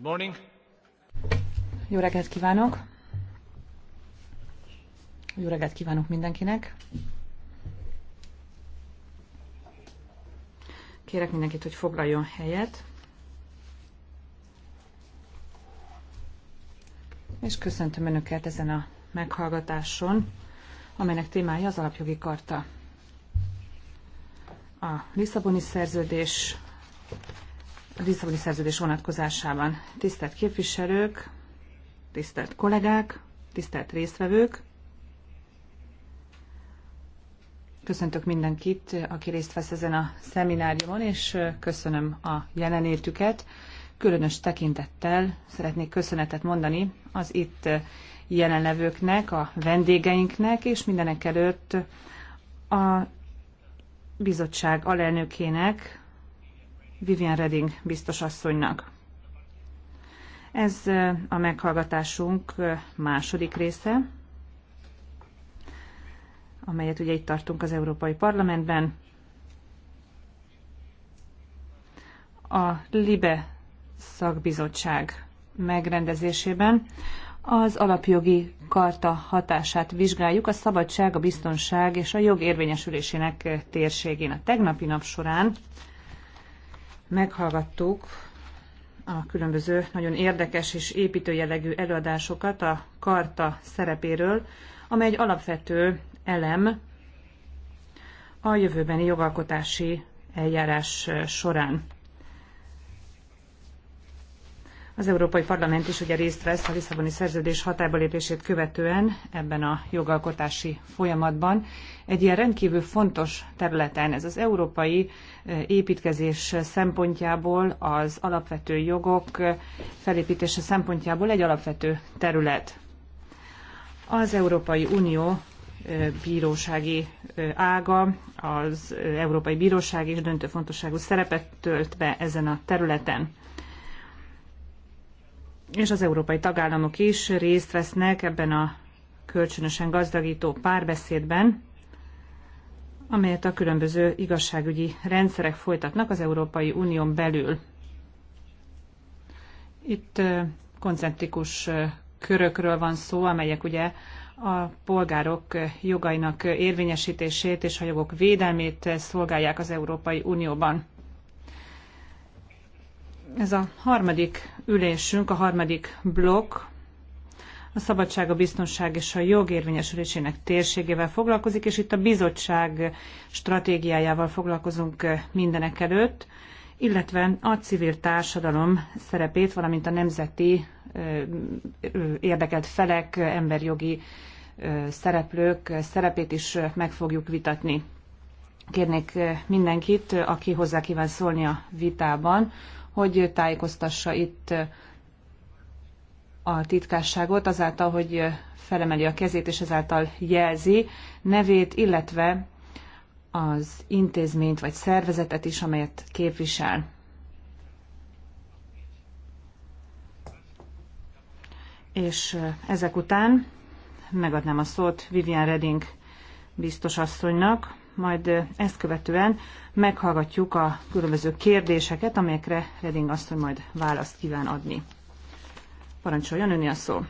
Good morning. Jó reggelt kívánok! Jó reggelt kívánok mindenkinek! Kérek mindenkit, hogy foglaljon helyet. És köszöntöm Önöket ezen a meghallgatáson, amelynek témája az alapjogi karta. A Lisszaboni szerződés a Lisszaboni szerződés vonatkozásában. Tisztelt képviselők, tisztelt kollégák, tisztelt résztvevők, Köszöntök mindenkit, aki részt vesz ezen a szemináriumon, és köszönöm a jelenlétüket. Különös tekintettel szeretnék köszönetet mondani az itt jelenlevőknek, a vendégeinknek, és mindenek előtt a bizottság alelnökének, Vivian Reding biztosasszonynak. Ez a meghallgatásunk második része, amelyet ugye itt tartunk az Európai Parlamentben. A LIBE szakbizottság megrendezésében az alapjogi karta hatását vizsgáljuk a szabadság, a biztonság és a jog érvényesülésének térségén. A tegnapi nap során meghallgattuk a különböző nagyon érdekes és építő jellegű előadásokat a karta szerepéről, amely egy alapvető elem a jövőbeni jogalkotási eljárás során. Az Európai Parlament is ugye részt vesz a Lisszaboni szerződés hatályba lépését követően ebben a jogalkotási folyamatban. Egy ilyen rendkívül fontos területen ez az európai e, építkezés szempontjából, az alapvető jogok e, felépítése szempontjából egy alapvető terület. Az Európai Unió e, bírósági ága, az Európai Bíróság is döntő fontosságú szerepet tölt be ezen a területen és az európai tagállamok is részt vesznek ebben a kölcsönösen gazdagító párbeszédben, amelyet a különböző igazságügyi rendszerek folytatnak az Európai Unión belül. Itt koncentrikus körökről van szó, amelyek ugye a polgárok jogainak érvényesítését és a jogok védelmét szolgálják az Európai Unióban. Ez a harmadik ülésünk, a harmadik blokk, a szabadság, a biztonság és a jog érvényesülésének térségével foglalkozik, és itt a bizottság stratégiájával foglalkozunk eh, mindenek előtt, illetve a civil társadalom szerepét, valamint a nemzeti eh, érdekelt felek, emberjogi eh, szereplők szerepét is meg fogjuk vitatni. Kérnék mindenkit, aki hozzá kíván szólni a vitában, hogy tájékoztassa itt a titkásságot azáltal, hogy felemeli a kezét, és ezáltal jelzi nevét, illetve az intézményt vagy szervezetet is, amelyet képvisel. És ezek után megadnám a szót Vivian Reding biztos asszonynak, majd ezt követően meghallgatjuk a különböző kérdéseket, amelyekre Reding asszony majd választ kíván adni. Parancsoljon önni a szó.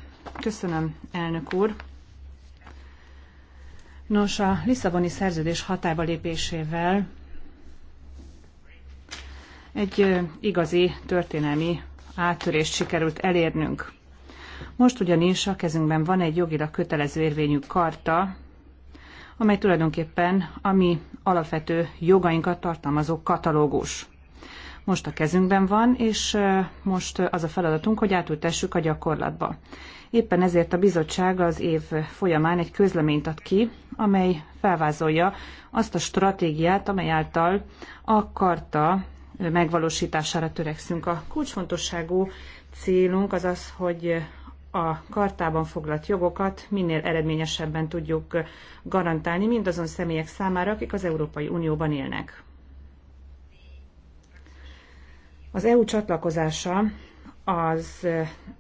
Köszönöm, elnök úr. Nos, a Lisszaboni szerződés hatába lépésével egy igazi történelmi áttörést sikerült elérnünk. Most ugyanis a kezünkben van egy jogilag kötelező érvényű karta, amely tulajdonképpen a mi alapvető jogainkat tartalmazó katalógus. Most a kezünkben van, és most az a feladatunk, hogy átültessük a gyakorlatba. Éppen ezért a bizottság az év folyamán egy közleményt ad ki, amely felvázolja azt a stratégiát, amely által a karta megvalósítására törekszünk. A kulcsfontosságú célunk az az, hogy a kartában foglalt jogokat minél eredményesebben tudjuk garantálni mindazon személyek számára, akik az Európai Unióban élnek. Az EU csatlakozása az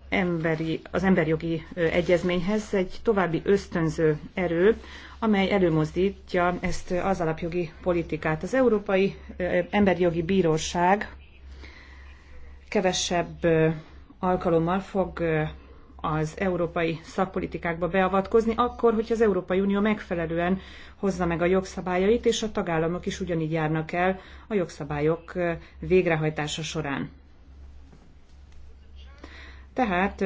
emberi, az emberjogi egyezményhez egy további ösztönző erő, amely előmozdítja ezt az alapjogi politikát. Az Európai Emberjogi Bíróság kevesebb alkalommal fog az európai szakpolitikákba beavatkozni, akkor, hogyha az Európai Unió megfelelően hozza meg a jogszabályait, és a tagállamok is ugyanígy járnak el a jogszabályok végrehajtása során. Tehát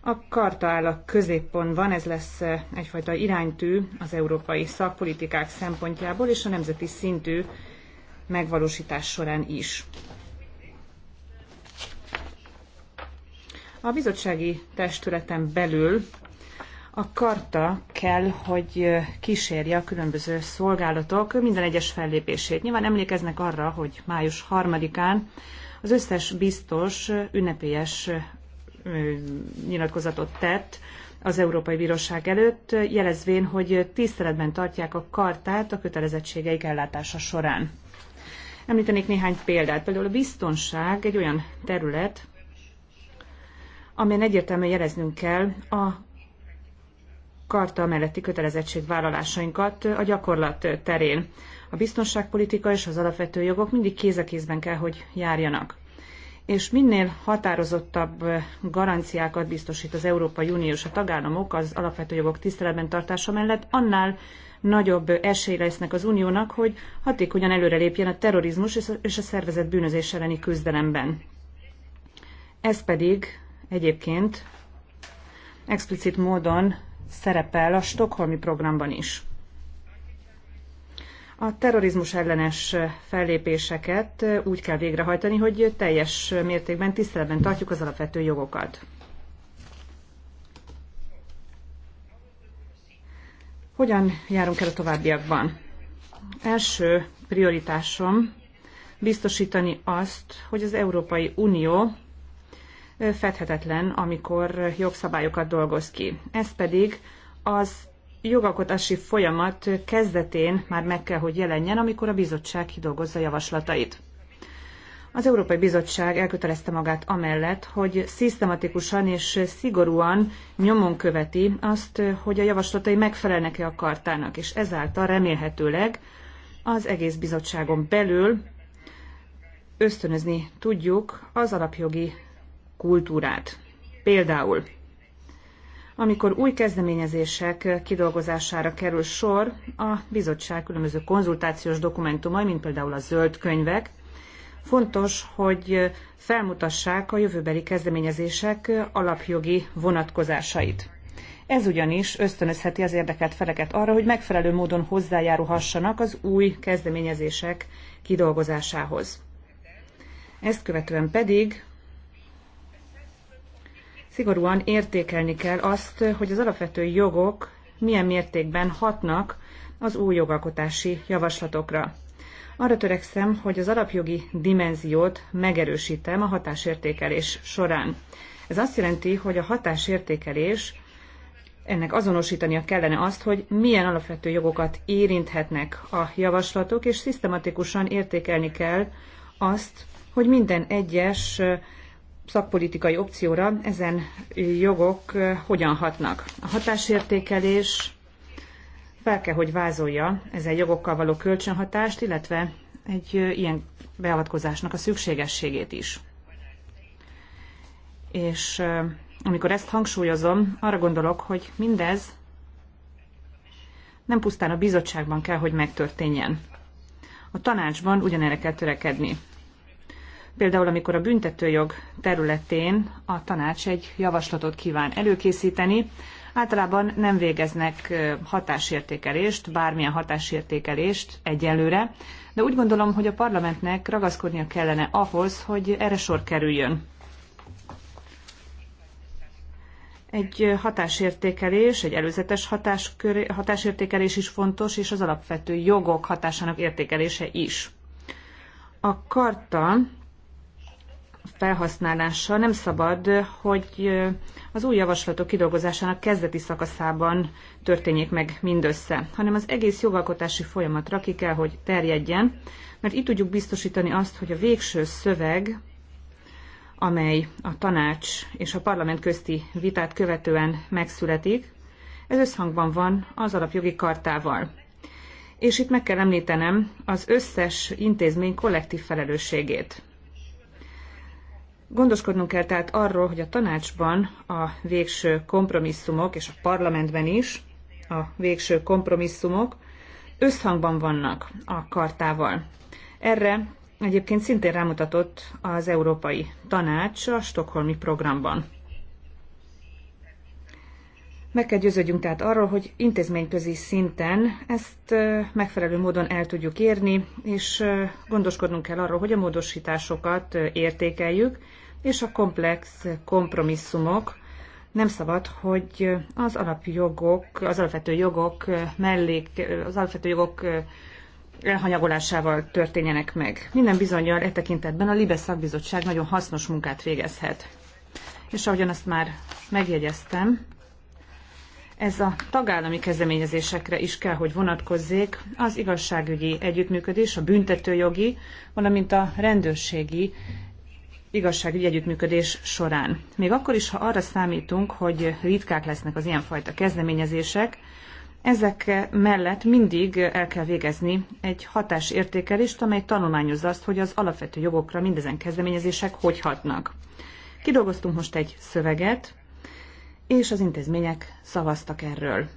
a karta áll a középpontban, ez lesz egyfajta iránytű az európai szakpolitikák szempontjából és a nemzeti szintű megvalósítás során is. A bizottsági testületen belül a karta kell, hogy kísérje a különböző szolgálatok minden egyes fellépését. Nyilván emlékeznek arra, hogy május 3-án az összes biztos ünnepélyes nyilatkozatot tett az Európai Bíróság előtt, jelezvén, hogy tiszteletben tartják a kartát a kötelezettségeik ellátása során. Említenék néhány példát. Például a biztonság egy olyan terület, amelyen egyértelműen jeleznünk kell a karta melletti kötelezettségvállalásainkat a gyakorlat terén. A biztonságpolitika és az alapvető jogok mindig kéz a kézben kell, hogy járjanak. És minél határozottabb garanciákat biztosít az Európai Unió és a tagállamok az alapvető jogok tiszteletben tartása mellett, annál nagyobb esély lesznek az uniónak, hogy hatékonyan előrelépjen a terrorizmus és a szervezet bűnözés elleni küzdelemben. Ez pedig egyébként explicit módon szerepel a Stockholmi programban is. A terrorizmus ellenes fellépéseket úgy kell végrehajtani, hogy teljes mértékben tiszteletben tartjuk az alapvető jogokat. Hogyan járunk el a továbbiakban? Első prioritásom biztosítani azt, hogy az Európai Unió fedhetetlen, amikor jogszabályokat dolgoz ki. Ez pedig az jogalkotási folyamat kezdetén már meg kell, hogy jelenjen, amikor a bizottság kidolgozza javaslatait. Az Európai Bizottság elkötelezte magát amellett, hogy szisztematikusan és szigorúan nyomon követi azt, hogy a javaslatai megfelelnek-e a kartának, és ezáltal remélhetőleg az egész bizottságon belül ösztönözni tudjuk az alapjogi kultúrát. Például, amikor új kezdeményezések kidolgozására kerül sor, a bizottság különböző konzultációs dokumentumai, mint például a zöld könyvek, fontos, hogy felmutassák a jövőbeli kezdeményezések alapjogi vonatkozásait. Ez ugyanis ösztönözheti az érdekelt feleket arra, hogy megfelelő módon hozzájárulhassanak az új kezdeményezések kidolgozásához. Ezt követően pedig Szigorúan értékelni kell azt, hogy az alapvető jogok milyen mértékben hatnak az új jogalkotási javaslatokra. Arra törekszem, hogy az alapjogi dimenziót megerősítem a hatásértékelés során. Ez azt jelenti, hogy a hatásértékelés ennek azonosítania kellene azt, hogy milyen alapvető jogokat érinthetnek a javaslatok, és szisztematikusan értékelni kell azt, hogy minden egyes szakpolitikai opcióra ezen jogok eh, hogyan hatnak. A hatásértékelés fel kell, hogy vázolja ezen jogokkal való kölcsönhatást, illetve egy eh, ilyen beavatkozásnak a szükségességét is. És eh, amikor ezt hangsúlyozom, arra gondolok, hogy mindez nem pusztán a bizottságban kell, hogy megtörténjen. A tanácsban ugyanerre kell törekedni. Például, amikor a büntetőjog területén a tanács egy javaslatot kíván előkészíteni, általában nem végeznek hatásértékelést, bármilyen hatásértékelést egyelőre, de úgy gondolom, hogy a parlamentnek ragaszkodnia kellene ahhoz, hogy erre sor kerüljön. Egy hatásértékelés, egy előzetes hatáskör, hatásértékelés is fontos, és az alapvető jogok hatásának értékelése is. A karta felhasználása nem szabad, hogy az új javaslatok kidolgozásának kezdeti szakaszában történjék meg mindössze, hanem az egész jogalkotási folyamatra ki kell, hogy terjedjen, mert itt tudjuk biztosítani azt, hogy a végső szöveg, amely a tanács és a parlament közti vitát követően megszületik, ez összhangban van az alapjogi kartával. És itt meg kell említenem az összes intézmény kollektív felelősségét. Gondoskodnunk kell tehát arról, hogy a tanácsban a végső kompromisszumok, és a parlamentben is a végső kompromisszumok összhangban vannak a kartával. Erre egyébként szintén rámutatott az Európai Tanács a Stockholmi programban. Meg kell győződjünk tehát arról, hogy intézményközi szinten ezt megfelelő módon el tudjuk érni, és gondoskodnunk kell arról, hogy a módosításokat értékeljük, és a komplex kompromisszumok nem szabad, hogy az alapjogok, az alapvető jogok mellék, az alapvető jogok elhanyagolásával történjenek meg. Minden bizonyal e tekintetben a Libe szakbizottság nagyon hasznos munkát végezhet. És ahogyan azt már megjegyeztem, ez a tagállami kezdeményezésekre is kell, hogy vonatkozzék az igazságügyi együttműködés, a büntetőjogi, valamint a rendőrségi igazságügyi együttműködés során. Még akkor is, ha arra számítunk, hogy ritkák lesznek az ilyenfajta kezdeményezések, ezek mellett mindig el kell végezni egy hatásértékelést, amely tanulmányozza azt, hogy az alapvető jogokra mindezen kezdeményezések hogy hatnak. Kidolgoztunk most egy szöveget, és az intézmények szavaztak erről.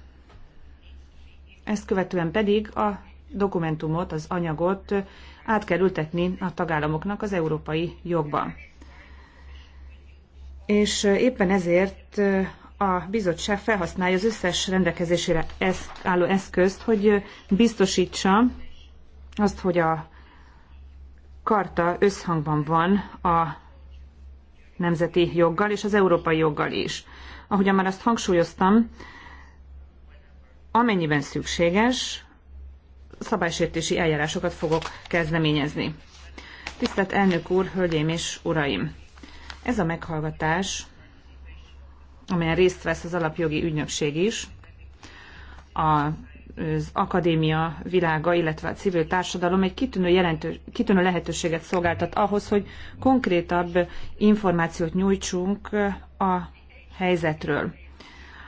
Ezt követően pedig a dokumentumot, az anyagot át kell ültetni a tagállamoknak az európai jogban. És éppen ezért a bizottság felhasználja az összes rendelkezésére álló eszközt, hogy biztosítsa azt, hogy a karta összhangban van a nemzeti joggal és az európai joggal is ahogyan már azt hangsúlyoztam, amennyiben szükséges, szabálysértési eljárásokat fogok kezdeményezni. Tisztelt elnök úr, hölgyeim és uraim! Ez a meghallgatás, amelyen részt vesz az alapjogi ügynökség is, az akadémia világa, illetve a civil társadalom egy kitűnő, jelentő, kitűnő lehetőséget szolgáltat ahhoz, hogy konkrétabb információt nyújtsunk a helyzetről.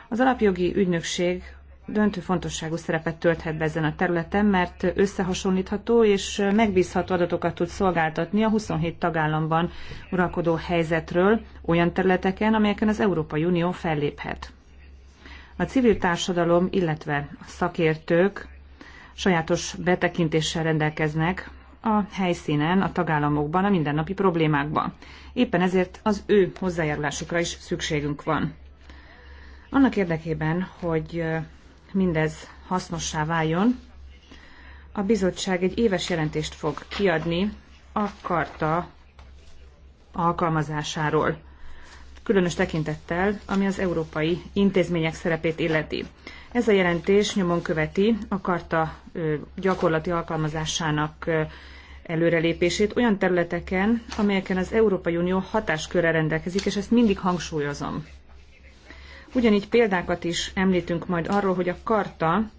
Az alapjogi ügynökség döntő fontosságú szerepet tölthet be ezen a területen, mert összehasonlítható és megbízható adatokat tud szolgáltatni a 27 tagállamban uralkodó helyzetről olyan területeken, amelyeken az Európai Unió felléphet. A civil társadalom, illetve a szakértők sajátos betekintéssel rendelkeznek a helyszínen, a tagállamokban, a mindennapi problémákban. Éppen ezért az ő hozzájárulásukra is szükségünk van. Annak érdekében, hogy mindez hasznossá váljon, a bizottság egy éves jelentést fog kiadni a karta alkalmazásáról, különös tekintettel, ami az európai intézmények szerepét illeti. Ez a jelentés nyomon követi a karta gyakorlati alkalmazásának előrelépését olyan területeken, amelyeken az Európai Unió hatásköre rendelkezik, és ezt mindig hangsúlyozom. Ugyanígy példákat is említünk majd arról, hogy a karta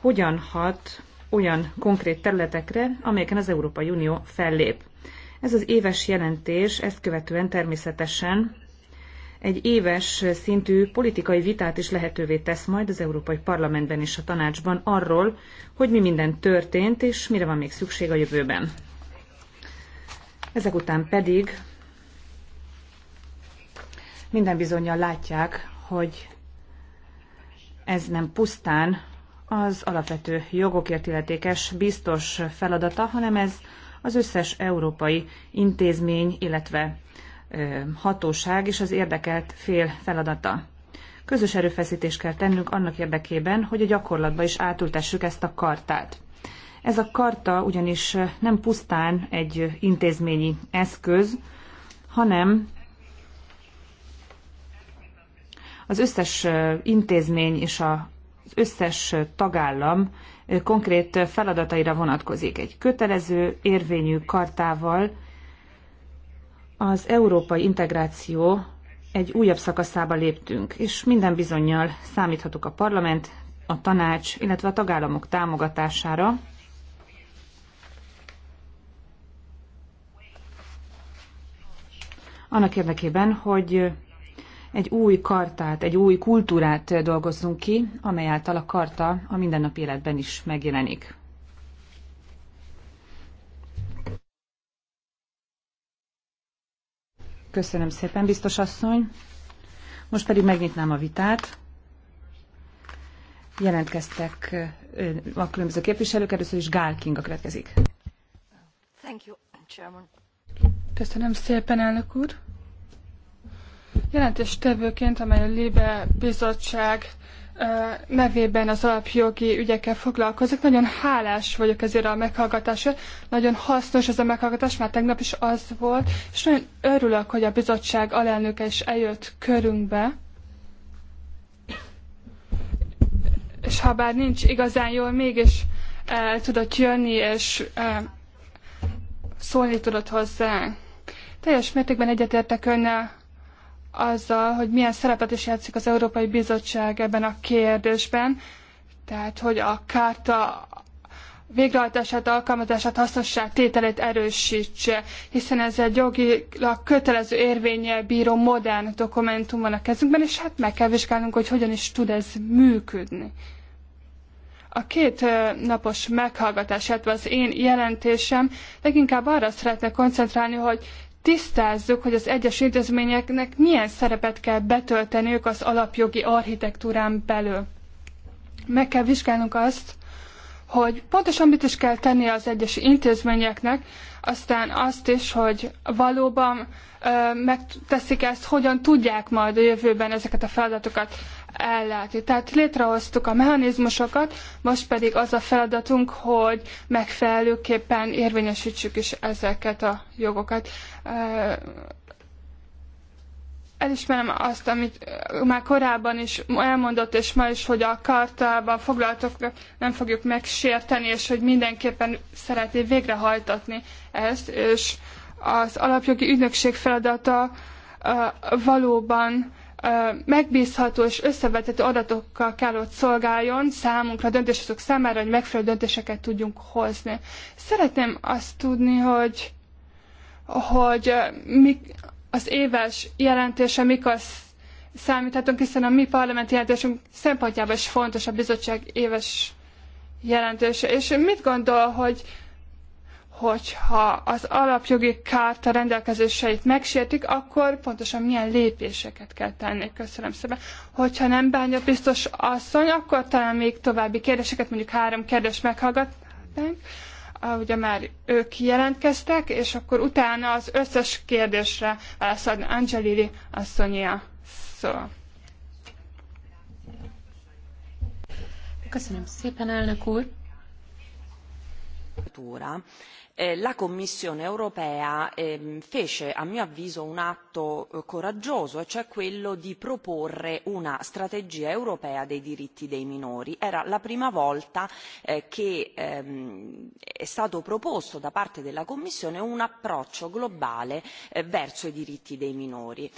hogyan hat olyan konkrét területekre, amelyeken az Európai Unió fellép. Ez az éves jelentés ezt követően természetesen egy éves szintű politikai vitát is lehetővé tesz majd az Európai Parlamentben és a tanácsban arról, hogy mi minden történt és mire van még szükség a jövőben. Ezek után pedig minden bizonyal látják, hogy ez nem pusztán az alapvető jogokért illetékes biztos feladata, hanem ez az összes európai intézmény, illetve hatóság és az érdekelt fél feladata. Közös erőfeszítést kell tennünk annak érdekében, hogy a gyakorlatba is átültessük ezt a kartát. Ez a karta ugyanis nem pusztán egy intézményi eszköz, hanem az összes intézmény és az összes tagállam konkrét feladataira vonatkozik. Egy kötelező érvényű kartával az európai integráció egy újabb szakaszába léptünk, és minden bizonyal számíthatok a parlament, a tanács, illetve a tagállamok támogatására, annak érdekében, hogy egy új kartát, egy új kultúrát dolgozzunk ki, amely által a karta a mindennapi életben is megjelenik. Köszönöm szépen, biztos asszony. Most pedig megnyitnám a vitát. Jelentkeztek a különböző képviselők, először is Gál Kinga következik. Thank you, Chairman. Köszönöm szépen, elnök úr. Jelentéstevőként, amely a Libe Bizottság nevében az alapjogi ügyekkel foglalkozik. Nagyon hálás vagyok ezért a meghallgatásért. Nagyon hasznos ez a meghallgatás, már tegnap is az volt, és nagyon örülök, hogy a bizottság alelnöke is eljött körünkbe. És ha bár nincs igazán jól, mégis el tudott jönni, és el, szólni tudott hozzá. Teljes mértékben egyetértek önnel azzal, hogy milyen szerepet is játszik az Európai Bizottság ebben a kérdésben, tehát hogy a kárta végrehajtását, alkalmazását, hasznosság tételét erősítse, hiszen ez egy jogilag kötelező érvényel bíró modern dokumentum van a kezünkben, és hát meg kell vizsgálnunk, hogy hogyan is tud ez működni. A két napos meghallgatás, illetve az én jelentésem leginkább arra szeretne koncentrálni, hogy tisztázzuk, hogy az egyes intézményeknek milyen szerepet kell betölteniük az alapjogi architektúrán belül. Meg kell vizsgálnunk azt, hogy pontosan mit is kell tenni az egyes intézményeknek, aztán azt is, hogy valóban ö, megteszik ezt, hogyan tudják majd a jövőben ezeket a feladatokat ellátni. Tehát létrehoztuk a mechanizmusokat, most pedig az a feladatunk, hogy megfelelőképpen érvényesítsük is ezeket a jogokat. Elismerem azt, amit már korábban is elmondott, és ma is, hogy a kartában foglaltokat nem fogjuk megsérteni, és hogy mindenképpen szeretné végrehajtatni ezt, és az alapjogi ügynökség feladata valóban megbízható és összevethető adatokkal kell, hogy szolgáljon számunkra, a döntéshozók számára, hogy megfelelő döntéseket tudjunk hozni. Szeretném azt tudni, hogy, hogy mik, az éves jelentése mikor számíthatunk, hiszen a mi parlamenti jelentésünk szempontjából is fontos a bizottság éves jelentése. És mit gondol, hogy hogyha az alapjogi kárta rendelkezéseit megsértik, akkor pontosan milyen lépéseket kell tenni. Köszönöm szépen. Hogyha nem bánja biztos asszony, akkor talán még további kérdéseket, mondjuk három kérdést meghallgatnánk. Ah, ugye már ők jelentkeztek, és akkor utána az összes kérdésre válaszolni Angelili asszonyja szó. Köszönöm szépen, elnök úr. Túra Eh, la Commissione europea ehm, fece a mio avviso un atto eh, coraggioso e cioè quello di proporre una strategia europea dei diritti dei minori. Era la prima volta eh, che ehm, è stato proposto da parte della Commissione un approccio globale verso i diritti dei minori.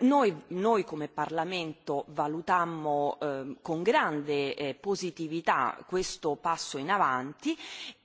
noi, come Parlamento valutammo ehm, con grande positività questo passo in avanti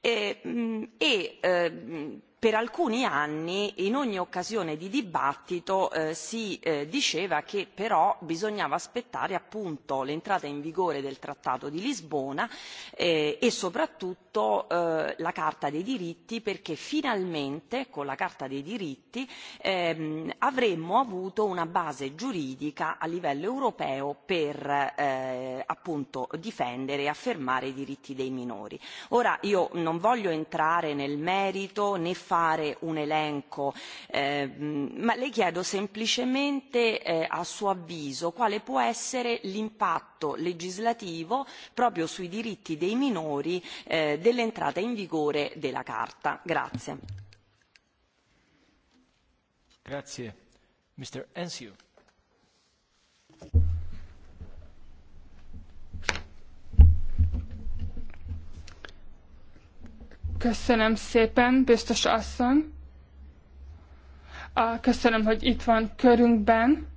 Eh, mm, e eh, mm, per alcuni anni in ogni occasione di dibattito eh, si eh, diceva che però bisognava aspettare appunto l'entrata in vigore del trattato di lisbona eh, e soprattutto eh, la carta dei diritti perché finalmente con la carta dei diritti ehm, avremmo avuto una base giuridica a livello europeo per eh, appunto difendere e affermare i diritti dei minori. ora io non voglio entrare nel merito né fare un elenco, eh, ma le chiedo semplicemente eh, a suo avviso quale può essere l'impatto legislativo proprio sui diritti dei minori eh, dell'entrata in vigore della Carta. Grazie. Grazie. Mr. Enzio. Köszönöm szépen, biztos asszony. Köszönöm, hogy itt van körünkben.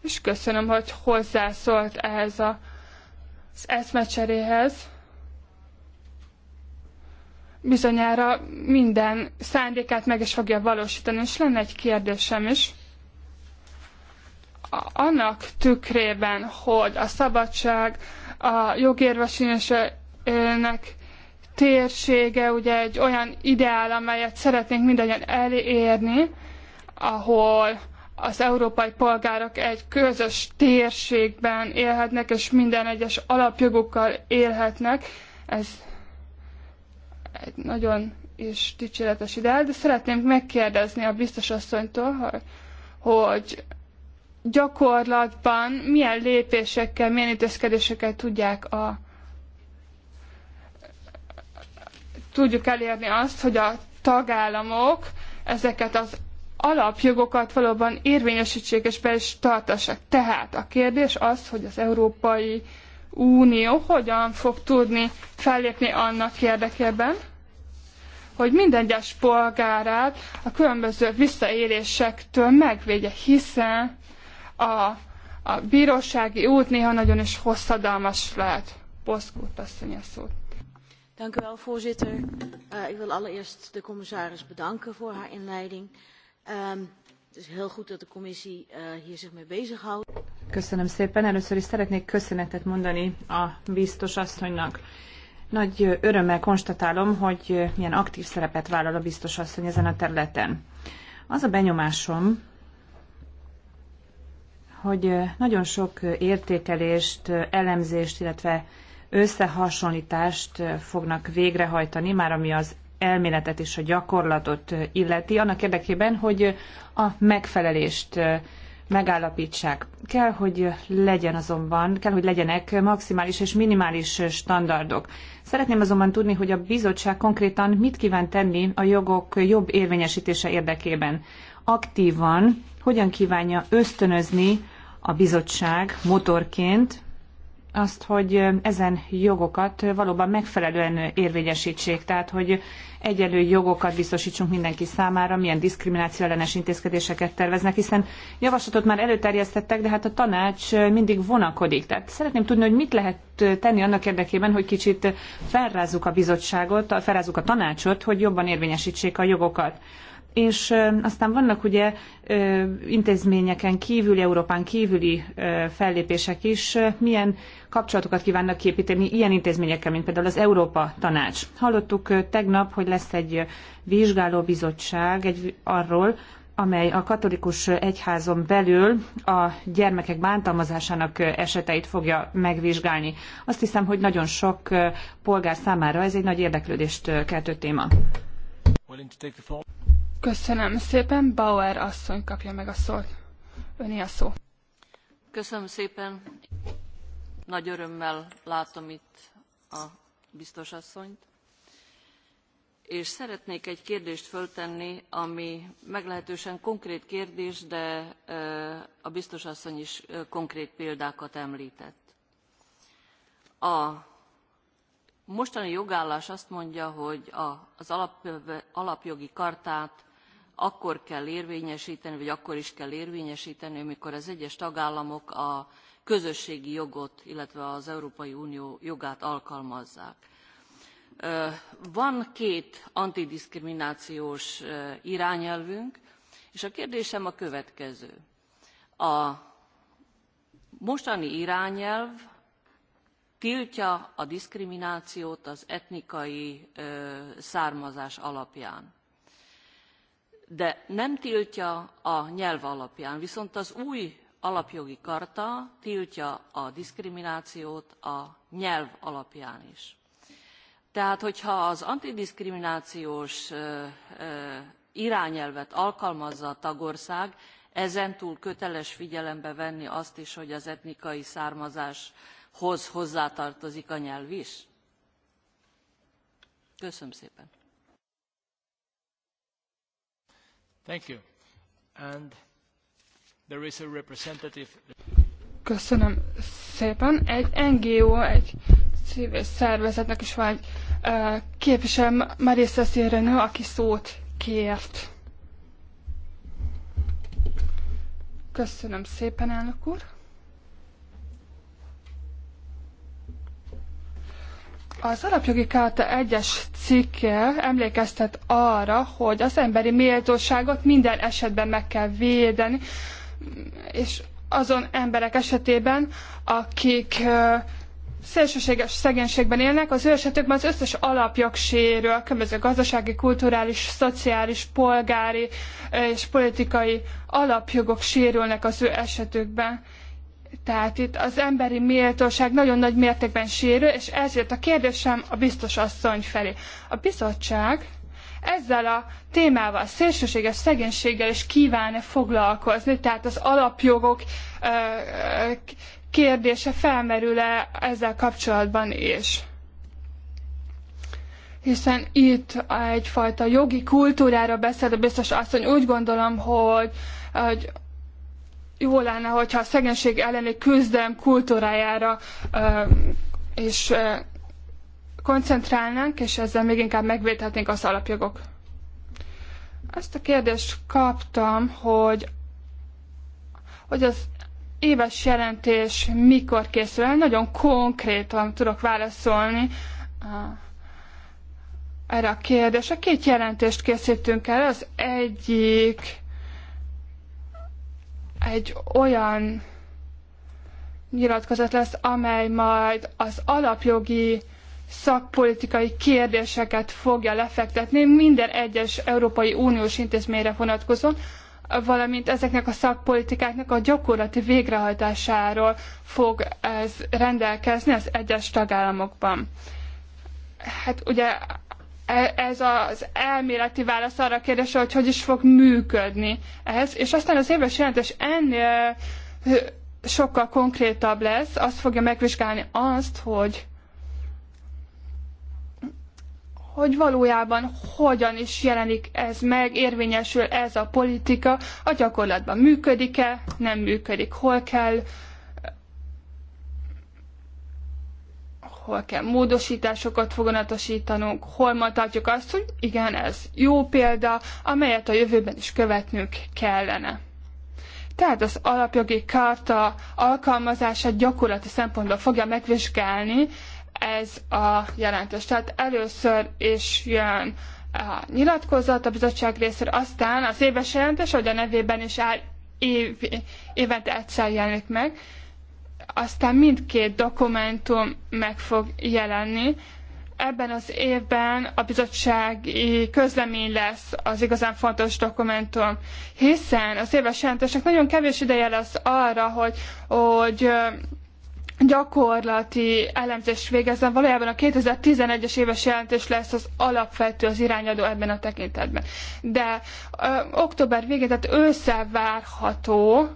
És köszönöm, hogy hozzászólt ehhez a, az eszmecseréhez. Bizonyára minden szándékát meg is fogja valósítani, és lenne egy kérdésem is a annak tükrében, hogy a szabadság, a jogérvesülése nek térsége ugye egy olyan ideál, amelyet szeretnénk mindannyian elérni, ahol az európai polgárok egy közös térségben élhetnek, és minden egyes alapjogukkal élhetnek. Ez egy nagyon és dicséretes ideál, de szeretném megkérdezni a biztos asszonytól, hogy, hogy gyakorlatban milyen lépésekkel, milyen intézkedéseket tudják a tudjuk elérni azt, hogy a tagállamok ezeket az alapjogokat valóban érvényesítsék és be is tartassák. Tehát a kérdés az, hogy az Európai Unió hogyan fog tudni fellépni annak érdekében, hogy minden egyes polgárát a különböző visszaélésektől megvédje, hiszen a, a bírósági út néha nagyon is hosszadalmas lehet. Poszkult asszony a szót. Dank u wel, voorzitter. Uh, ik wil allereerst de commissaris bedanken voor haar inleiding. Um, het is heel goed dat de commissie uh, hier zich mee bezighoudt. Köszönöm szépen. Először is szeretnék köszönetet mondani a biztos asszonynak. Nagy örömmel konstatálom, hogy milyen aktív szerepet vállal a biztos asszony ezen a területen. Az a benyomásom, hogy nagyon sok értékelést, elemzést, illetve összehasonlítást fognak végrehajtani, már ami az elméletet és a gyakorlatot illeti, annak érdekében, hogy a megfelelést megállapítsák. Kell, hogy legyen azonban, kell, hogy legyenek maximális és minimális standardok. Szeretném azonban tudni, hogy a bizottság konkrétan mit kíván tenni a jogok jobb érvényesítése érdekében. Aktívan hogyan kívánja ösztönözni a bizottság motorként azt, hogy ezen jogokat valóban megfelelően érvényesítsék, tehát hogy egyenlő jogokat biztosítsunk mindenki számára, milyen diszkrimináció ellenes intézkedéseket terveznek, hiszen javaslatot már előterjesztettek, de hát a tanács mindig vonakodik. Tehát szeretném tudni, hogy mit lehet tenni annak érdekében, hogy kicsit felrázzuk a bizottságot, felrázzuk a tanácsot, hogy jobban érvényesítsék a jogokat és aztán vannak ugye intézményeken kívüli, Európán kívüli fellépések is. Milyen kapcsolatokat kívánnak képíteni ilyen intézményekkel, mint például az Európa Tanács? Hallottuk tegnap, hogy lesz egy vizsgálóbizottság egy, arról, amely a katolikus egyházon belül a gyermekek bántalmazásának eseteit fogja megvizsgálni. Azt hiszem, hogy nagyon sok polgár számára ez egy nagy érdeklődést keltő téma. Köszönöm szépen. Bauer asszony kapja meg a szót. Öné a szó. Köszönöm szépen. Nagy örömmel látom itt a biztos asszonyt. És szeretnék egy kérdést föltenni, ami meglehetősen konkrét kérdés, de a biztos asszony is konkrét példákat említett. A mostani jogállás azt mondja, hogy az alapjogi kartát akkor kell érvényesteni, vagy akkor is kell érvényesíteni, amikor az egyes tagállamok a közösségi jogot, illetve az Európai Unió jogát alkalmazzák. Van két antidiszkriminációs irányelvünk, és a kérdésem a következő. A mostani irányelv tiltja a diszkriminációt az etnikai származás alapján de nem tiltja a nyelv alapján. Viszont az új alapjogi karta tiltja a diszkriminációt a nyelv alapján is. Tehát, hogyha az antidiszkriminációs irányelvet alkalmazza a tagország, ezentúl köteles figyelembe venni azt is, hogy az etnikai származáshoz hozzátartozik a nyelv is? Köszönöm szépen. Köszönöm szépen. Egy NGO, egy civil szervezetnek is van egy uh, képviselő, Marissa Szérenő, aki szót kért. Köszönöm szépen, elnök úr. Az alapjogi káta egyes cikke emlékeztet arra, hogy az emberi méltóságot minden esetben meg kell védeni, és azon emberek esetében, akik szélsőséges szegénységben élnek, az ő esetükben az összes alapjog sérül, különböző gazdasági, kulturális, szociális, polgári és politikai alapjogok sérülnek az ő esetükben. Tehát itt az emberi méltóság nagyon nagy mértékben sérül, és ezért a kérdésem a biztos asszony felé. A bizottság ezzel a témával, szélsőséges szegénységgel is kíván -e foglalkozni, tehát az alapjogok kérdése felmerül-e ezzel kapcsolatban is hiszen itt egyfajta jogi kultúrára beszél a biztos asszony. Úgy gondolom, hogy, hogy jó lenne, hogyha a szegénység elleni küzdelem kultúrájára és koncentrálnánk, és ezzel még inkább megvédhetnénk az alapjogok. Ezt a kérdést kaptam, hogy, hogy az éves jelentés mikor készül el. Nagyon konkrétan tudok válaszolni erre a kérdésre. Két jelentést készítünk el. Az egyik egy olyan nyilatkozat lesz, amely majd az alapjogi szakpolitikai kérdéseket fogja lefektetni minden egyes Európai Uniós intézményre vonatkozó, valamint ezeknek a szakpolitikáknak a gyakorlati végrehajtásáról fog ez rendelkezni az egyes tagállamokban. Hát ugye E, ez az elméleti válasz arra a kérdésre, hogy hogy is fog működni ez, és aztán az éves jelentés ennél sokkal konkrétabb lesz, azt fogja megvizsgálni azt, hogy hogy valójában hogyan is jelenik ez meg, érvényesül ez a politika, a gyakorlatban működik-e, nem működik, hol kell uh, hol kell módosításokat foganatosítanunk, hol mondhatjuk azt, hogy igen, ez jó példa, amelyet a jövőben is követnünk kellene. Tehát az alapjogi karta alkalmazását gyakorlati szempontból fogja megvizsgálni ez a jelentés. Tehát először is jön a nyilatkozat a bizottság részéről, aztán az éves jelentés, hogy a nevében is áll, év, évente egyszer jelenik meg, aztán mindkét dokumentum meg fog jelenni. Ebben az évben a bizottsági közlemény lesz az igazán fontos dokumentum, hiszen az éves jelentésnek nagyon kevés ideje lesz arra, hogy, hogy gyakorlati elemzést végezzen. Valójában a 2011-es éves jelentés lesz az alapvető, az irányadó ebben a tekintetben. De ö, október végén, tehát ősszel várható,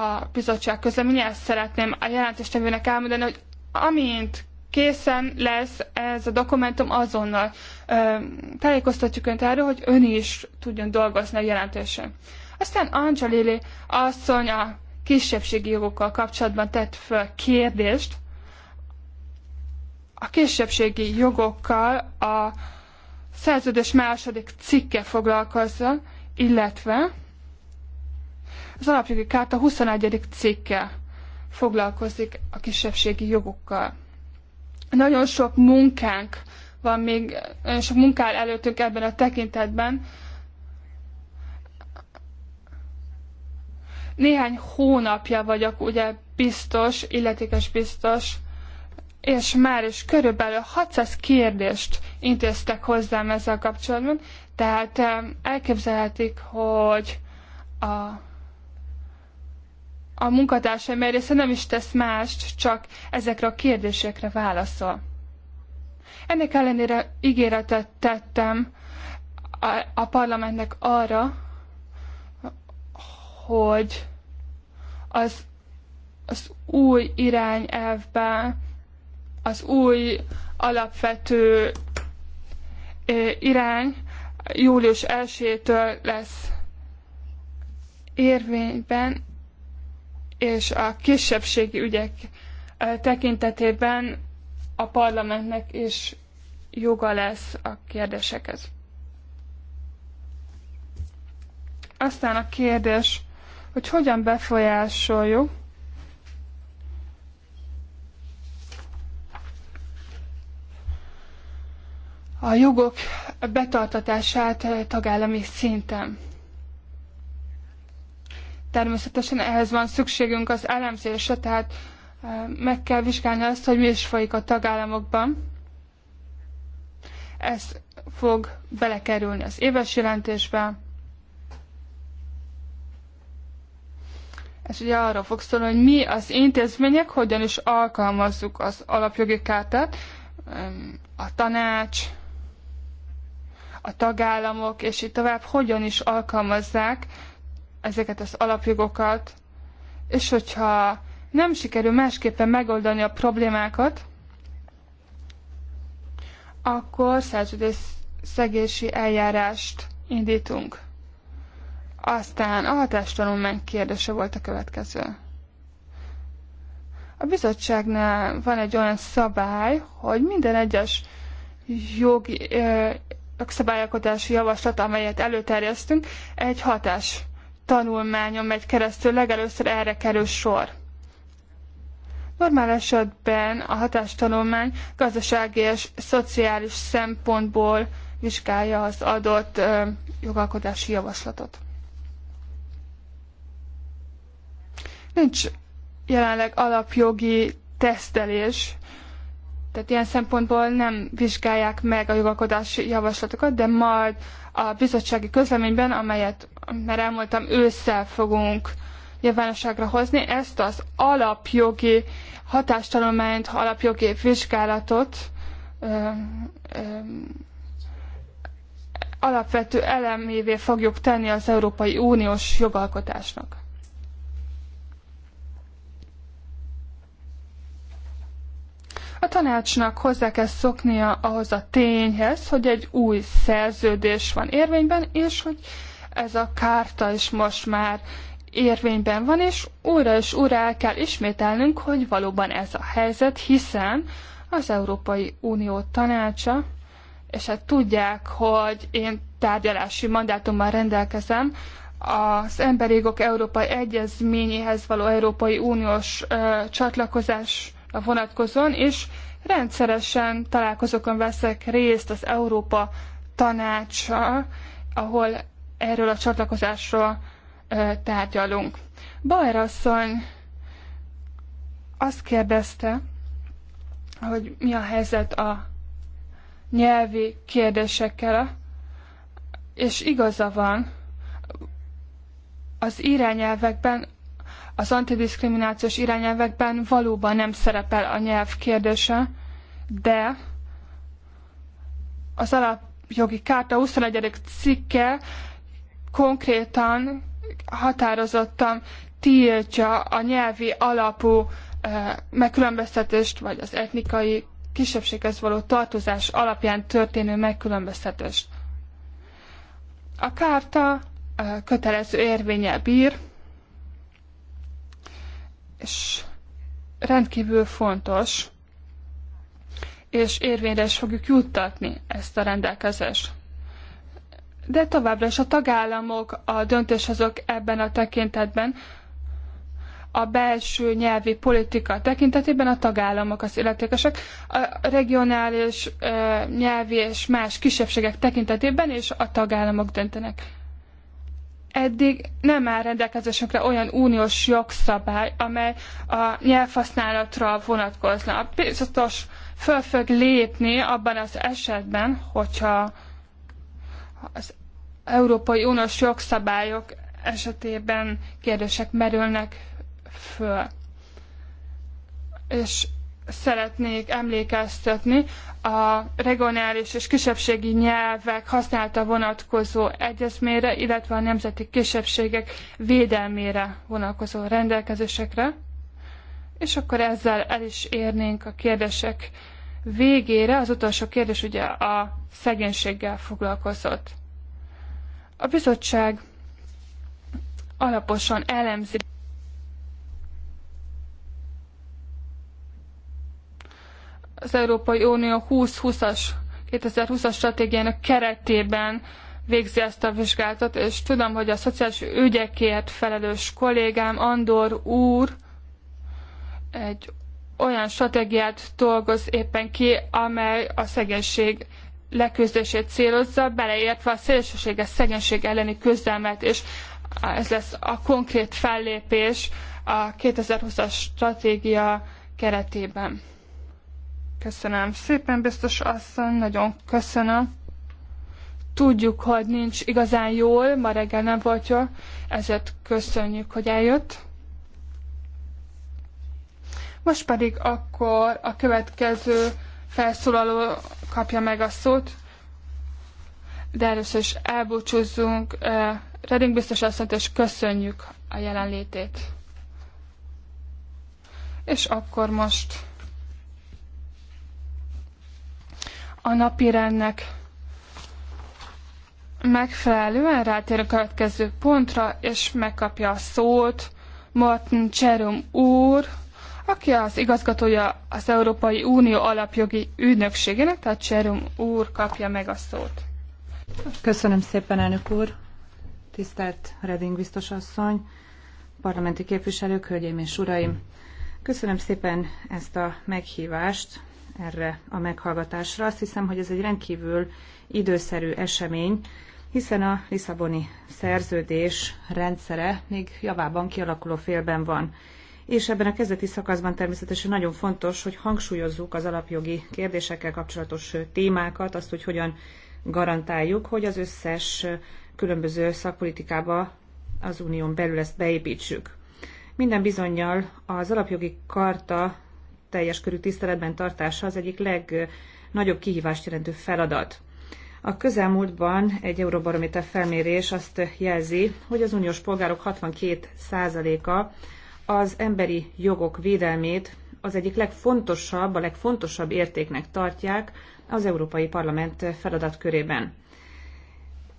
a bizottság közleménye, ezt szeretném a jelentéstevőnek elmondani, hogy amint készen lesz ez a dokumentum, azonnal ö, tájékoztatjuk önt erről, hogy ön is tudjon dolgozni a jelentésen. Aztán Angelili asszony a kisebbségi jogokkal kapcsolatban tett fel kérdést. A kisebbségi jogokkal a szerződés második cikke foglalkozza, illetve az alapjogi kárta 21. cikke foglalkozik a kisebbségi jogokkal. Nagyon sok munkánk van még, nagyon sok munkál előttünk ebben a tekintetben. Néhány hónapja vagyok ugye biztos, illetékes biztos, és már is körülbelül 600 kérdést intéztek hozzám ezzel kapcsolatban, tehát elképzelhetik, hogy a a munkatársaim egy része nem is tesz mást, csak ezekre a kérdésekre válaszol. Ennek ellenére ígéretet tettem a, a parlamentnek arra, hogy az, az új irányelvben, az új alapvető irány július 1-től lesz érvényben, és a kisebbségi ügyek tekintetében a parlamentnek is joga lesz a kérdésekhez. Aztán a kérdés, hogy hogyan befolyásoljuk a jogok betartatását tagállami szinten. Természetesen ehhez van szükségünk az elemzésre, tehát meg kell vizsgálni azt, hogy mi is folyik a tagállamokban. Ez fog belekerülni az éves jelentésbe. Ez ugye arra fog szólni, hogy mi az intézmények, hogyan is alkalmazzuk az alapjogi kártát, a tanács, a tagállamok, és így tovább, hogyan is alkalmazzák ezeket az alapjogokat, és hogyha nem sikerül másképpen megoldani a problémákat, akkor szerződés szegési eljárást indítunk. Aztán a hatástanulmány kérdése volt a következő. A bizottságnál van egy olyan szabály, hogy minden egyes jogi, szabályalkotási javaslat, amelyet előterjesztünk, egy hatás tanulmányon megy keresztül, legelőször erre kerül sor. Normál esetben a hatástanulmány gazdasági és szociális szempontból vizsgálja az adott jogalkotási javaslatot. Nincs jelenleg alapjogi tesztelés tehát ilyen szempontból nem vizsgálják meg a jogalkotási javaslatokat, de majd a bizottsági közleményben, amelyet már elmondtam, ősszel fogunk nyilvánosságra hozni, ezt az alapjogi hatástanulmányt, alapjogi vizsgálatot ö, ö, alapvető elemévé fogjuk tenni az Európai Uniós jogalkotásnak. A tanácsnak hozzá kell szoknia ahhoz a tényhez, hogy egy új szerződés van érvényben, és hogy ez a kárta is most már érvényben van, és újra és újra el kell ismételnünk, hogy valóban ez a helyzet, hiszen az Európai Unió tanácsa, és hát tudják, hogy én tárgyalási mandátummal rendelkezem, az emberi jogok Európai Egyezményéhez való Európai Uniós ö, csatlakozás vonatkozón és rendszeresen találkozókon veszek részt az Európa tanácsa, ahol erről a csatlakozásról tárgyalunk. Bauer asszony azt kérdezte, hogy mi a helyzet a nyelvi kérdésekkel, és igaza van, az irányelvekben az antidiszkriminációs irányelvekben valóban nem szerepel a nyelv kérdése, de az alapjogi kárta 21. cikke konkrétan határozottan tiltja a nyelvi alapú eh, megkülönböztetést, vagy az etnikai kisebbséghez való tartozás alapján történő megkülönböztetést. A kárta eh, kötelező érvénye bír, és rendkívül fontos, és érvényre is fogjuk juttatni ezt a rendelkezést. De továbbra is a tagállamok, a döntéshozók ebben a tekintetben, a belső nyelvi politika tekintetében a tagállamok az illetékesek, a regionális nyelvi és más kisebbségek tekintetében is a tagállamok döntenek eddig nem áll rendelkezésünkre olyan uniós jogszabály, amely a nyelvhasználatra vonatkozna. A biztos föl fog lépni abban az esetben, hogyha az Európai Uniós jogszabályok esetében kérdések merülnek föl. És szeretnék emlékeztetni a regionális és kisebbségi nyelvek használata vonatkozó egyezményre, illetve a nemzeti kisebbségek védelmére vonatkozó rendelkezésekre. És akkor ezzel el is érnénk a kérdések végére. Az utolsó kérdés ugye a szegénységgel foglalkozott. A bizottság alaposan elemzi az Európai Unió 2020-as 2020-as stratégiának keretében végzi ezt a vizsgálatot, és tudom, hogy a szociális ügyekért felelős kollégám Andor úr egy olyan stratégiát dolgoz éppen ki, amely a szegénység leküzdését célozza, beleértve a szélsőséges szegénység elleni küzdelmet, és ez lesz a konkrét fellépés a 2020-as stratégia keretében. Köszönöm szépen, biztos asszony, nagyon köszönöm. Tudjuk, hogy nincs igazán jól, ma reggel nem volt jól, ezért köszönjük, hogy eljött. Most pedig akkor a következő felszólaló kapja meg a szót, de először is elbúcsúzzunk. Eh, Reding biztos asszonyt, és köszönjük a jelenlétét. És akkor most a napirendnek megfelelően rátér a következő pontra, és megkapja a szót Martin Cserum úr, aki az igazgatója az Európai Unió alapjogi ügynökségének, tehát Cserum úr kapja meg a szót. Köszönöm szépen, elnök úr! Tisztelt Reding biztos asszony, parlamenti képviselők, hölgyeim és uraim! Köszönöm szépen ezt a meghívást, erre a meghallgatásra. Azt hiszem, hogy ez egy rendkívül időszerű esemény, hiszen a Lisszaboni szerződés rendszere még javában kialakuló félben van. És ebben a kezdeti szakaszban természetesen nagyon fontos, hogy hangsúlyozzuk az alapjogi kérdésekkel kapcsolatos témákat, azt, hogy hogyan garantáljuk, hogy az összes különböző szakpolitikába az unión belül ezt beépítsük. Minden bizonyal az alapjogi karta teljes körű tiszteletben tartása az egyik legnagyobb kihívást jelentő feladat. A közelmúltban egy Euróbarométer felmérés azt jelzi, hogy az uniós polgárok 62%-a az emberi jogok védelmét az egyik legfontosabb, a legfontosabb értéknek tartják az Európai Parlament feladatkörében.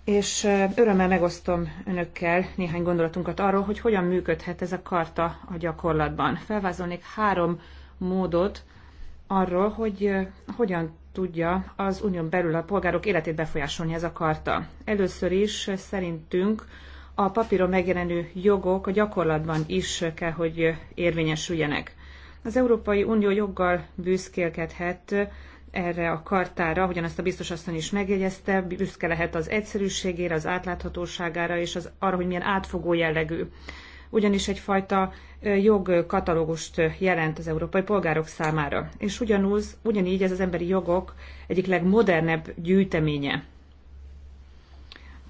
És örömmel megosztom önökkel néhány gondolatunkat arról, hogy hogyan működhet ez a karta a gyakorlatban. Felvázolnék három módot arról, hogy hogyan tudja az unión belül a polgárok életét befolyásolni ez a karta. Először is szerintünk a papíron megjelenő jogok a gyakorlatban is kell, hogy érvényesüljenek. Az Európai Unió joggal büszkélkedhet erre a kartára, ahogyan ezt a biztos asszony is megjegyezte, büszke lehet az egyszerűségére, az átláthatóságára és az, arra, hogy milyen átfogó jellegű ugyanis egyfajta jogkatalógust jelent az európai polgárok számára. És ugyanúz, ugyanígy ez az emberi jogok egyik legmodernebb gyűjteménye.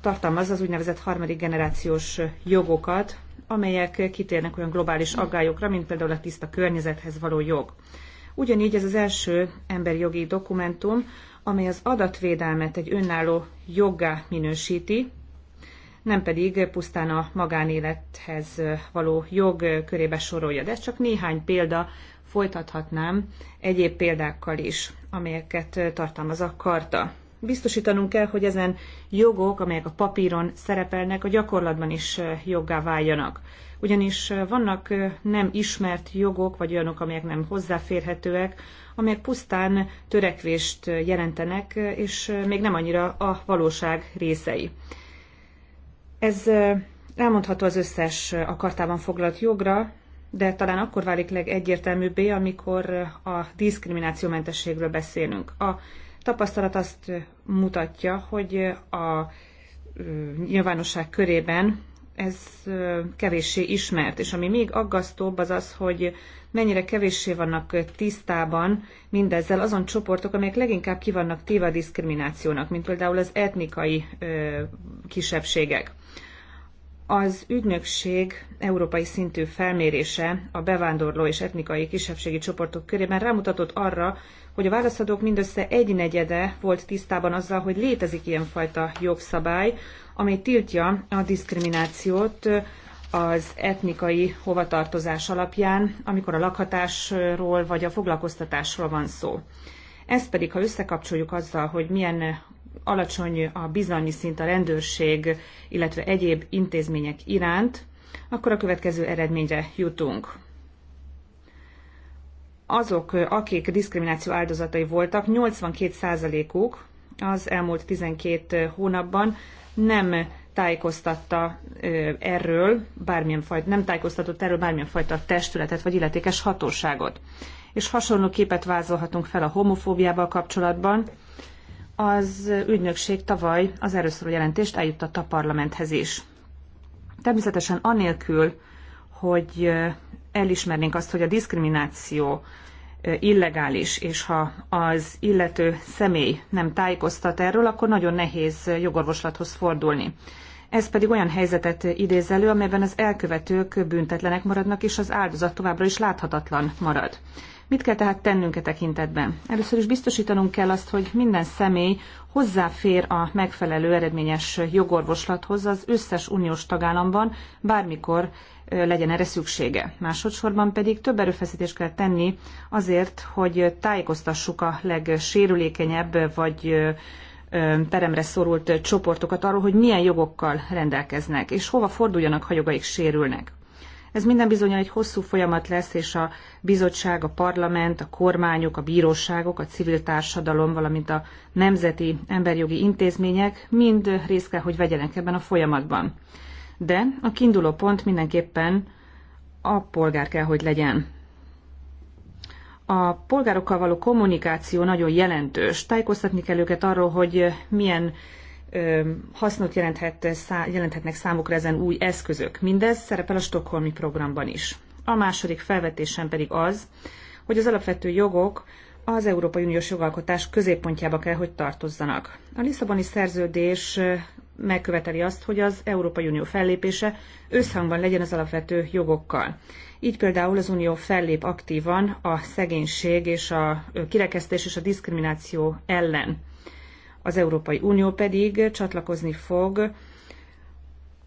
Tartalmaz az úgynevezett harmadik generációs jogokat, amelyek kitérnek olyan globális aggályokra, mint például a tiszta környezethez való jog. Ugyanígy ez az első emberi jogi dokumentum, amely az adatvédelmet egy önálló joggá minősíti, nem pedig pusztán a magánélethez való jog körébe sorolja. De ez csak néhány példa, folytathatnám egyéb példákkal is, amelyeket tartalmaz a karta. Biztosítanunk kell, hogy ezen jogok, amelyek a papíron szerepelnek, a gyakorlatban is joggá váljanak. Ugyanis vannak nem ismert jogok, vagy olyanok, amelyek nem hozzáférhetőek, amelyek pusztán törekvést jelentenek, és még nem annyira a valóság részei. Ez elmondható az összes a kartában foglalt jogra, de talán akkor válik legegyértelműbbé, amikor a diszkriminációmentességről beszélünk. A tapasztalat azt mutatja, hogy a nyilvánosság körében ez kevéssé ismert, és ami még aggasztóbb az az, hogy mennyire kevéssé vannak tisztában mindezzel azon csoportok, amelyek leginkább kivannak téve a diszkriminációnak, mint például az etnikai kisebbségek. Az ügynökség európai szintű felmérése a bevándorló és etnikai kisebbségi csoportok körében rámutatott arra, hogy a válaszadók mindössze egy negyede volt tisztában azzal, hogy létezik ilyenfajta jogszabály, amely tiltja a diszkriminációt az etnikai hovatartozás alapján, amikor a lakhatásról vagy a foglalkoztatásról van szó. Ezt pedig, ha összekapcsoljuk azzal, hogy milyen alacsony a bizalmi szint a rendőrség, illetve egyéb intézmények iránt, akkor a következő eredményre jutunk. Azok, akik diszkrimináció áldozatai voltak, 82%-uk az elmúlt 12 hónapban nem tájékoztatta erről bármilyen fajta, nem tájékoztatott erről bármilyen fajta testületet vagy illetékes hatóságot. És hasonló képet vázolhatunk fel a homofóbiával kapcsolatban. Az ügynökség tavaly az erről szóló jelentést eljuttatta a parlamenthez is. Természetesen anélkül, hogy elismernénk azt, hogy a diszkrimináció illegális, és ha az illető személy nem tájékoztat erről, akkor nagyon nehéz jogorvoslathoz fordulni. Ez pedig olyan helyzetet idéz elő, amelyben az elkövetők büntetlenek maradnak, és az áldozat továbbra is láthatatlan marad. Mit kell tehát tennünk e tekintetben? Először is biztosítanunk kell azt, hogy minden személy hozzáfér a megfelelő eredményes jogorvoslathoz az összes uniós tagállamban, bármikor legyen erre szüksége. Másodszorban pedig több erőfeszítést kell tenni azért, hogy tájékoztassuk a legsérülékenyebb vagy teremre szorult csoportokat arról, hogy milyen jogokkal rendelkeznek, és hova forduljanak, ha jogaik sérülnek. Ez minden bizonyal egy hosszú folyamat lesz, és a bizottság, a parlament, a kormányok, a bíróságok, a civil társadalom, valamint a nemzeti emberjogi intézmények mind részt kell, hogy vegyenek ebben a folyamatban de a kiinduló pont mindenképpen a polgár kell, hogy legyen. A polgárokkal való kommunikáció nagyon jelentős. Tájékoztatni kell őket arról, hogy milyen hasznot jelenthet, jelenthetnek számukra ezen új eszközök. Mindez szerepel a Stockholmi programban is. A második felvetésem pedig az, hogy az alapvető jogok az Európai Uniós jogalkotás középpontjába kell, hogy tartozzanak. A Lisszaboni szerződés megköveteli azt, hogy az Európai Unió fellépése összhangban legyen az alapvető jogokkal. Így például az Unió fellép aktívan a szegénység és a kirekesztés és a diszkrimináció ellen. Az Európai Unió pedig csatlakozni fog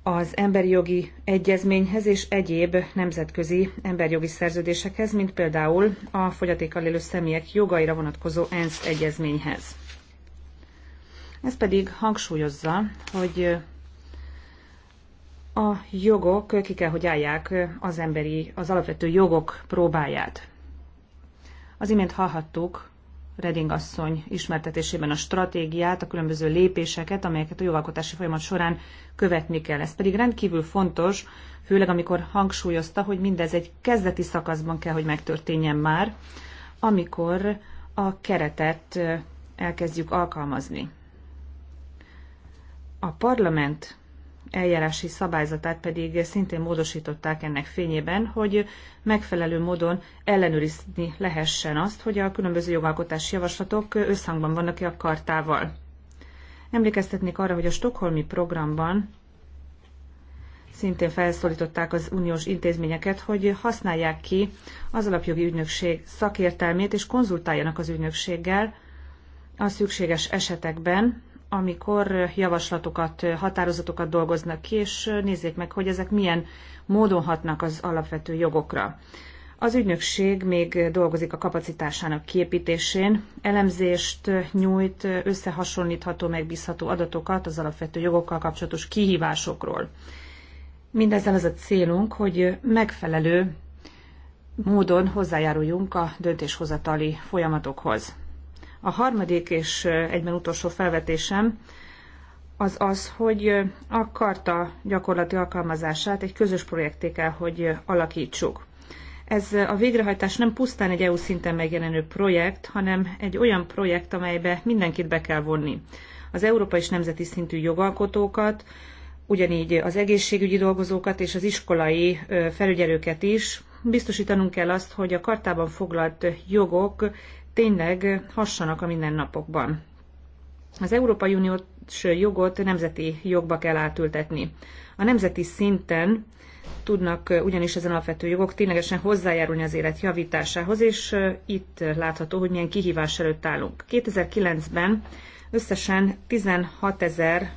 az emberi jogi egyezményhez és egyéb nemzetközi emberi jogi szerződésekhez, mint például a fogyatékkal élő személyek jogaira vonatkozó ENSZ egyezményhez. Ez pedig hangsúlyozza, hogy a jogok ki kell, hogy állják az emberi, az alapvető jogok próbáját. Az imént hallhattuk Reding asszony ismertetésében a stratégiát, a különböző lépéseket, amelyeket a jogalkotási folyamat során követni kell. Ez pedig rendkívül fontos, főleg amikor hangsúlyozta, hogy mindez egy kezdeti szakaszban kell, hogy megtörténjen már, amikor a keretet elkezdjük alkalmazni. A parlament eljárási szabályzatát pedig szintén módosították ennek fényében, hogy megfelelő módon ellenőrizni lehessen azt, hogy a különböző jogalkotási javaslatok összhangban vannak-e a kartával. Emlékeztetnék arra, hogy a Stockholmi programban szintén felszólították az uniós intézményeket, hogy használják ki az alapjogi ügynökség szakértelmét, és konzultáljanak az ügynökséggel a szükséges esetekben, amikor javaslatokat, határozatokat dolgoznak ki, és nézzék meg, hogy ezek milyen módon hatnak az alapvető jogokra. Az ügynökség még dolgozik a kapacitásának kiépítésén, elemzést nyújt, összehasonlítható, megbízható adatokat az alapvető jogokkal kapcsolatos kihívásokról. Mindezzel az a célunk, hogy megfelelő módon hozzájáruljunk a döntéshozatali folyamatokhoz. A harmadik és egyben utolsó felvetésem az az, hogy a karta gyakorlati alkalmazását egy közös projekté kell, hogy alakítsuk. Ez a végrehajtás nem pusztán egy EU szinten megjelenő projekt, hanem egy olyan projekt, amelybe mindenkit be kell vonni. Az európai és nemzeti szintű jogalkotókat, ugyanígy az egészségügyi dolgozókat és az iskolai felügyelőket is. Biztosítanunk kell azt, hogy a kartában foglalt jogok tényleg hassanak a mindennapokban. Az Európai Uniós jogot nemzeti jogba kell átültetni. A nemzeti szinten tudnak ugyanis ezen alapvető jogok ténylegesen hozzájárulni az élet javításához, és itt látható, hogy milyen kihívás előtt állunk. 2009-ben összesen 16 ezer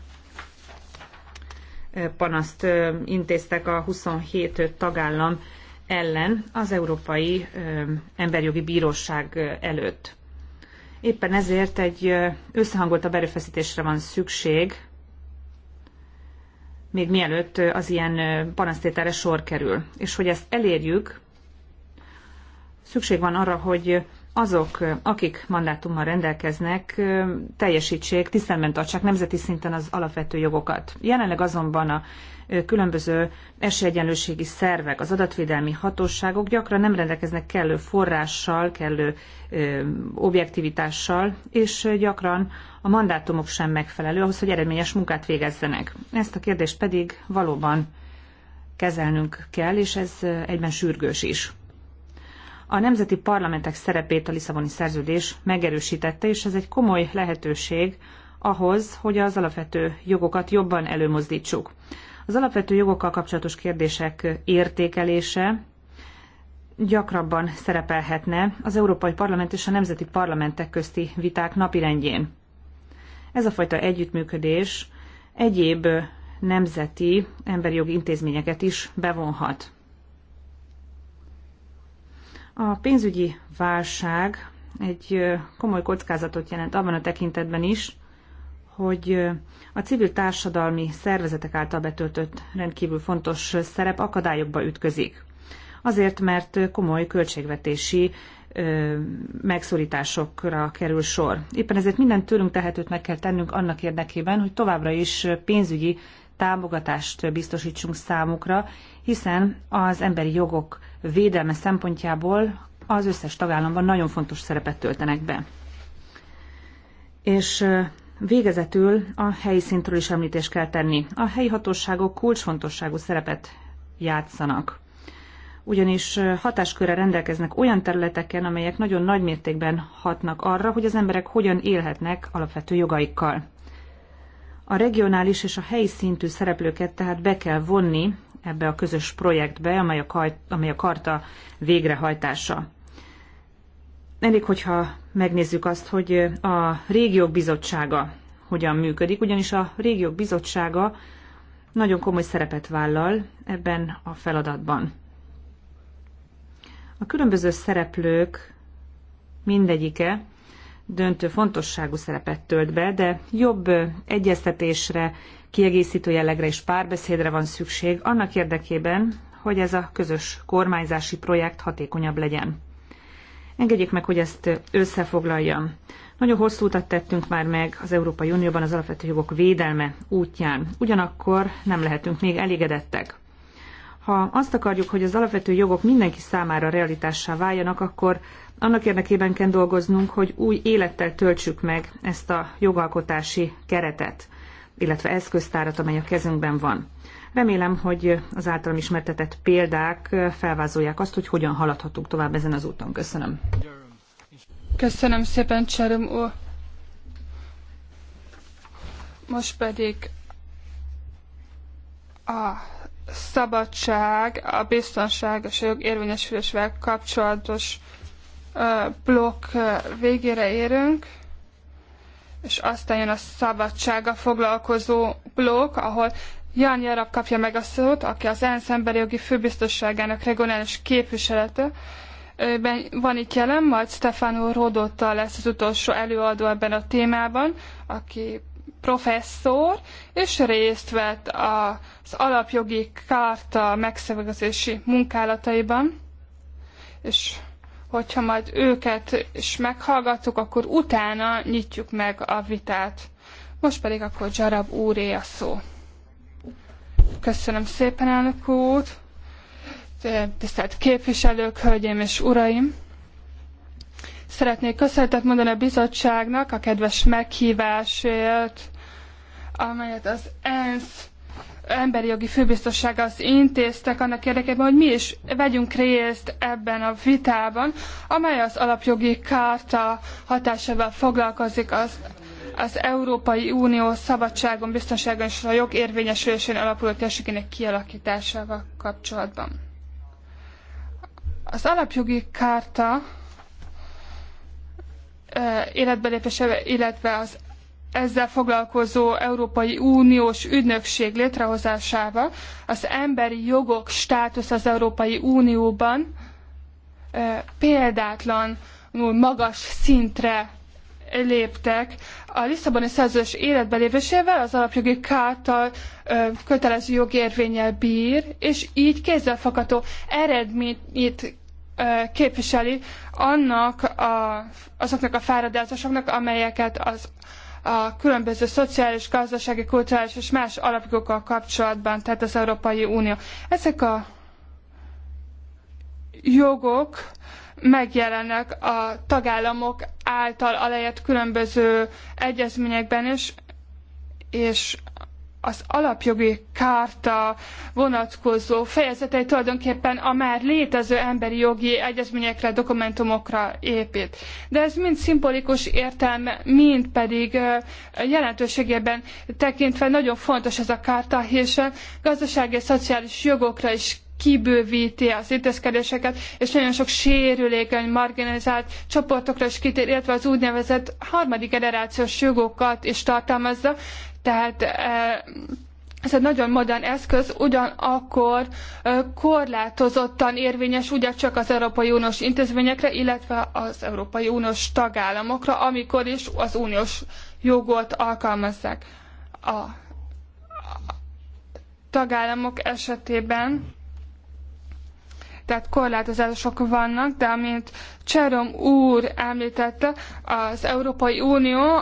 panaszt intéztek a 27 tagállam ellen az Európai Emberjogi Bíróság előtt. Éppen ezért egy összehangoltabb erőfeszítésre van szükség, még mielőtt az ilyen panasztételre sor kerül. És hogy ezt elérjük, szükség van arra, hogy azok, akik mandátummal rendelkeznek, teljesítsék, tisztelmen tartsák nemzeti szinten az alapvető jogokat. Jelenleg azonban a különböző esélyegyenlőségi szervek, az adatvédelmi hatóságok gyakran nem rendelkeznek kellő forrással, kellő objektivitással, és gyakran a mandátumok sem megfelelő ahhoz, hogy eredményes munkát végezzenek. Ezt a kérdést pedig valóban kezelnünk kell, és ez egyben sürgős is. A nemzeti parlamentek szerepét a Lisszaboni szerződés megerősítette, és ez egy komoly lehetőség ahhoz, hogy az alapvető jogokat jobban előmozdítsuk. Az alapvető jogokkal kapcsolatos kérdések értékelése gyakrabban szerepelhetne az Európai Parlament és a nemzeti parlamentek közti viták napirendjén. Ez a fajta együttműködés egyéb nemzeti emberi jogi intézményeket is bevonhat. A pénzügyi válság egy komoly kockázatot jelent abban a tekintetben is, hogy a civil társadalmi szervezetek által betöltött rendkívül fontos szerep akadályokba ütközik. Azért, mert komoly költségvetési megszorításokra kerül sor. Éppen ezért minden tőlünk tehetőt meg kell tennünk annak érdekében, hogy továbbra is pénzügyi támogatást biztosítsunk számukra, hiszen az emberi jogok védelme szempontjából az összes tagállamban nagyon fontos szerepet töltenek be. És végezetül a helyi szintről is említést kell tenni. A helyi hatóságok kulcsfontosságú szerepet játszanak ugyanis hatáskörre rendelkeznek olyan területeken, amelyek nagyon nagy mértékben hatnak arra, hogy az emberek hogyan élhetnek alapvető jogaikkal. A regionális és a helyi szintű szereplőket tehát be kell vonni ebbe a közös projektbe, amely a, kaj, amely a karta végrehajtása. Elég, hogyha megnézzük azt, hogy a régiók bizottsága hogyan működik, ugyanis a régiók bizottsága nagyon komoly szerepet vállal ebben a feladatban. A különböző szereplők mindegyike döntő fontosságú szerepet tölt be, de jobb egyeztetésre, kiegészítő jellegre és párbeszédre van szükség annak érdekében, hogy ez a közös kormányzási projekt hatékonyabb legyen. Engedjék meg, hogy ezt összefoglaljam. Nagyon hosszú utat tettünk már meg az Európai Unióban az alapvető jogok védelme útján. Ugyanakkor nem lehetünk még elégedettek. Ha azt akarjuk, hogy az alapvető jogok mindenki számára realitássá váljanak, akkor annak érdekében kell dolgoznunk, hogy új élettel töltsük meg ezt a jogalkotási keretet illetve eszköztárat, amely a kezünkben van. Remélem, hogy az általam ismertetett példák felvázolják azt, hogy hogyan haladhatunk tovább ezen az úton. Köszönöm. Köszönöm szépen, Cserem úr. Most pedig a szabadság, a biztonság és a jog érvényesülésvel kapcsolatos blokk végére érünk és aztán jön a szabadsága foglalkozó blokk, ahol Jan Jarab kapja meg a szót, aki az ENSZ emberi jogi főbiztosságának regionális képviselete. Ben, van itt jelen, majd Stefano Rodotta lesz az utolsó előadó ebben a témában, aki professzor, és részt vett az alapjogi kárta megszövegezési munkálataiban, és hogyha majd őket is meghallgattuk, akkor utána nyitjuk meg a vitát. Most pedig akkor Zsarab úré a szó. Köszönöm szépen, elnök úr! Tisztelt képviselők, hölgyeim és uraim! Szeretnék köszönetet mondani a bizottságnak a kedves meghívásért, amelyet az ENSZ emberi jogi főbiztossága azt intéztek annak érdekében, hogy mi is vegyünk részt ebben a vitában, amely az alapjogi kárta hatásával foglalkozik az, az Európai Unió szabadságon, biztonságon és a jog érvényesülésén alapuló térségének kialakításával kapcsolatban. Az alapjogi kárta életbelépése, illetve az ezzel foglalkozó Európai Uniós ügynökség létrehozásával az emberi jogok státusz az Európai Unióban példátlanul magas szintre léptek. A Lisszaboni szerződés életbe lévésével az alapjogi kárta kötelező jogi érvényel bír, és így kézzelfogható eredményt képviseli annak a, azoknak a fáradozásoknak, amelyeket az a különböző szociális, gazdasági, kulturális és más alapjogokkal kapcsolatban, tehát az Európai Unió. Ezek a jogok megjelennek a tagállamok által aláírt különböző egyezményekben is, és az alapjogi kárta vonatkozó fejezetei tulajdonképpen a már létező emberi jogi egyezményekre, dokumentumokra épít. De ez mind szimbolikus értelme, mind pedig jelentőségében tekintve nagyon fontos ez a kárta, hiszen gazdasági és szociális jogokra is kibővíti az intézkedéseket, és nagyon sok sérülékeny, marginalizált csoportokra is kitér, illetve az úgynevezett harmadik generációs jogokat is tartalmazza, tehát e, ez egy nagyon modern eszköz, ugyanakkor e, korlátozottan érvényes csak az Európai Uniós intézményekre, illetve az Európai Uniós tagállamokra, amikor is az uniós jogot alkalmazzák. A tagállamok esetében tehát korlátozások vannak, de amint Cserom úr említette, az Európai Unió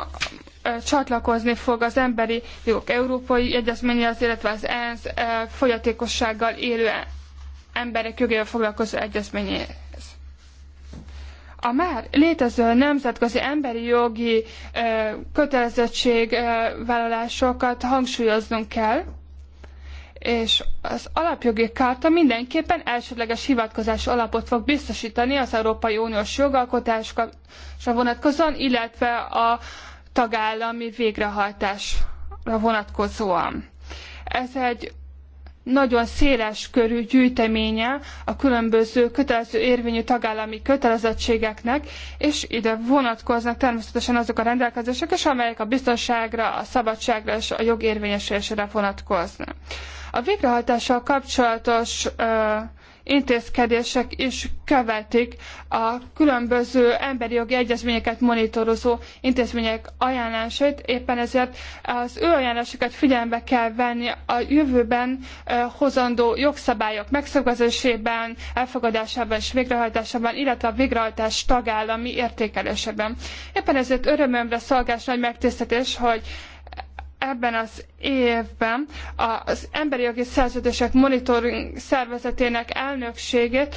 csatlakozni fog az emberi jogok európai egyezményéhez, illetve az ENSZ fogyatékossággal élő emberek jogaival foglalkozó egyezményéhez. A már létező nemzetközi emberi jogi kötelezettségvállalásokat hangsúlyoznunk kell, és az alapjogi kárta mindenképpen elsődleges hivatkozási alapot fog biztosítani az Európai Uniós jogalkotásra vonatkozóan, illetve a tagállami végrehajtásra vonatkozóan. Ez egy nagyon széles körű gyűjteménye a különböző kötelező érvényű tagállami kötelezettségeknek, és ide vonatkoznak természetesen azok a rendelkezések is, amelyek a biztonságra, a szabadságra és a jog érvényesülésére vonatkoznak. A végrehajtással kapcsolatos intézkedések is követik a különböző emberi jogi egyezményeket monitorozó intézmények ajánlásait. Éppen ezért az ő ajánlásokat figyelembe kell venni a jövőben hozandó jogszabályok megszögezésében, elfogadásában és végrehajtásában, illetve a végrehajtás tagállami értékelésében. Éppen ezért örömömre szolgás nagy megtisztelés, hogy ebben az évben az Emberi Jogi Szerződések Monitoring Szervezetének elnökségét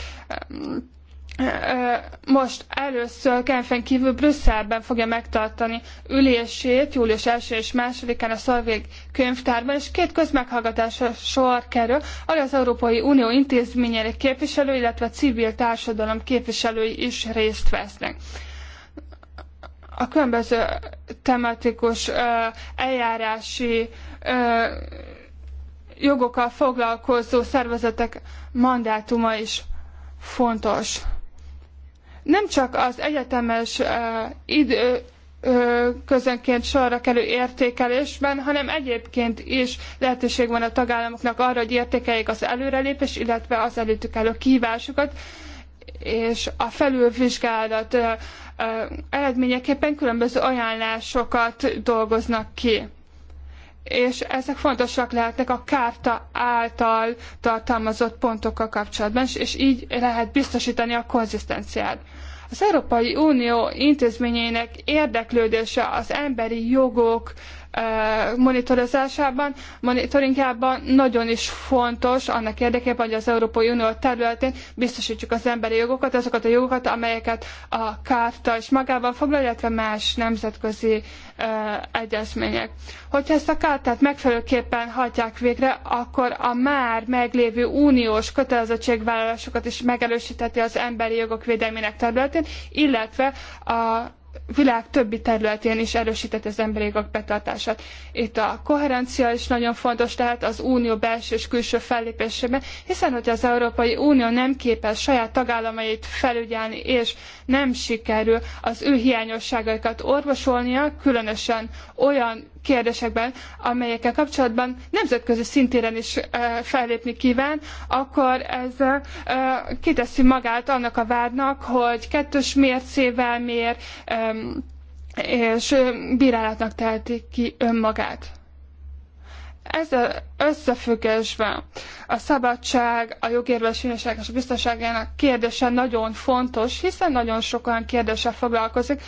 most először Genfen kívül Brüsszelben fogja megtartani ülését, július 1 és 2-án a Szalvég könyvtárban, és két közmeghallgatásra sor kerül, ahol az Európai Unió intézményeinek képviselői, illetve civil társadalom képviselői is részt vesznek a különböző tematikus eljárási jogokkal foglalkozó szervezetek mandátuma is fontos. Nem csak az egyetemes idő, közönként sorra kerül értékelésben, hanem egyébként is lehetőség van a tagállamoknak arra, hogy értékeljék az előrelépés, illetve az előttük álló kívásokat, és a felülvizsgálat eredményeképpen különböző ajánlásokat dolgoznak ki. És ezek fontosak lehetnek a kárta által tartalmazott pontokkal kapcsolatban, és így lehet biztosítani a konzisztenciát. Az Európai Unió intézményeinek érdeklődése az emberi jogok monitorozásában, monitoringjában nagyon is fontos annak érdekében, hogy az Európai Unió területén biztosítsuk az emberi jogokat, azokat a jogokat, amelyeket a kárta is magában foglal, illetve más nemzetközi egyezmények. Hogyha ezt a kártát megfelelőképpen hajtják végre, akkor a már meglévő uniós kötelezettségvállalásokat is megerősítheti az emberi jogok védelmének területén, illetve a világ többi területén is erősített az emberi jogok betartását. Itt a koherencia is nagyon fontos, tehát az unió belső és külső fellépésében, hiszen hogyha az Európai Unió nem képes saját tagállamait felügyelni, és nem sikerül az ő hiányosságaikat orvosolnia, különösen olyan kérdésekben, amelyekkel kapcsolatban nemzetközi szintéren is fellépni kíván, akkor ez kiteszi magát annak a vádnak, hogy kettős mércével mér, és bírálatnak teheti ki önmagát. Ez a összefüggésben a szabadság, a jogérvényesülések és a biztonságának kérdése nagyon fontos, hiszen nagyon sok olyan kérdéssel foglalkozik,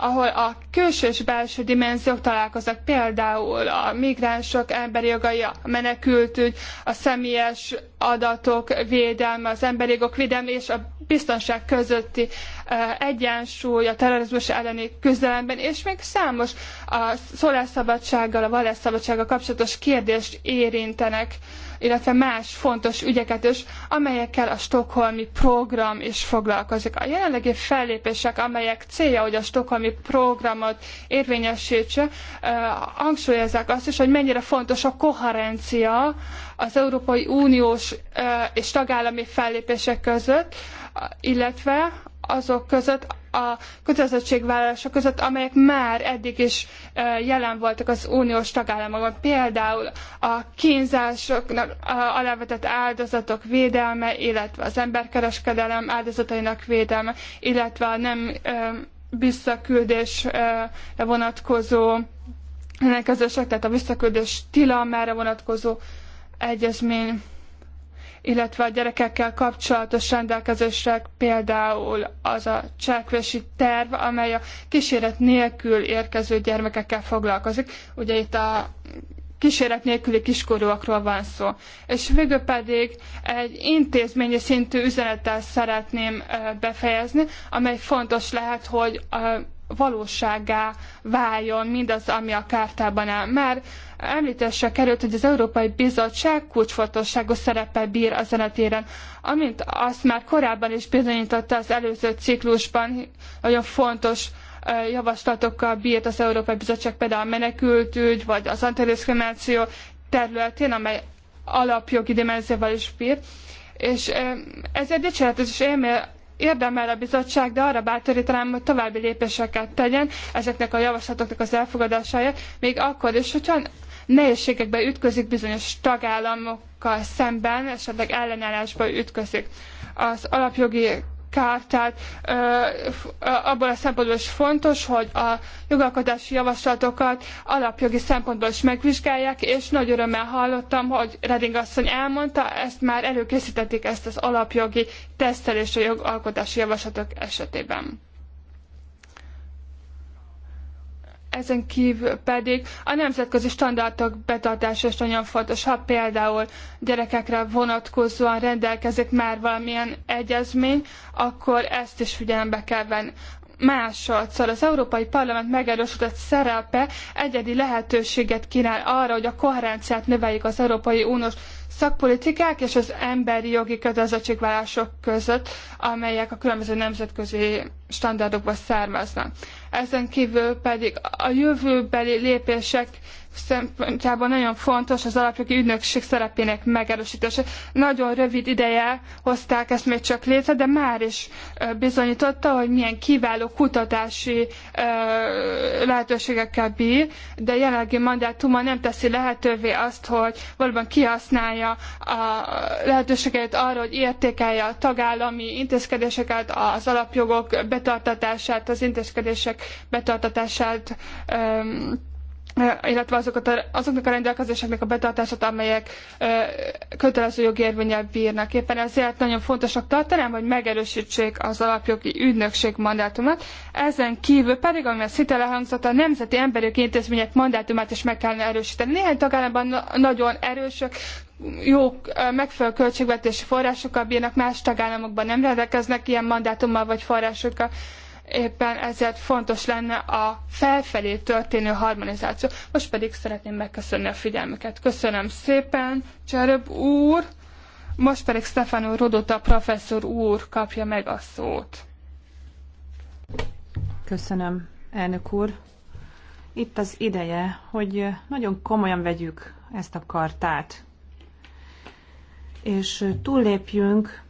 ahol a külső és belső dimenziók találkoznak, például a migránsok emberi jogai, a menekültügy, a személyes adatok védelme, az emberi jogok védelme és a biztonság közötti e, egyensúly a terrorizmus elleni küzdelemben, és még számos a szólásszabadsággal, a vallásszabadsággal kapcsolatos kérdést érintenek, illetve más fontos ügyeket is, amelyekkel a Stockholmi program is foglalkozik. A jelenlegi fellépések, amelyek célja, hogy a Stockholmi programot érvényesítse, eh, hangsúlyozzák azt is, hogy mennyire fontos a koherencia az Európai Uniós eh, és tagállami fellépések között, illetve azok között a kötelezettségvállalása között, amelyek már eddig is jelen voltak az uniós tagállamokban. Például a kínzásoknak alávetett áldozatok védelme, illetve az emberkereskedelem áldozatainak védelme, illetve a nem visszaküldésre vonatkozó rendelkezések, tehát a visszaküldés tilalmára vonatkozó egyezmény illetve a gyerekekkel kapcsolatos rendelkezések, például az a cselekvési terv, amely a kíséret nélkül érkező gyermekekkel foglalkozik. Ugye itt a kíséret nélküli kiskorúakról van szó. És végül pedig egy intézményi szintű üzenettel szeretném befejezni, amely fontos lehet, hogy valóságá váljon mindaz, ami a kártában áll. Már említésre került, hogy az Európai Bizottság kulcsfontosságú szerepe bír ezen a téren, amint azt már korábban is bizonyította az előző ciklusban, nagyon fontos javaslatokkal bírt az Európai Bizottság, például a menekültügy, vagy az antidiszkrimináció területén, amely alapjogi dimenzióval is bír. És ezért dicséretes élmény érdemel a bizottság, de arra bátorítanám, hogy további lépéseket tegyen ezeknek a javaslatoknak az elfogadásáért, még akkor is, hogyha nehézségekbe ütközik bizonyos tagállamokkal szemben, esetleg ellenállásba ütközik. Az alapjogi kártát. Abból a szempontból is fontos, hogy a jogalkotási javaslatokat alapjogi szempontból is megvizsgálják, és nagy örömmel hallottam, hogy Reding asszony elmondta, ezt már előkészítették ezt az alapjogi tesztelést a jogalkotási javaslatok esetében. ezen kívül pedig a nemzetközi standardok betartása is nagyon fontos, ha például gyerekekre vonatkozóan rendelkezik már valamilyen egyezmény, akkor ezt is figyelembe kell venni. Másodszor az Európai Parlament megerősödött szerepe egyedi lehetőséget kínál arra, hogy a koherenciát növeljük az Európai Uniós szakpolitikák és az emberi jogi kötelezettségvállások között, amelyek a különböző nemzetközi standardokból származnak ezen kvül pedig a jövőbeli lépések szempontjából nagyon fontos az alapjogi ügynökség szerepének megerősítése. Nagyon rövid ideje hozták ezt még csak létre, de már is bizonyította, hogy milyen kiváló kutatási lehetőségekkel bír, de jelenlegi mandátuma nem teszi lehetővé azt, hogy valóban kihasználja a lehetőségeit, arra, hogy értékelje a tagállami intézkedéseket, az alapjogok betartatását, az intézkedések betartatását illetve azokat a, azoknak a rendelkezéseknek a betartását, amelyek kötelező jogi érvényel bírnak. Éppen ezért nagyon fontosnak tartanám, hogy megerősítsék az alapjogi ügynökség mandátumát. Ezen kívül pedig, ami a szinte elhangzott, a Nemzeti emberi jogi Intézmények mandátumát is meg kellene erősíteni. Néhány tagállamban nagyon erősök, jó megfelelő költségvetési forrásokkal bírnak, más tagállamokban nem rendelkeznek ilyen mandátummal vagy forrásokkal éppen ezért fontos lenne a felfelé történő harmonizáció. Most pedig szeretném megköszönni a figyelmüket. Köszönöm szépen, Cseröb úr! Most pedig Stefano Rodota professzor úr kapja meg a szót. Köszönöm, elnök úr. Itt az ideje, hogy nagyon komolyan vegyük ezt a kartát, és túllépjünk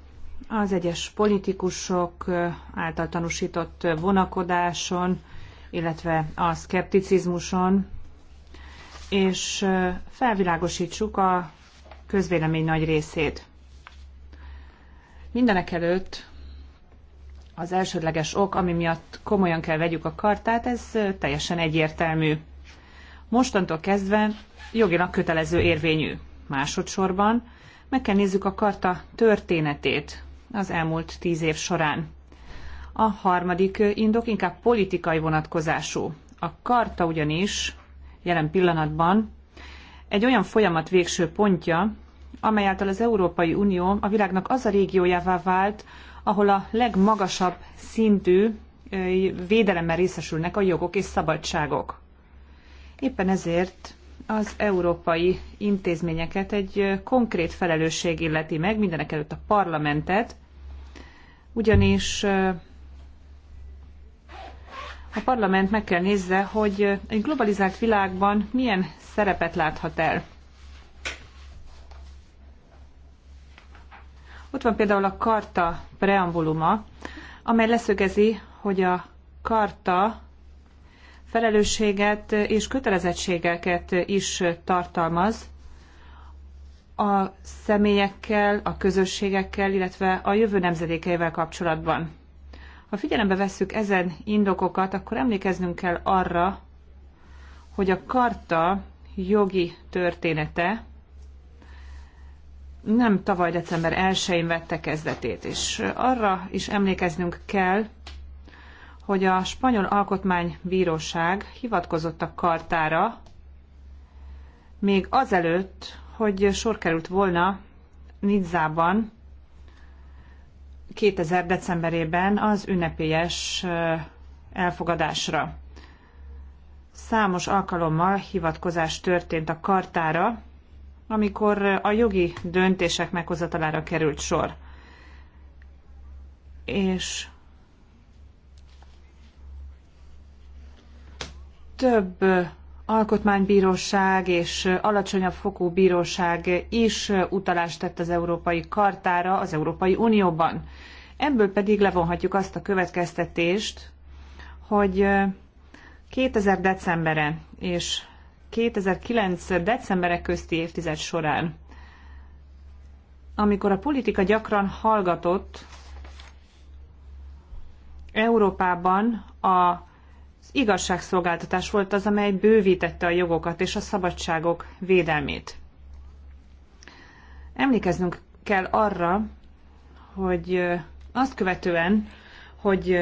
az egyes politikusok által tanúsított vonakodáson, illetve a szkepticizmuson, és felvilágosítsuk a közvélemény nagy részét. Mindenek előtt az elsődleges ok, ami miatt komolyan kell vegyük a kartát, ez teljesen egyértelmű. Mostantól kezdve jogilag kötelező érvényű. Másodszorban meg kell nézzük a karta történetét, az elmúlt tíz év során. A harmadik indok inkább politikai vonatkozású. A karta ugyanis jelen pillanatban egy olyan folyamat végső pontja, amely által az Európai Unió a világnak az a régiójává vált, ahol a legmagasabb szintű védelemmel részesülnek a jogok és szabadságok. Éppen ezért az európai intézményeket egy konkrét felelősség illeti meg, mindenek előtt a parlamentet, ugyanis a parlament meg kell nézze, hogy egy globalizált világban milyen szerepet láthat el. Ott van például a karta preambuluma, amely leszögezi, hogy a karta felelősséget és kötelezettségeket is tartalmaz, a személyekkel, a közösségekkel, illetve a jövő nemzedékeivel kapcsolatban. Ha figyelembe vesszük ezen indokokat, akkor emlékeznünk kell arra, hogy a karta jogi története nem tavaly december 1-én vette kezdetét, és arra is emlékeznünk kell, hogy a Spanyol Alkotmánybíróság hivatkozott a kartára még azelőtt, hogy sor került volna Nizzában 2000. decemberében az ünnepélyes elfogadásra. Számos alkalommal hivatkozás történt a kartára, amikor a jogi döntések meghozatalára került sor. És több alkotmánybíróság és alacsonyabb fokú bíróság is utalást tett az Európai Kartára az Európai Unióban. Ebből pedig levonhatjuk azt a következtetést, hogy 2000 decembere és 2009 decembere közti évtized során, amikor a politika gyakran hallgatott, Európában a igazságszolgáltatás volt az, amely bővítette a jogokat és a szabadságok védelmét. Emlékeznünk kell arra, hogy azt követően, hogy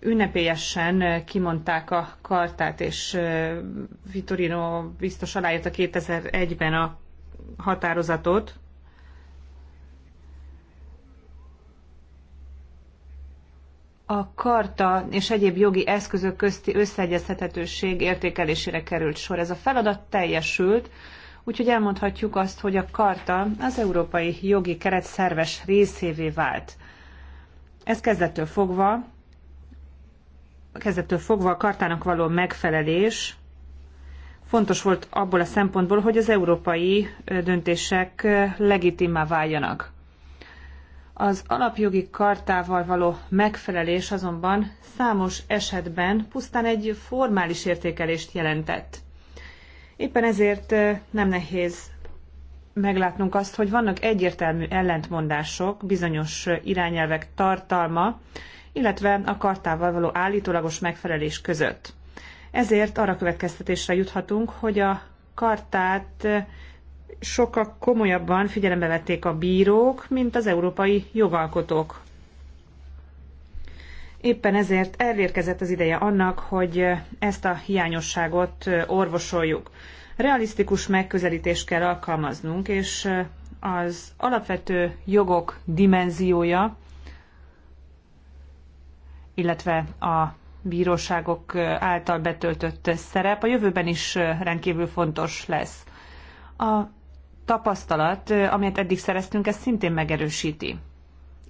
ünnepélyesen kimondták a kartát, és Vitorino biztos aláírta 2001-ben a határozatot, a karta és egyéb jogi eszközök közti összeegyezhetetőség értékelésére került sor. Ez a feladat teljesült, úgyhogy elmondhatjuk azt, hogy a karta az európai jogi keret szerves részévé vált. Ez kezdettől fogva, kezdettől fogva a kartának való megfelelés fontos volt abból a szempontból, hogy az európai döntések legitimá váljanak. Az alapjogi kartával való megfelelés azonban számos esetben pusztán egy formális értékelést jelentett. Éppen ezért nem nehéz meglátnunk azt, hogy vannak egyértelmű ellentmondások bizonyos irányelvek tartalma, illetve a kartával való állítólagos megfelelés között. Ezért arra következtetésre juthatunk, hogy a kartát sokkal komolyabban figyelembe vették a bírók, mint az európai jogalkotók. Éppen ezért elérkezett az ideje annak, hogy ezt a hiányosságot orvosoljuk. Realisztikus megközelítést kell alkalmaznunk, és az alapvető jogok dimenziója, illetve a bíróságok által betöltött szerep a jövőben is rendkívül fontos lesz. A tapasztalat, amelyet eddig szereztünk, ez szintén megerősíti.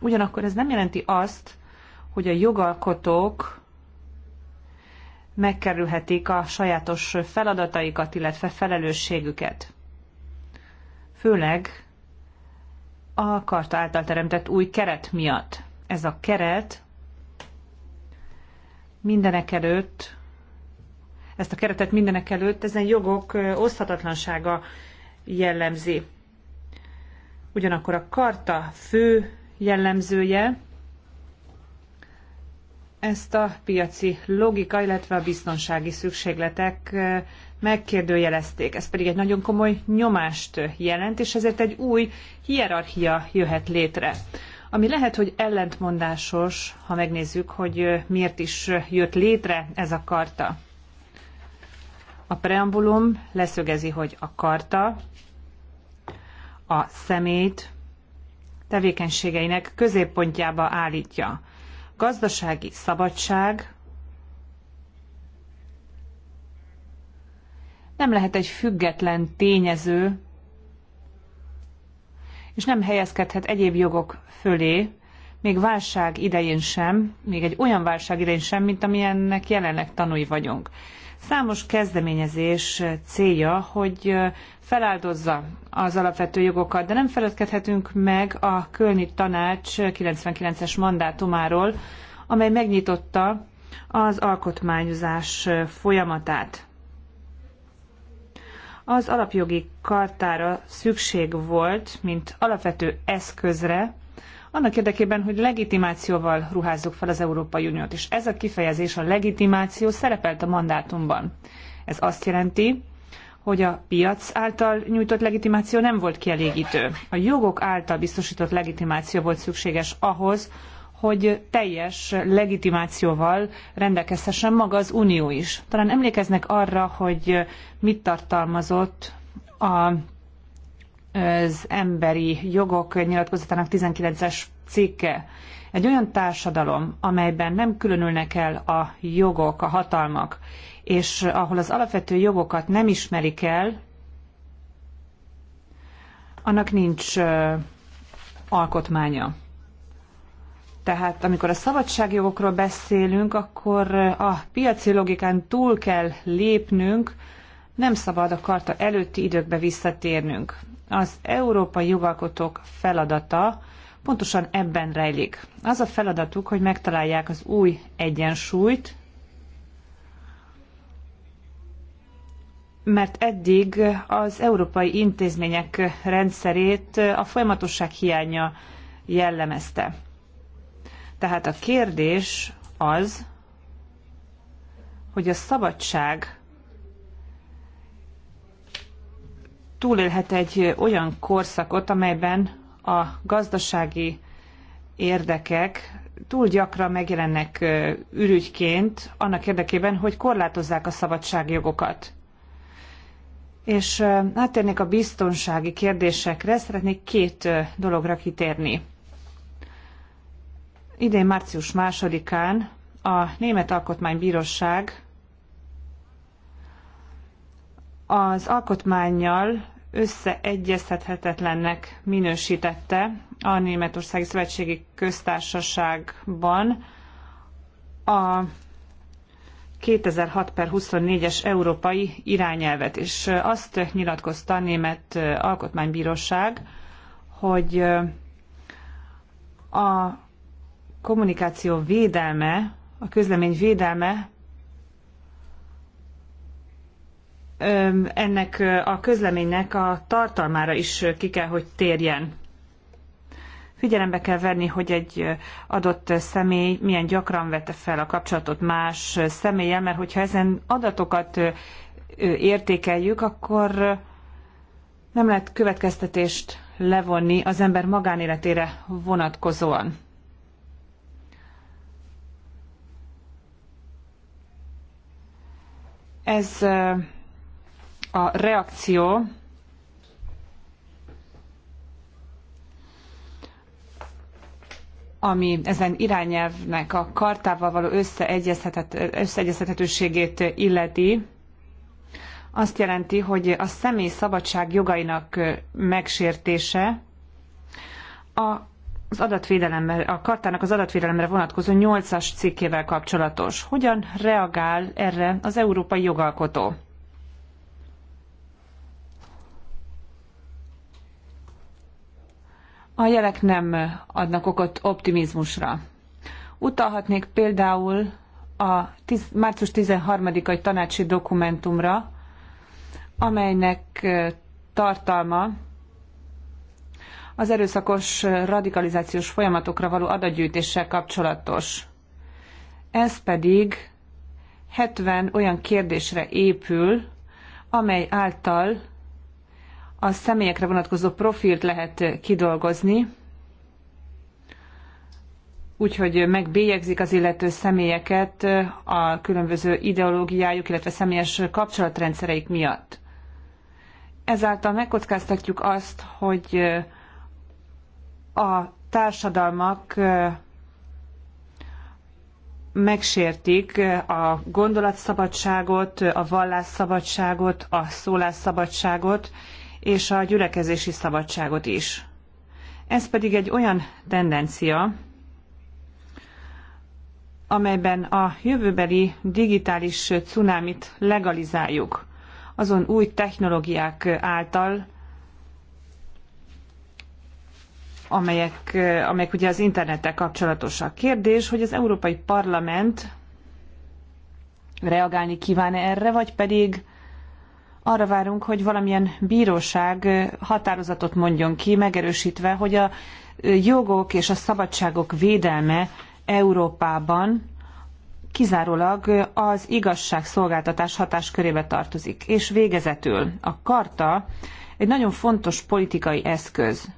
Ugyanakkor ez nem jelenti azt, hogy a jogalkotók megkerülhetik a sajátos feladataikat, illetve felelősségüket. Főleg a karta által teremtett új keret miatt. Ez a keret mindenek előtt, ezt a keretet mindenek előtt ezen jogok oszthatatlansága jellemzi. Ugyanakkor a karta fő jellemzője ezt a piaci logika, illetve a biztonsági szükségletek megkérdőjelezték. Ez pedig egy nagyon komoly nyomást jelent, és ezért egy új hierarchia jöhet létre. Ami lehet, hogy ellentmondásos, ha megnézzük, hogy miért is jött létre ez a karta. A preambulum leszögezi, hogy a karta a szemét tevékenységeinek középpontjába állítja. Gazdasági szabadság nem lehet egy független tényező, és nem helyezkedhet egyéb jogok fölé, még válság idején sem, még egy olyan válság idején sem, mint amilyennek jelenleg tanúi vagyunk. Számos kezdeményezés célja, hogy feláldozza az alapvető jogokat, de nem feledkedhetünk meg a Kölni Tanács 99-es mandátumáról, amely megnyitotta az alkotmányozás folyamatát. Az alapjogi kartára szükség volt, mint alapvető eszközre, annak érdekében, hogy legitimációval ruházzuk fel az Európai Uniót. És ez a kifejezés, a legitimáció szerepelt a mandátumban. Ez azt jelenti, hogy a piac által nyújtott legitimáció nem volt kielégítő. A jogok által biztosított legitimáció volt szükséges ahhoz, hogy teljes legitimációval rendelkezhessen maga az Unió is. Talán emlékeznek arra, hogy mit tartalmazott a az emberi jogok nyilatkozatának 19-es cikke. Egy olyan társadalom, amelyben nem különülnek el a jogok, a hatalmak, és ahol az alapvető jogokat nem ismerik el, annak nincs alkotmánya. Tehát amikor a szabadságjogokról beszélünk, akkor a piaci logikán túl kell lépnünk, nem szabad a karta előtti időkbe visszatérnünk. Az európai jogalkotók feladata pontosan ebben rejlik. Az a feladatuk, hogy megtalálják az új egyensúlyt, mert eddig az európai intézmények rendszerét a folyamatosság hiánya jellemezte. Tehát a kérdés az, hogy a szabadság túlélhet egy olyan korszakot, amelyben a gazdasági érdekek túl gyakran megjelennek ürügyként annak érdekében, hogy korlátozzák a szabadságjogokat. És áttérnék a biztonsági kérdésekre, szeretnék két dologra kitérni. Idén március másodikán a Német Alkotmánybíróság az alkotmányjal összeegyeztethetetlennek minősítette a Németországi Szövetségi Köztársaságban a 2006 per 24-es európai irányelvet, és azt nyilatkozta a Német Alkotmánybíróság, hogy a kommunikáció védelme, a közlemény védelme ennek a közleménynek a tartalmára is ki kell, hogy térjen. Figyelembe kell venni, hogy egy adott személy milyen gyakran vette fel a kapcsolatot más személlyel, mert hogyha ezen adatokat értékeljük, akkor nem lehet következtetést levonni az ember magánéletére vonatkozóan. Ez a reakció ami ezen irányelvnek a kartával való összeegyeztethetőségét illeti, azt jelenti, hogy a személy szabadság jogainak megsértése a az adatvédelemre, a kartának az adatvédelemre vonatkozó 8-as cikkével kapcsolatos. Hogyan reagál erre az európai jogalkotó? A jelek nem adnak okot optimizmusra. Utalhatnék például a tiz, március 13-ai tanácsi dokumentumra, amelynek tartalma az erőszakos radikalizációs folyamatokra való adatgyűjtéssel kapcsolatos. Ez pedig 70 olyan kérdésre épül, amely által a személyekre vonatkozó profilt lehet kidolgozni, úgyhogy megbélyegzik az illető személyeket a különböző ideológiájuk, illetve személyes kapcsolatrendszereik miatt. Ezáltal megkockáztatjuk azt, hogy a társadalmak megsértik a gondolatszabadságot, a vallásszabadságot, a szólásszabadságot, és a gyülekezési szabadságot is. Ez pedig egy olyan tendencia, amelyben a jövőbeli digitális cunámit legalizáljuk azon új technológiák által, amelyek, amelyek ugye az internettel kapcsolatosak. Kérdés, hogy az Európai Parlament reagálni kíván -e erre, vagy pedig arra várunk, hogy valamilyen bíróság határozatot mondjon ki, megerősítve, hogy a jogok és a szabadságok védelme Európában kizárólag az igazságszolgáltatás hatáskörébe tartozik. És végezetül a karta egy nagyon fontos politikai eszköz.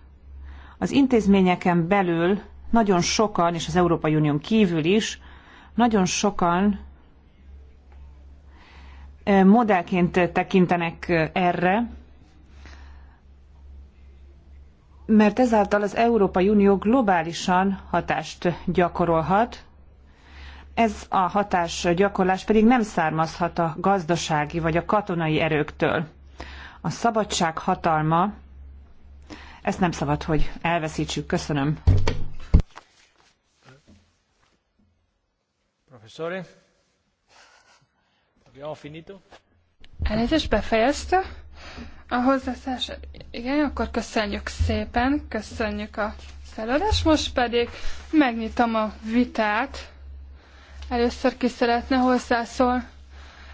Az intézményeken belül nagyon sokan, és az Európai Unión kívül is, nagyon sokan modellként tekintenek erre, mert ezáltal az Európai Unió globálisan hatást gyakorolhat, ez a hatás gyakorlás pedig nem származhat a gazdasági vagy a katonai erőktől. A szabadság hatalma, ezt nem szabad, hogy elveszítsük. Köszönöm. Professori. Abbiamo finito? Elnézést, befejezte a hozzászás. Igen, akkor köszönjük szépen, köszönjük a előadást. Most pedig megnyitom a vitát. Először ki szeretne hozzászól?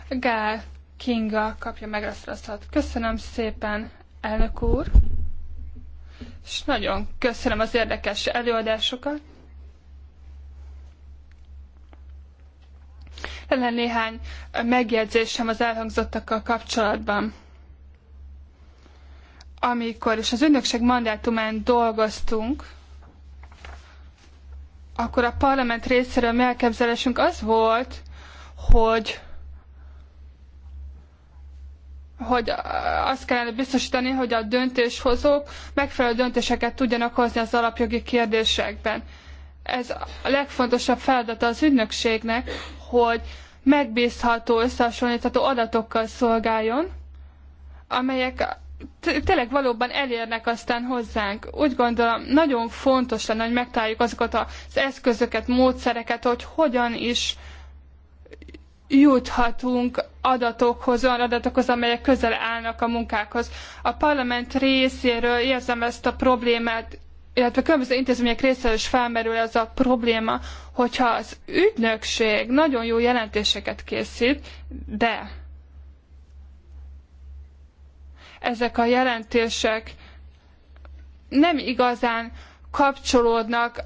Gál Kinga kapja meg a szót. Köszönöm szépen, elnök úr, és nagyon köszönöm az érdekes előadásokat. Lenne néhány megjegyzésem az elhangzottakkal kapcsolatban. Amikor is az ügynökség mandátumán dolgoztunk, akkor a parlament részéről mi elképzelésünk az volt, hogy hogy azt kellene biztosítani, hogy a döntéshozók megfelelő döntéseket tudjanak hozni az alapjogi kérdésekben ez a legfontosabb feladata az ügynökségnek, hogy megbízható, összehasonlítható adatokkal szolgáljon, amelyek tényleg valóban elérnek aztán hozzánk. Úgy gondolom, nagyon fontos lenne, hogy megtaláljuk azokat az eszközöket, módszereket, hogy hogyan is juthatunk adatokhoz, olyan adatokhoz, amelyek közel állnak a munkákhoz. A parlament részéről érzem ezt a problémát, illetve különböző intézmények részéről is felmerül ez a probléma, hogyha az ügynökség nagyon jó jelentéseket készít, de ezek a jelentések nem igazán kapcsolódnak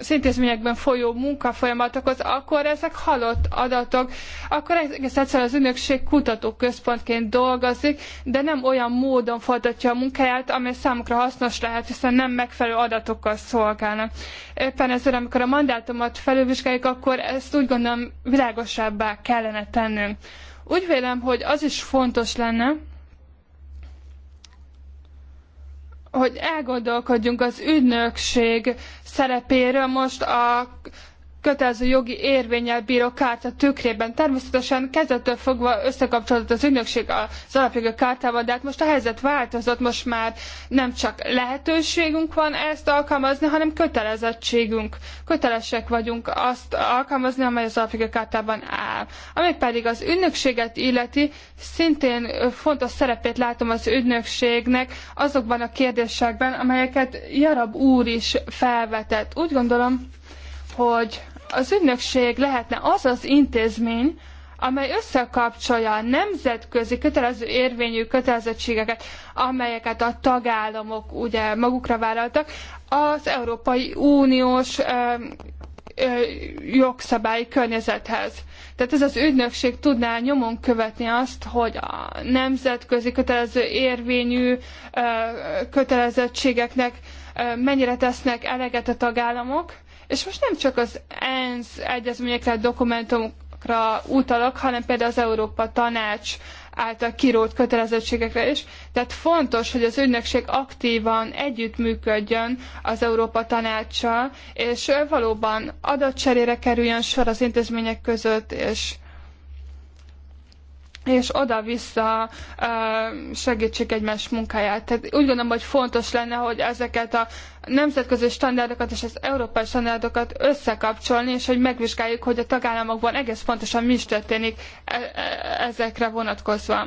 az intézményekben folyó munkafolyamatokhoz, akkor ezek halott adatok, akkor egész egyszerűen az ügynökség kutatóközpontként dolgozik, de nem olyan módon folytatja a munkáját, amely számukra hasznos lehet, hiszen nem megfelelő adatokkal szolgálnak. Éppen ezért, amikor a mandátumot felülvizsgáljuk, akkor ezt úgy gondolom világosabbá kellene tennünk. Úgy vélem, hogy az is fontos lenne, hogy elgondolkodjunk az ügynökség szerepéről most a kötelező jogi érvényel bíró kártya tükrében. Természetesen kezdettől fogva összekapcsolódott az ügynökség az alapjogi kártával, de hát most a helyzet változott, most már nem csak lehetőségünk van ezt alkalmazni, hanem kötelezettségünk. Kötelesek vagyunk azt alkalmazni, amely az alapjogi kártában áll. Ami pedig az ügynökséget illeti, szintén fontos szerepét látom az ügynökségnek azokban a kérdésekben, amelyeket Jarab úr is felvetett. Úgy gondolom, hogy az ügynökség lehetne az az intézmény, amely összekapcsolja a nemzetközi kötelező érvényű kötelezettségeket, amelyeket a tagállamok ugye magukra vállaltak, az Európai Uniós ö, ö, jogszabályi környezethez. Tehát ez az ügynökség tudná nyomon követni azt, hogy a nemzetközi kötelező érvényű ö, kötelezettségeknek mennyire tesznek eleget a tagállamok, és most nem csak az ENSZ egyezményekre, dokumentumokra utalok, hanem például az Európa Tanács által kirót kötelezettségekre is. Tehát fontos, hogy az ügynökség aktívan együttműködjön az Európa Tanácssal, és valóban adatcserére kerüljön sor az intézmények között, és és oda-vissza segítsék egymás munkáját. Tehát úgy gondolom, hogy fontos lenne, hogy ezeket a nemzetközi standardokat és az európai standardokat összekapcsolni, és hogy megvizsgáljuk, hogy a tagállamokban egész pontosan mi is történik e- e- ezekre vonatkozva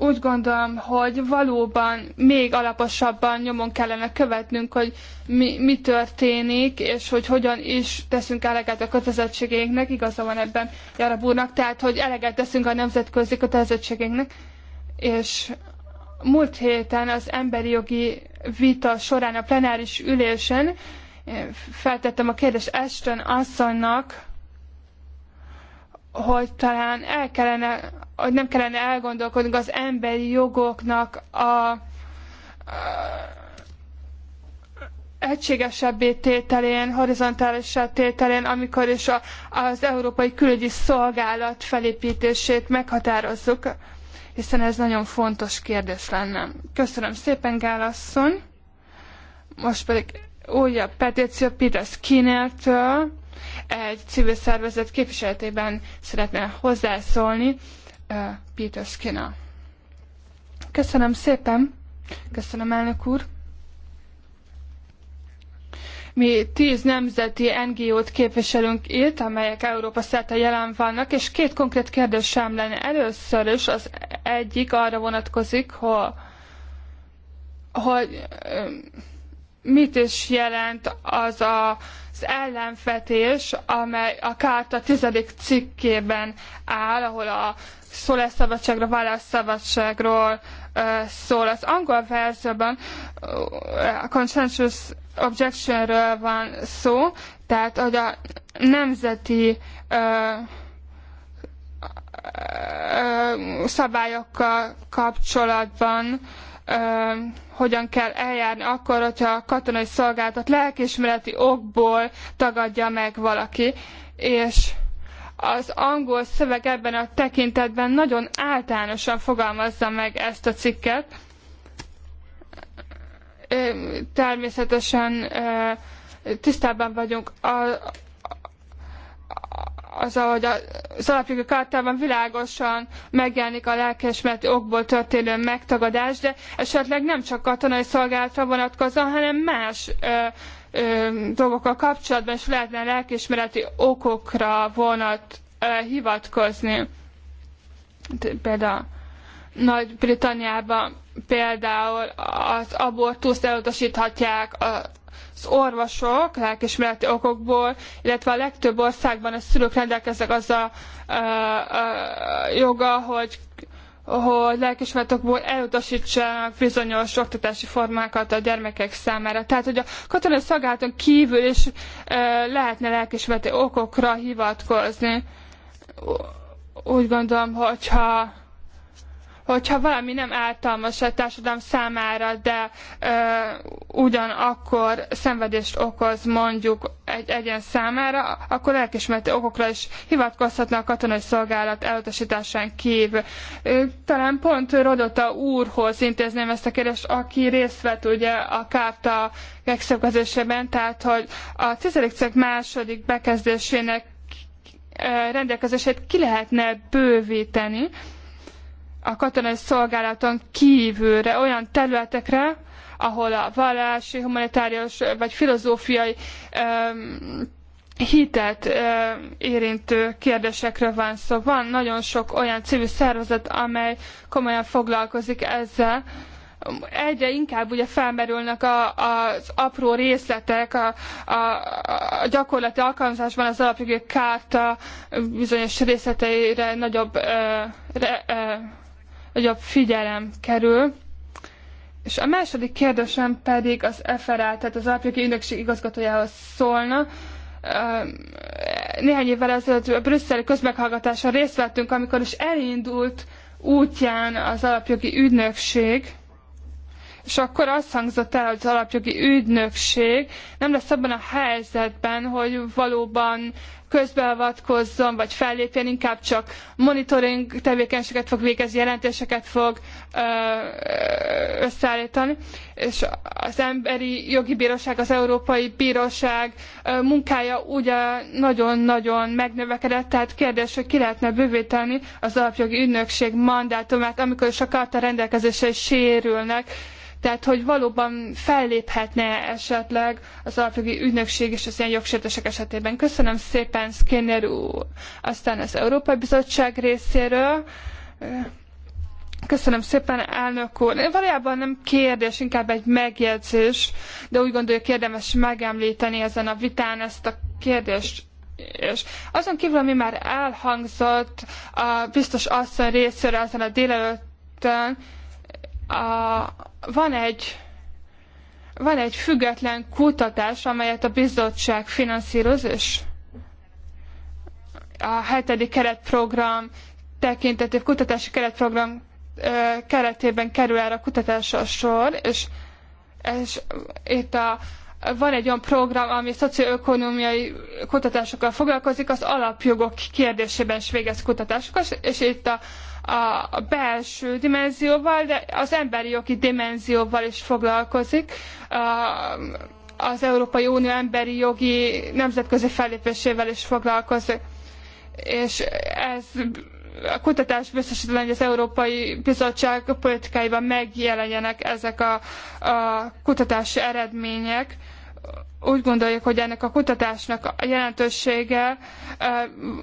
úgy gondolom, hogy valóban még alaposabban nyomon kellene követnünk, hogy mi, mi történik, és hogy hogyan is teszünk eleget a kötelezettségeinknek, igaza van ebben Jarab úrnak, tehát hogy eleget teszünk a nemzetközi kötelezettségeinknek, és múlt héten az emberi jogi vita során a plenáris ülésen eh, feltettem a kérdést Ashton asszonynak, hogy talán el kellene, hogy nem kellene elgondolkodnunk az emberi jogoknak a, a egységesebbé tételén, horizontálisá tételén, amikor is a, az Európai Külügyi Szolgálat felépítését meghatározzuk, hiszen ez nagyon fontos kérdés lenne. Köszönöm szépen, Gálasszony! Most pedig újabb petíció Peter Skinnertől egy civil szervezet képviseletében szeretne hozzászólni Peter Skinner. Köszönöm szépen, köszönöm elnök úr. Mi tíz nemzeti NGO-t képviselünk itt, amelyek Európa szerte jelen vannak, és két konkrét sem lenne. Először is az egyik arra vonatkozik, hogy, hogy mit is jelent az a ellenvetés, amely a kárta tizedik cikkében áll, ahol a szólásszabadságra, vallásszabadságról szól. Az angol verzióban a consensus objectionről van szó, tehát hogy a nemzeti szabályokkal kapcsolatban hogyan kell eljárni akkor, hogyha a katonai szolgálatot lelkismereti okból tagadja meg valaki. És az angol szöveg ebben a tekintetben nagyon általánosan fogalmazza meg ezt a cikket. Természetesen tisztában vagyunk az, ahogy az alapjogi kartában világosan megjelenik a lelkiismereti okból történő megtagadás, de esetleg nem csak katonai szolgálatra vonatkozóan, hanem más ö, ö, dolgokkal kapcsolatban is lehetne lelkiismereti okokra vonat ö, hivatkozni. Például Nagy-Britanniában például az abortuszt elutasíthatják, a az orvosok lelkismereti okokból, illetve a legtöbb országban a szülők rendelkeznek az a, a, a joga, hogy hogy lelkismeretokból elutasítsanak bizonyos oktatási formákat a gyermekek számára. Tehát, hogy a katonai szolgálaton kívül is e, lehetne lelkismereti okokra hivatkozni. Úgy gondolom, hogyha hogyha valami nem ártalmas a társadalom számára, de ö, ugyanakkor szenvedést okoz mondjuk egy egyen számára, akkor lelkismereti okokra is hivatkozhatna a katonai szolgálat elutasításán kívül. Talán pont Rodota úrhoz intézném ezt a kérdést, aki részt vett ugye a kárta megszervezésében, tehát hogy a tizedik cikk második bekezdésének rendelkezését ki lehetne bővíteni, a katonai szolgálaton kívülre, olyan területekre, ahol a vallási, humanitárius vagy filozófiai hitet érintő kérdésekről van szó. Szóval van nagyon sok olyan civil szervezet, amely komolyan foglalkozik ezzel. Egyre inkább ugye felmerülnek a, az apró részletek, a, a, a gyakorlati alkalmazásban az alapjogi kárta bizonyos részleteire nagyobb ö, re, ö, nagyobb figyelem kerül. És a második kérdésem pedig az FRA, tehát az alapjogi ügynökség igazgatójához szólna. Néhány évvel ezelőtt a brüsszeli közmeghallgatáson részt vettünk, amikor is elindult útján az alapjogi ügynökség, és akkor azt hangzott el, hogy az alapjogi ügynökség nem lesz abban a helyzetben, hogy valóban közbeavatkozzon, vagy fellépjen, inkább csak monitoring tevékenységet fog végezni, jelentéseket fog összeállítani, és az Emberi Jogi Bíróság, az Európai Bíróság munkája ugye nagyon-nagyon megnövekedett, tehát kérdés, hogy ki lehetne bővíteni az alapjogi ügynökség mandátumát, amikor is a karta rendelkezései sérülnek, tehát, hogy valóban felléphetne esetleg az alapjogi ügynökség és az ilyen jogsértések esetében. Köszönöm szépen, Skinner úr. Aztán az Európai Bizottság részéről. Köszönöm szépen, elnök úr. Valójában nem kérdés, inkább egy megjegyzés, de úgy gondoljuk érdemes megemlíteni ezen a vitán ezt a kérdést és azon kívül, ami már elhangzott a biztos asszony részéről ezen a délelőttön, a, van egy van egy független kutatás, amelyet a bizottság finanszíroz, és a hetedik keretprogram tekintetében, kutatási keretprogram ö, keretében kerül erre a kutatásra a sor, és, és itt a, van egy olyan program, ami szocioökonomiai kutatásokkal foglalkozik, az alapjogok kérdésében is végez kutatásokat, és itt a, a belső dimenzióval, de az emberi jogi dimenzióval is foglalkozik. Az Európai Unió emberi jogi nemzetközi fellépésével is foglalkozik. És ez a kutatás biztosítani, hogy az Európai Bizottság politikáiban megjelenjenek ezek a, a kutatási eredmények úgy gondoljuk, hogy ennek a kutatásnak a jelentősége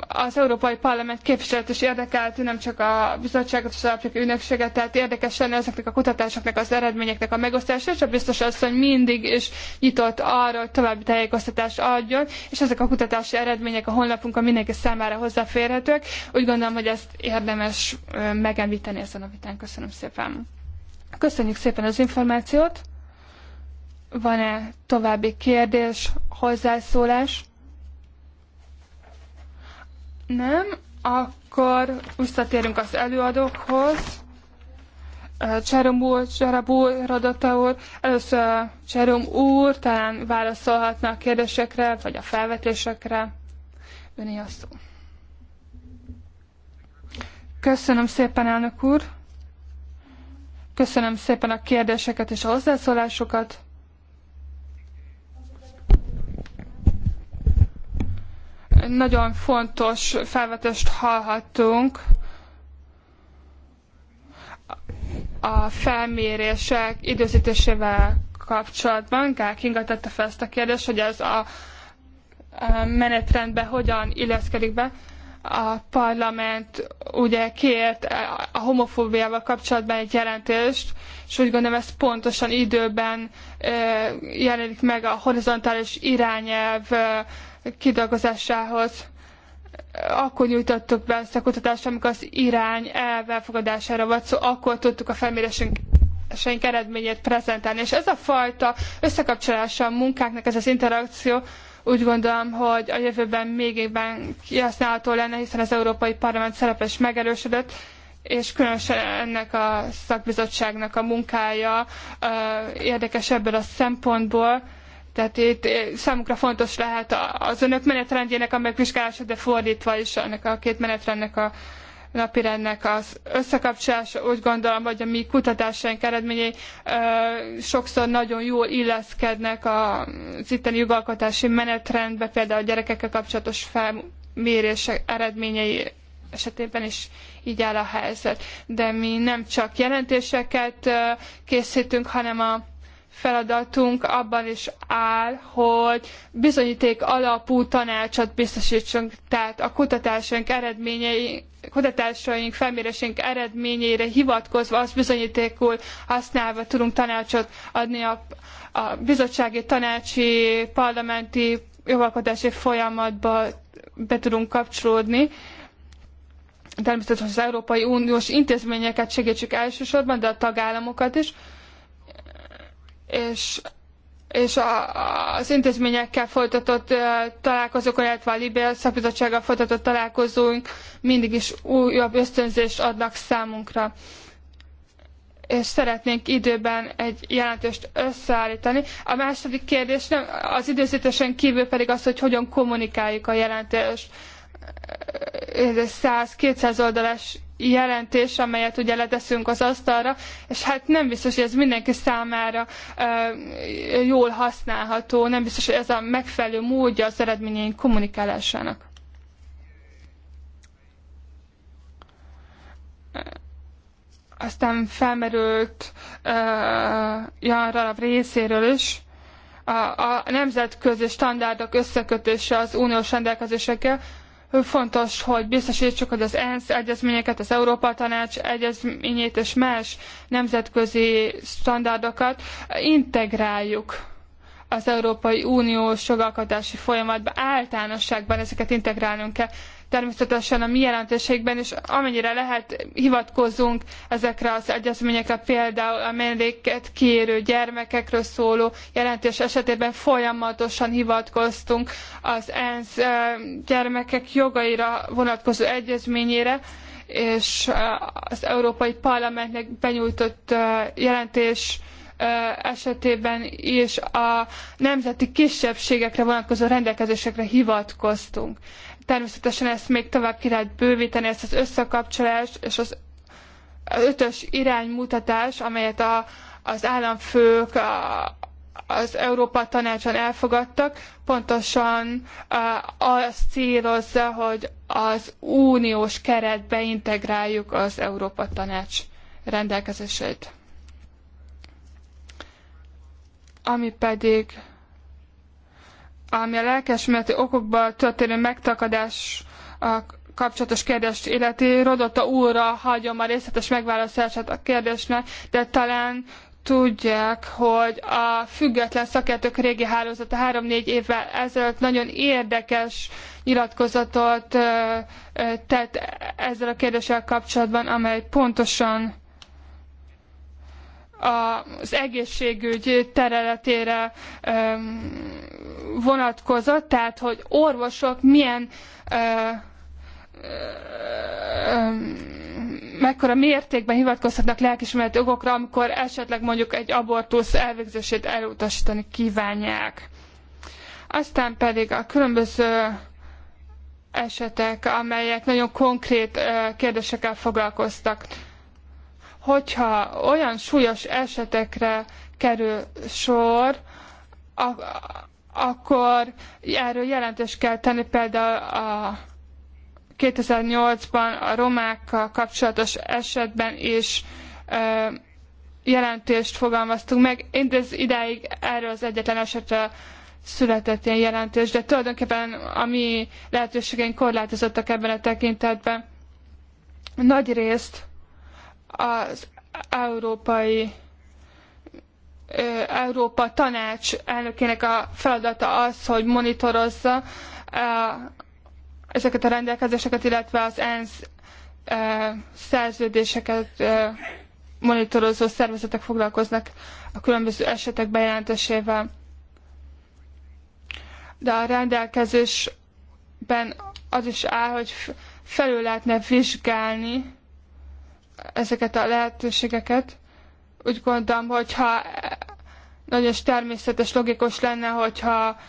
az Európai Parlament képviselet is érdekelti, nem csak a bizottságot és az alapjogi ügynökséget, tehát érdekes lenne ezeknek a kutatásoknak az eredményeknek a megosztása, és a biztos asszony mindig is nyitott arra, hogy további tájékoztatást adjon, és ezek a kutatási eredmények a honlapunkon mindenki számára hozzáférhetők. Úgy gondolom, hogy ezt érdemes megemlíteni ezen a vitán. Köszönöm szépen. Köszönjük szépen az információt. Van-e további kérdés, hozzászólás? Nem? Akkor visszatérünk az előadókhoz. Cserom úr, Csarab úr, Radota úr. Először Cserom úr talán válaszolhatna a kérdésekre, vagy a felvetésekre. Öné a szó. Köszönöm szépen, elnök úr. Köszönöm szépen a kérdéseket és a hozzászólásokat. nagyon fontos felvetést hallhattunk a felmérések időzítésével kapcsolatban. Gál Kinga tette fel ezt a kérdést, hogy ez a menetrendbe hogyan illeszkedik be. A parlament ugye kért a homofóbiával kapcsolatban egy jelentést, és úgy gondolom ez pontosan időben jelenik meg a horizontális irányelv kidolgozásához akkor nyújtottuk be ezt a kutatást, amikor az irány elfogadására volt szó, akkor tudtuk a felmérésünk eseink eredményét prezentálni. És ez a fajta összekapcsolása a munkáknak, ez az interakció, úgy gondolom, hogy a jövőben még évben kihasználható lenne, hiszen az Európai Parlament szerepe is megerősödött, és különösen ennek a szakbizottságnak a munkája érdekes ebből a szempontból, tehát itt eh, számukra fontos lehet az önök menetrendjének a megvizsgálása, de fordítva is ennek a két menetrendnek a napirendnek az összekapcsolása. Úgy gondolom, hogy a mi kutatásaink eredményei sokszor nagyon jól illeszkednek az itteni jogalkotási menetrendbe, például a gyerekekkel kapcsolatos felmérések eredményei esetében is így áll a helyzet. De mi nem csak jelentéseket készítünk, hanem a feladatunk abban is áll, hogy bizonyíték alapú tanácsot biztosítsunk, tehát a kutatásaink eredményei, kutatásaink, felmérésünk eredményeire hivatkozva azt bizonyítékul használva tudunk tanácsot adni a, a bizottsági, tanácsi, parlamenti jogalkotási folyamatba be tudunk kapcsolódni. Természetesen az Európai Uniós intézményeket segítsük elsősorban, de a tagállamokat is és, és a, az intézményekkel folytatott találkozók, illetve a Libél szakbizottsággal folytatott találkozóink mindig is újabb ösztönzést adnak számunkra és szeretnénk időben egy jelentést összeállítani. A második kérdés nem, az időzítésen kívül pedig az, hogy hogyan kommunikáljuk a jelentést. 100-200 oldalas jelentés, amelyet ugye leteszünk az asztalra, és hát nem biztos, hogy ez mindenki számára ö, jól használható, nem biztos, hogy ez a megfelelő módja az eredményeink kommunikálásának. Aztán felmerült uh, Jan Ralab részéről is, a, a nemzetközi standardok összekötése az uniós rendelkezésekkel, fontos, hogy biztosítsuk, hogy az ENSZ egyezményeket, az Európa Tanács egyezményét és más nemzetközi standardokat integráljuk az Európai Uniós jogalkotási folyamatba. Általánosságban ezeket integrálnunk kell természetesen a mi jelentőségben is amennyire lehet hivatkozunk ezekre az egyezményekre, például a menedéket kérő gyermekekről szóló jelentés esetében folyamatosan hivatkoztunk az ENSZ eh, gyermekek jogaira vonatkozó egyezményére, és eh, az Európai Parlamentnek benyújtott eh, jelentés esetében is a nemzeti kisebbségekre vonatkozó rendelkezésekre hivatkoztunk. Természetesen ezt még tovább ki lehet bővíteni, ezt az összekapcsolást és az ötös iránymutatás, amelyet a, az államfők a, az Európa Tanácson elfogadtak, pontosan azt célozza, hogy az uniós keretbe integráljuk az Európa Tanács rendelkezéseit. Ami pedig ami a lelkesméleti okokból történő megtakadás kapcsolatos kérdést illeti. Rodotta úrra hagyom a részletes megválaszolását a kérdésnek, de talán tudják, hogy a független szakértők régi hálózata három-négy évvel ezelőtt nagyon érdekes nyilatkozatot tett ezzel a kérdéssel kapcsolatban, amely pontosan az egészségügy területére vonatkozott, tehát hogy orvosok milyen mekkora mértékben hivatkozhatnak lelkismereti okokra, amikor esetleg mondjuk egy abortusz elvégzését elutasítani kívánják. Aztán pedig a különböző esetek, amelyek nagyon konkrét kérdésekkel foglalkoztak hogyha olyan súlyos esetekre kerül sor, akkor erről jelentést kell tenni például a 2008-ban a romákkal kapcsolatos esetben is ö, jelentést fogalmaztunk meg. Én ez idáig erről az egyetlen esetre született ilyen jelentés, de tulajdonképpen a mi lehetőségeink korlátozottak ebben a tekintetben. Nagy részt az európai Európa Tanács elnökének a feladata az, hogy monitorozza ezeket a rendelkezéseket, illetve az ENSZ szerződéseket monitorozó szervezetek foglalkoznak a különböző esetek bejelentésével. De a rendelkezésben az is áll, hogy felül lehetne vizsgálni ezeket a lehetőségeket. Úgy gondolom, hogyha nagyon természetes, logikus lenne, hogyha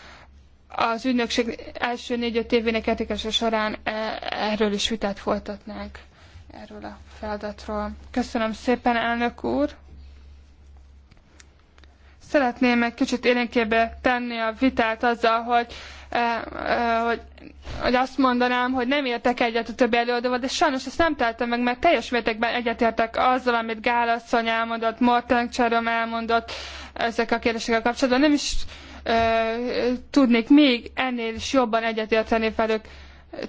az ügynökség első négy-öt évének értékese során e- erről is vitát folytatnánk, erről a feladatról. Köszönöm szépen, elnök úr! szeretném egy kicsit élénkébe tenni a vitát azzal, hogy, eh, eh, hogy, hogy azt mondanám, hogy nem értek egyet a többi előadóval, de sajnos ezt nem tettem meg, mert teljes mértékben egyetértek azzal, amit Gál asszony elmondott, Morten Cserom elmondott ezek a kérdésekkel kapcsolatban. Nem is e, tudnék még ennél is jobban egyetérteni velük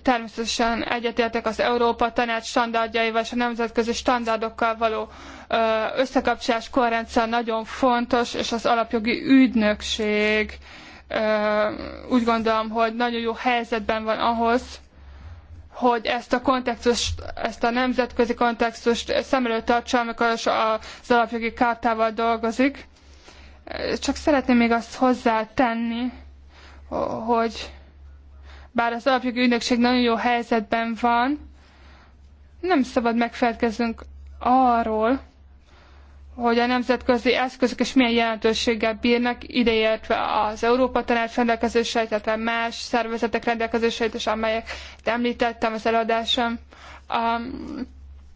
természetesen egyetértek az Európa Tanács standardjaival és a nemzetközi standardokkal való összekapcsolás korrendszer nagyon fontos, és az alapjogi ügynökség úgy gondolom, hogy nagyon jó helyzetben van ahhoz, hogy ezt a kontextust, ezt a nemzetközi kontextust szem előtt tartsa, amikor az alapjogi kártával dolgozik. Csak szeretném még azt hozzátenni, hogy bár az alapjogi ügynökség nagyon jó helyzetben van, nem szabad megfelelkeznünk arról, hogy a nemzetközi eszközök is milyen jelentőséggel bírnak, ideértve az Európa Tanács rendelkezéseit, illetve más szervezetek rendelkezéseit, és amelyeket említettem az előadásom. Um,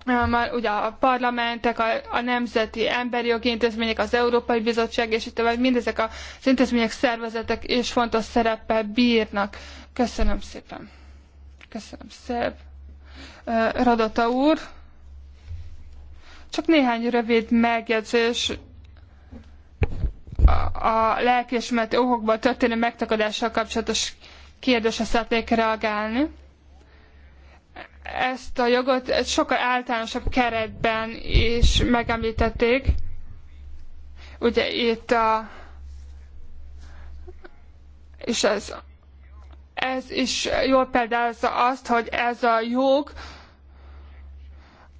már ugye a parlamentek, a, a nemzeti emberi jogi intézmények, az Európai Bizottság és itt tovább, mindezek az intézmények, szervezetek és fontos szereppel bírnak. Köszönöm szépen. Köszönöm szép. Radata úr, csak néhány rövid megjegyzés a, a lelkiismereti okokból történő megtakadással kapcsolatos kérdésre szeretnék reagálni ezt a jogot egy sokkal általánosabb keretben is megemlítették. Ugye itt a és ez, ez is jól példázza azt, hogy ez a jog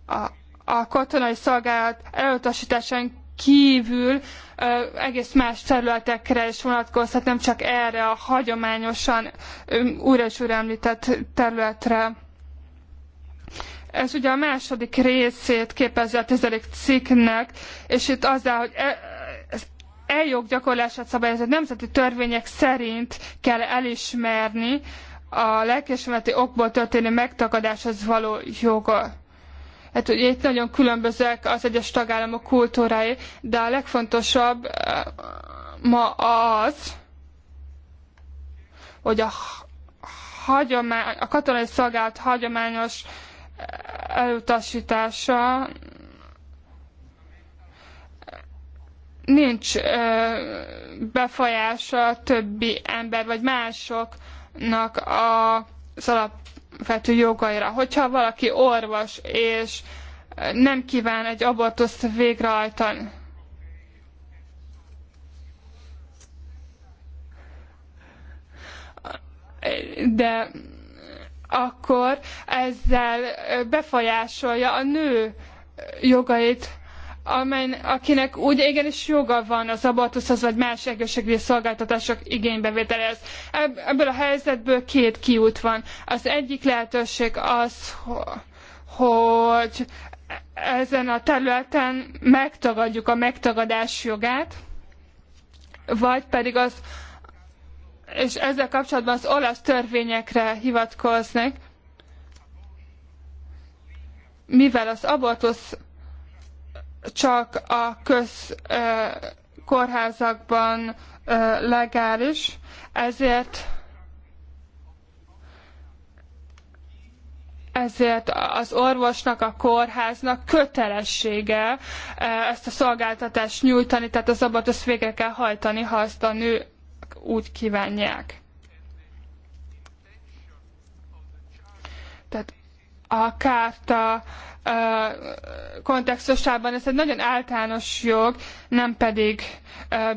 a, a katonai szolgálat elutasításán kívül ö, egész más területekre is vonatkozhat, nem csak erre a hagyományosan újra és újra említett területre. Ez ugye a második részét képezi a tizedik cikknek, és itt áll, hogy e, eljog e gyakorlását szabályozó nemzeti törvények szerint kell elismerni a lelkismereti okból történő megtakadáshoz való joga. Hát ugye itt nagyon különbözőek az egyes tagállamok kultúrái, de a legfontosabb eh, ma az, hogy a, hagyomány, a katonai szolgálat hagyományos elutasítása nincs befolyása a többi ember vagy másoknak az alapvető jogaira. Hogyha valaki orvos és nem kíván egy abortuszt végrehajtani, de akkor ezzel befolyásolja a nő jogait, amely akinek úgy igenis joga van az abortuszhoz, vagy más egészségügyi szolgáltatások vételéhez. Ebből a helyzetből két kiút van. Az egyik lehetőség az, hogy ezen a területen megtagadjuk a megtagadás jogát, vagy pedig az és ezzel kapcsolatban az olasz törvényekre hivatkoznak, mivel az abortusz csak a közkórházakban legális, ezért ezért az orvosnak, a kórháznak kötelessége ezt a szolgáltatást nyújtani, tehát az abortusz végre kell hajtani, ha azt a nő úgy kívánják. Tehát a kárta kontextusában ez egy nagyon általános jog, nem pedig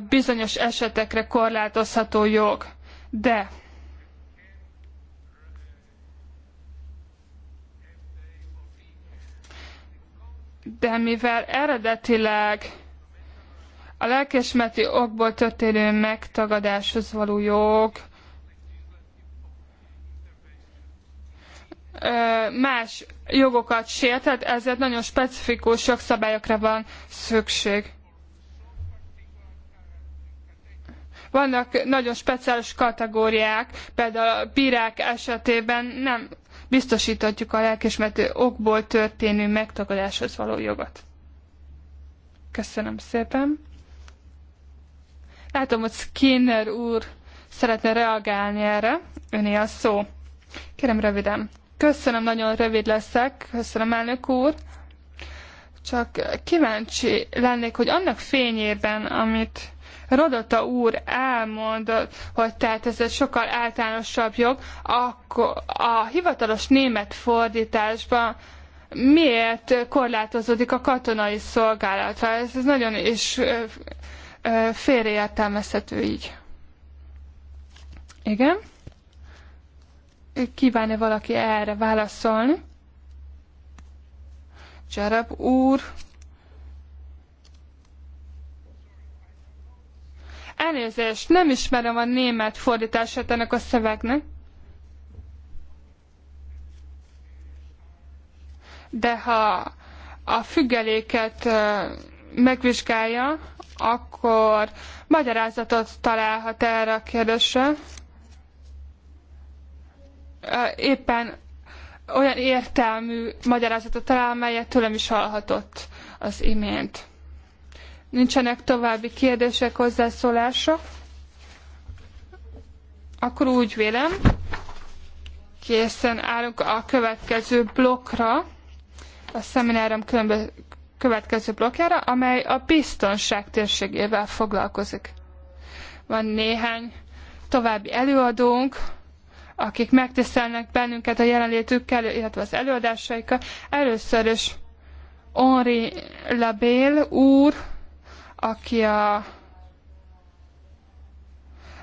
bizonyos esetekre korlátozható jog. De de mivel eredetileg a lelkismeti okból történő megtagadáshoz való jog más jogokat sért, tehát ezért nagyon specifikus jogszabályokra van szükség. Vannak nagyon speciális kategóriák, például a bírák esetében nem biztosítatjuk a lelkismerető okból történő megtagadáshoz való jogot. Köszönöm szépen! Látom, hogy Skinner úr szeretne reagálni erre. Öné a szó. Kérem röviden. Köszönöm, nagyon rövid leszek. Köszönöm, elnök úr. Csak kíváncsi lennék, hogy annak fényében, amit Rodota úr elmondott, hogy tehát ez egy sokkal általánosabb jog, akkor a hivatalos német fordításban miért korlátozódik a katonai szolgálat? Ez, ez nagyon is félreértelmezhető így. Igen. Kívánja valaki erre válaszolni? Cserep úr. Elnézést, nem ismerem a német fordítását ennek a szövegnek. De ha a függeléket megvizsgálja, akkor magyarázatot találhat erre a kérdésre. Éppen olyan értelmű magyarázatot talál, melyet tőlem is hallhatott az imént. Nincsenek további kérdések, hozzászólások? Akkor úgy vélem, készen állunk a következő blokkra. A szeminárium különböző következő blokkjára, amely a biztonság térségével foglalkozik. Van néhány további előadónk, akik megtisztelnek bennünket a jelenlétükkel, illetve az előadásaikkal. Először is Henri Labél úr, aki a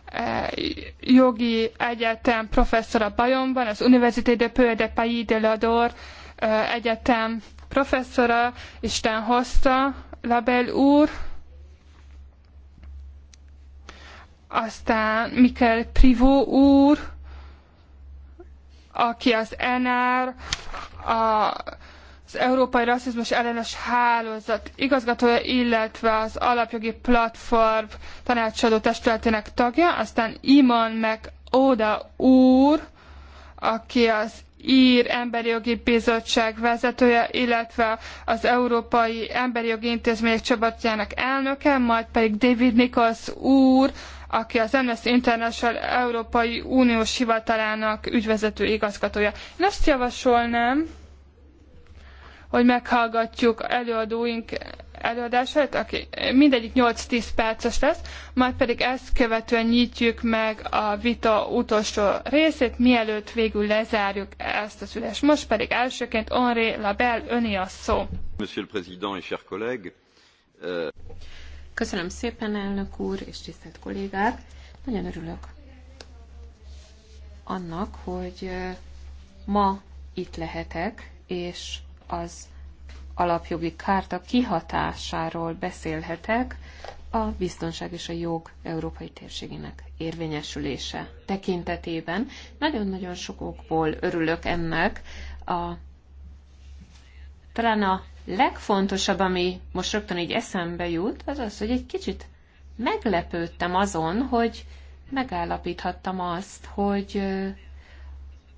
e, jogi egyetem professzora Bajonban, az Université de Peu de Pays de l'Ador e, egyetem professzora, Isten hozta, Label úr, aztán Mikel Privó úr, aki az NR, a, az Európai Rasszizmus Ellenes Hálózat igazgatója, illetve az Alapjogi Platform tanácsadó testületének tagja, aztán Iman meg Oda úr, aki az ír emberi jogi bizottság vezetője, illetve az Európai Emberi Jogi Intézmények csoportjának elnöke, majd pedig David Nichols úr, aki az Amnesty International Európai Uniós Hivatalának ügyvezető igazgatója. Én azt javasolnám, hogy meghallgatjuk előadóink előadásait, aki mindegyik 8-10 perces lesz, majd pedig ezt követően nyitjuk meg a vita utolsó részét, mielőtt végül lezárjuk ezt az ülést. Most pedig elsőként Henri Labelle öné a szó. Monsieur le Président et chers collègues, euh, Köszönöm szépen, elnök úr és tisztelt kollégák. Nagyon örülök annak, hogy euh, ma itt lehetek, és az alapjogi kárta kihatásáról beszélhetek a biztonság és a jog európai térségének érvényesülése tekintetében. Nagyon-nagyon sok okból örülök ennek. A, talán a legfontosabb, ami most rögtön így eszembe jut, az az, hogy egy kicsit meglepődtem azon, hogy megállapíthattam azt, hogy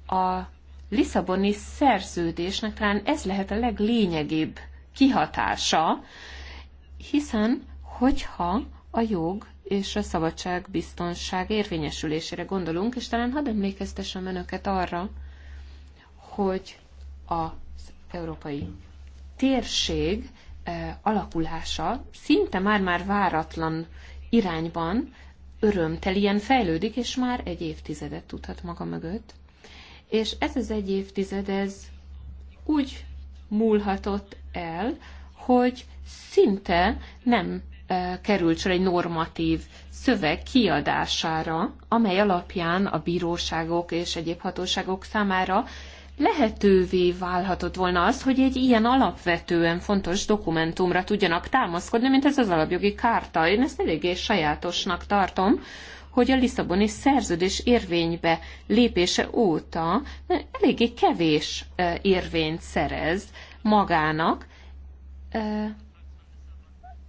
a Lisszaboni szerződésnek talán ez lehet a leglényegébb kihatása, hiszen hogyha a jog és a szabadság biztonság érvényesülésére gondolunk, és talán hadd emlékeztessem önöket arra, hogy az európai térség eh, alakulása szinte már-már váratlan irányban örömtelien fejlődik, és már egy évtizedet tudhat maga mögött és ez az egy évtized ez úgy múlhatott el, hogy szinte nem e, került sor egy normatív szöveg kiadására, amely alapján a bíróságok és egyéb hatóságok számára lehetővé válhatott volna az, hogy egy ilyen alapvetően fontos dokumentumra tudjanak támaszkodni, mint ez az alapjogi kárta. Én ezt eléggé sajátosnak tartom, hogy a Lisszaboni szerződés érvénybe lépése óta eléggé kevés érvényt szerez magának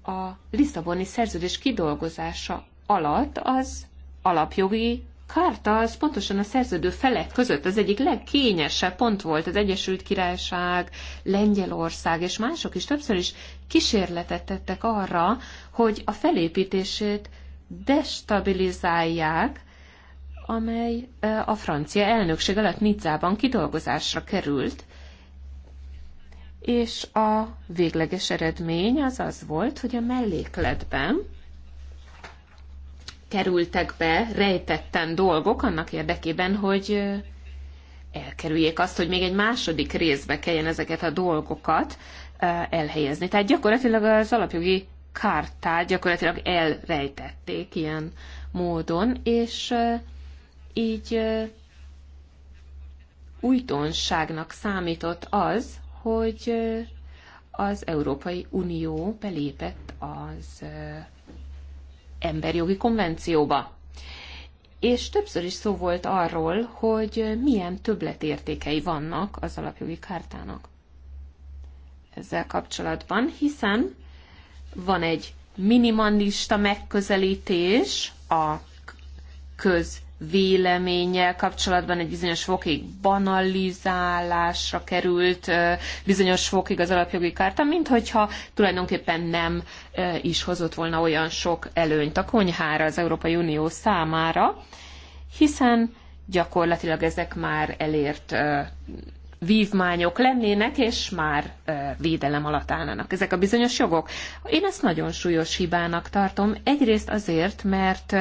a Lisszaboni szerződés kidolgozása alatt az alapjogi karta az pontosan a szerződő felek között az egyik legkényesebb pont volt. Az Egyesült Királyság, Lengyelország és mások is többször is kísérletet tettek arra, hogy a felépítését destabilizálják, amely a francia elnökség alatt Nizzában kidolgozásra került, és a végleges eredmény az az volt, hogy a mellékletben kerültek be rejtetten dolgok annak érdekében, hogy elkerüljék azt, hogy még egy második részbe kelljen ezeket a dolgokat elhelyezni. Tehát gyakorlatilag az alapjogi kártát gyakorlatilag elrejtették ilyen módon, és így újtonságnak számított az, hogy az Európai Unió belépett az emberjogi konvencióba. És többször is szó volt arról, hogy milyen többletértékei vannak az alapjogi kártának ezzel kapcsolatban, hiszen van egy minimalista megközelítés a közvéleménnyel kapcsolatban egy bizonyos fokig banalizálásra került, bizonyos fokig az alapjogi kárta, mint hogyha tulajdonképpen nem is hozott volna olyan sok előnyt a konyhára az Európai Unió számára, hiszen gyakorlatilag ezek már elért vívmányok lennének, és már védelem alatt állnának ezek a bizonyos jogok. Én ezt nagyon súlyos hibának tartom. Egyrészt azért, mert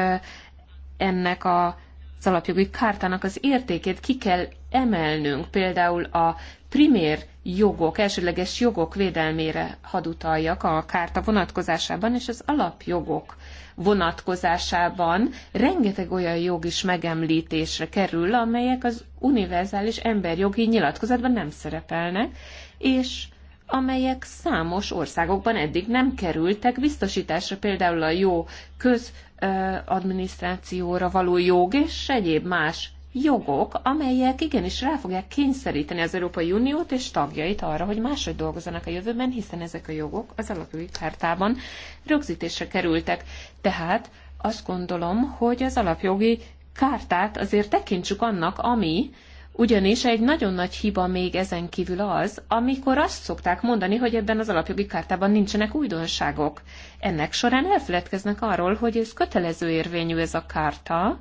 ennek a az alapjogi kártának az értékét ki kell emelnünk, például a primér jogok, elsődleges jogok védelmére hadutaljak a kárta vonatkozásában, és az alapjogok vonatkozásában rengeteg olyan jog is megemlítésre kerül, amelyek az univerzális emberjogi nyilatkozatban nem szerepelnek, és amelyek számos országokban eddig nem kerültek biztosításra, például a jó közadminisztrációra való jog és egyéb más jogok, amelyek igenis rá fogják kényszeríteni az Európai Uniót és tagjait arra, hogy máshogy dolgozzanak a jövőben, hiszen ezek a jogok az alapjogi kártában rögzítésre kerültek. Tehát azt gondolom, hogy az alapjogi kártát azért tekintsük annak, ami, ugyanis egy nagyon nagy hiba még ezen kívül az, amikor azt szokták mondani, hogy ebben az alapjogi kártában nincsenek újdonságok. Ennek során elfeledkeznek arról, hogy ez kötelező érvényű ez a kárta,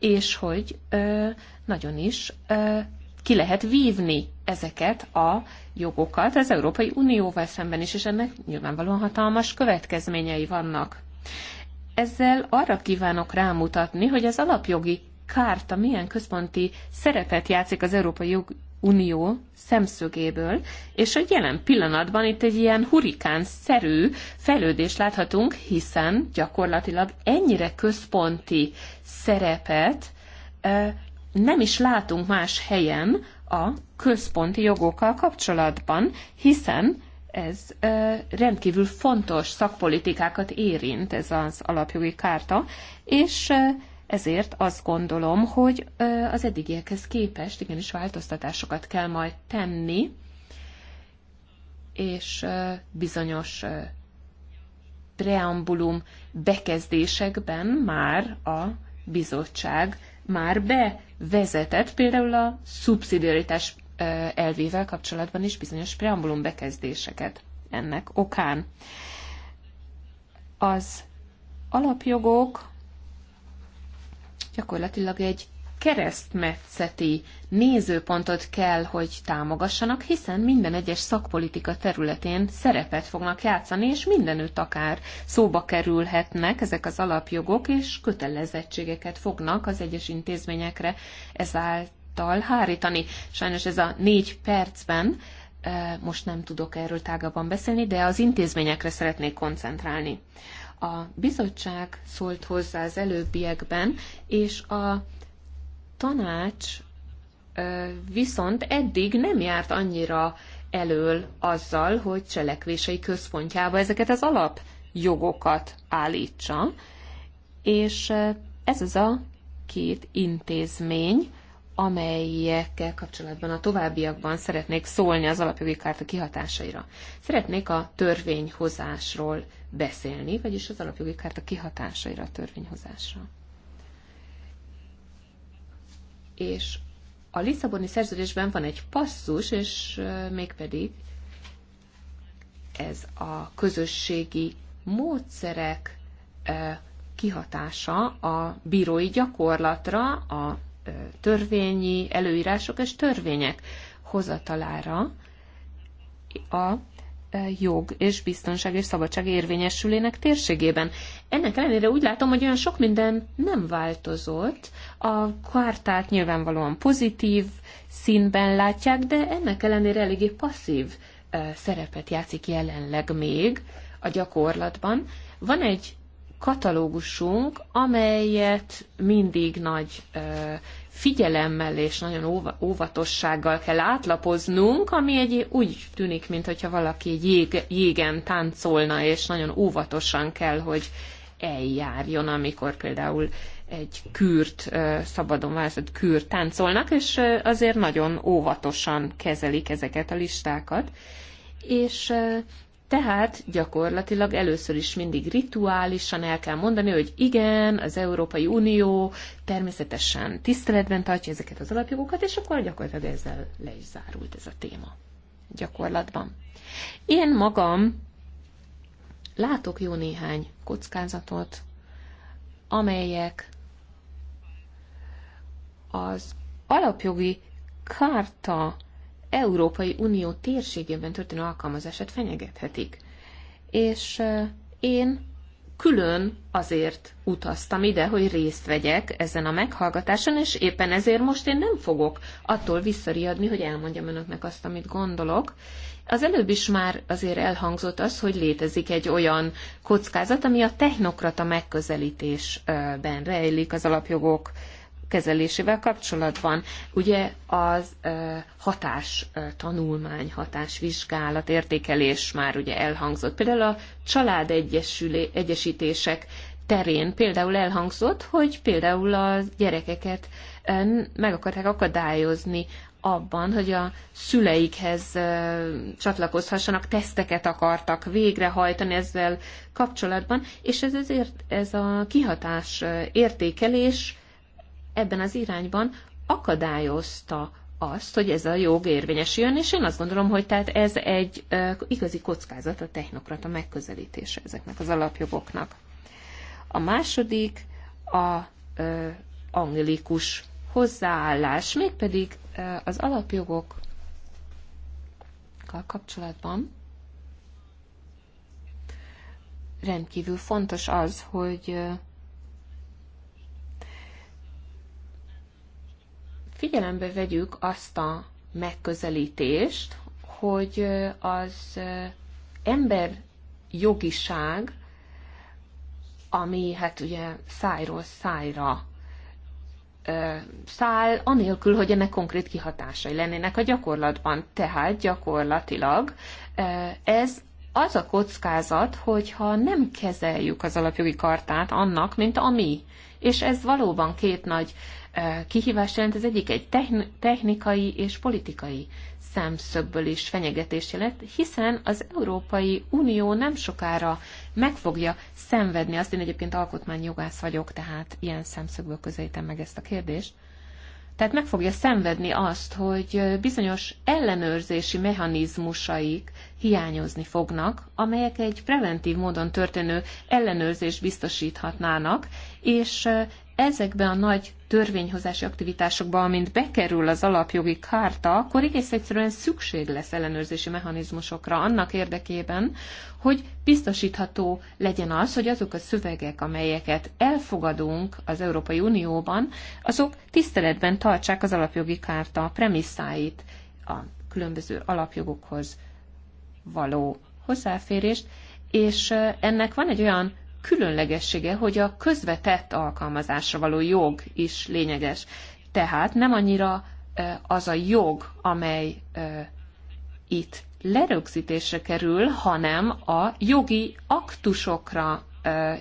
és hogy nagyon is ki lehet vívni ezeket a jogokat az Európai Unióval szemben is, és ennek nyilvánvalóan hatalmas következményei vannak. Ezzel arra kívánok rámutatni, hogy az alapjogi kárta milyen központi szerepet játszik az európai jog Unió szemszögéből, és hogy jelen pillanatban itt egy ilyen hurikánszerű fejlődést láthatunk, hiszen gyakorlatilag ennyire központi szerepet nem is látunk más helyen a központi jogokkal kapcsolatban, hiszen ez ö, rendkívül fontos szakpolitikákat érint ez az alapjogi kárta, és ezért azt gondolom, hogy az eddigiekhez képest igenis változtatásokat kell majd tenni, és bizonyos preambulum bekezdésekben már a bizottság már bevezetett, például a szubszidiaritás elvével kapcsolatban is bizonyos preambulum bekezdéseket ennek okán. Az alapjogok gyakorlatilag egy keresztmetszeti nézőpontot kell, hogy támogassanak, hiszen minden egyes szakpolitika területén szerepet fognak játszani, és mindenütt akár szóba kerülhetnek ezek az alapjogok, és kötelezettségeket fognak az egyes intézményekre ezáltal hárítani. Sajnos ez a négy percben eh, most nem tudok erről tágabban beszélni, de az intézményekre szeretnék koncentrálni. A bizottság szólt hozzá az előbbiekben, és a tanács viszont eddig nem járt annyira elől azzal, hogy cselekvései központjába ezeket az alapjogokat állítsa, és ez az a két intézmény, amelyekkel kapcsolatban a továbbiakban szeretnék szólni az alapjogi kárta kihatásaira. Szeretnék a törvényhozásról beszélni, vagyis az alapjogi kárta kihatásaira a törvényhozásra. És a Lisszaboni szerződésben van egy passzus, és mégpedig ez a közösségi módszerek kihatása a bírói gyakorlatra, a törvényi előírások és törvények hozatalára a jog és biztonság és szabadság érvényesülének térségében. Ennek ellenére úgy látom, hogy olyan sok minden nem változott. A kártát nyilvánvalóan pozitív színben látják, de ennek ellenére eléggé passzív szerepet játszik jelenleg még a gyakorlatban. Van egy katalógusunk, amelyet mindig nagy figyelemmel és nagyon óvatossággal kell átlapoznunk, ami egy úgy tűnik, mintha valaki egy jég, jégen táncolna, és nagyon óvatosan kell, hogy eljárjon, amikor például egy kürt, szabadon választott kürt táncolnak, és azért nagyon óvatosan kezelik ezeket a listákat. És tehát gyakorlatilag először is mindig rituálisan el kell mondani, hogy igen, az Európai Unió természetesen tiszteletben tartja ezeket az alapjogokat, és akkor gyakorlatilag ezzel le is zárult ez a téma. Gyakorlatban. Én magam látok jó néhány kockázatot, amelyek az alapjogi karta Európai Unió térségében történő alkalmazását fenyegethetik. És eh, én külön azért utaztam ide, hogy részt vegyek ezen a meghallgatáson, és éppen ezért most én nem fogok attól visszariadni, hogy elmondjam önöknek azt, amit gondolok. Az előbb is már azért elhangzott az, hogy létezik egy olyan kockázat, ami a technokrata megközelítésben rejlik az alapjogok kezelésével kapcsolatban. Ugye az hatás tanulmány, hatásvizsgálat, értékelés már ugye elhangzott. Például a család egyesítések terén például elhangzott, hogy például a gyerekeket meg akarták akadályozni abban, hogy a szüleikhez csatlakozhassanak, teszteket akartak végrehajtani ezzel kapcsolatban, és ez, ezért, ez a kihatás értékelés ebben az irányban akadályozta azt, hogy ez a jog érvényesüljön, és én azt gondolom, hogy tehát ez egy igazi kockázat a technokrata megközelítése ezeknek az alapjogoknak. A második a anglikus hozzáállás, mégpedig az alapjogokkal kapcsolatban rendkívül fontos az, hogy figyelembe vegyük azt a megközelítést, hogy az ember jogiság, ami hát ugye szájról szájra száll, anélkül, hogy ennek konkrét kihatásai lennének a gyakorlatban. Tehát gyakorlatilag ez az a kockázat, hogyha nem kezeljük az alapjogi kartát annak, mint ami. És ez valóban két nagy kihívást jelent. Az egyik egy technikai és politikai szemszögből is fenyegetés jelent, hiszen az Európai Unió nem sokára meg fogja szenvedni azt, én egyébként alkotmányjogász vagyok, tehát ilyen szemszögből közelítem meg ezt a kérdést, tehát meg fogja szenvedni azt, hogy bizonyos ellenőrzési mechanizmusaik hiányozni fognak, amelyek egy preventív módon történő ellenőrzést biztosíthatnának, és ezekbe a nagy törvényhozási aktivitásokba, amint bekerül az alapjogi kárta, akkor egész egyszerűen szükség lesz ellenőrzési mechanizmusokra annak érdekében, hogy biztosítható legyen az, hogy azok a szövegek, amelyeket elfogadunk az Európai Unióban, azok tiszteletben tartsák az alapjogi kárta premisszáit, a különböző alapjogokhoz való hozzáférést, és eh, ennek van egy olyan különlegessége, hogy a közvetett alkalmazásra való jog is lényeges. Tehát nem annyira az a jog, amely itt lerögzítésre kerül, hanem a jogi aktusokra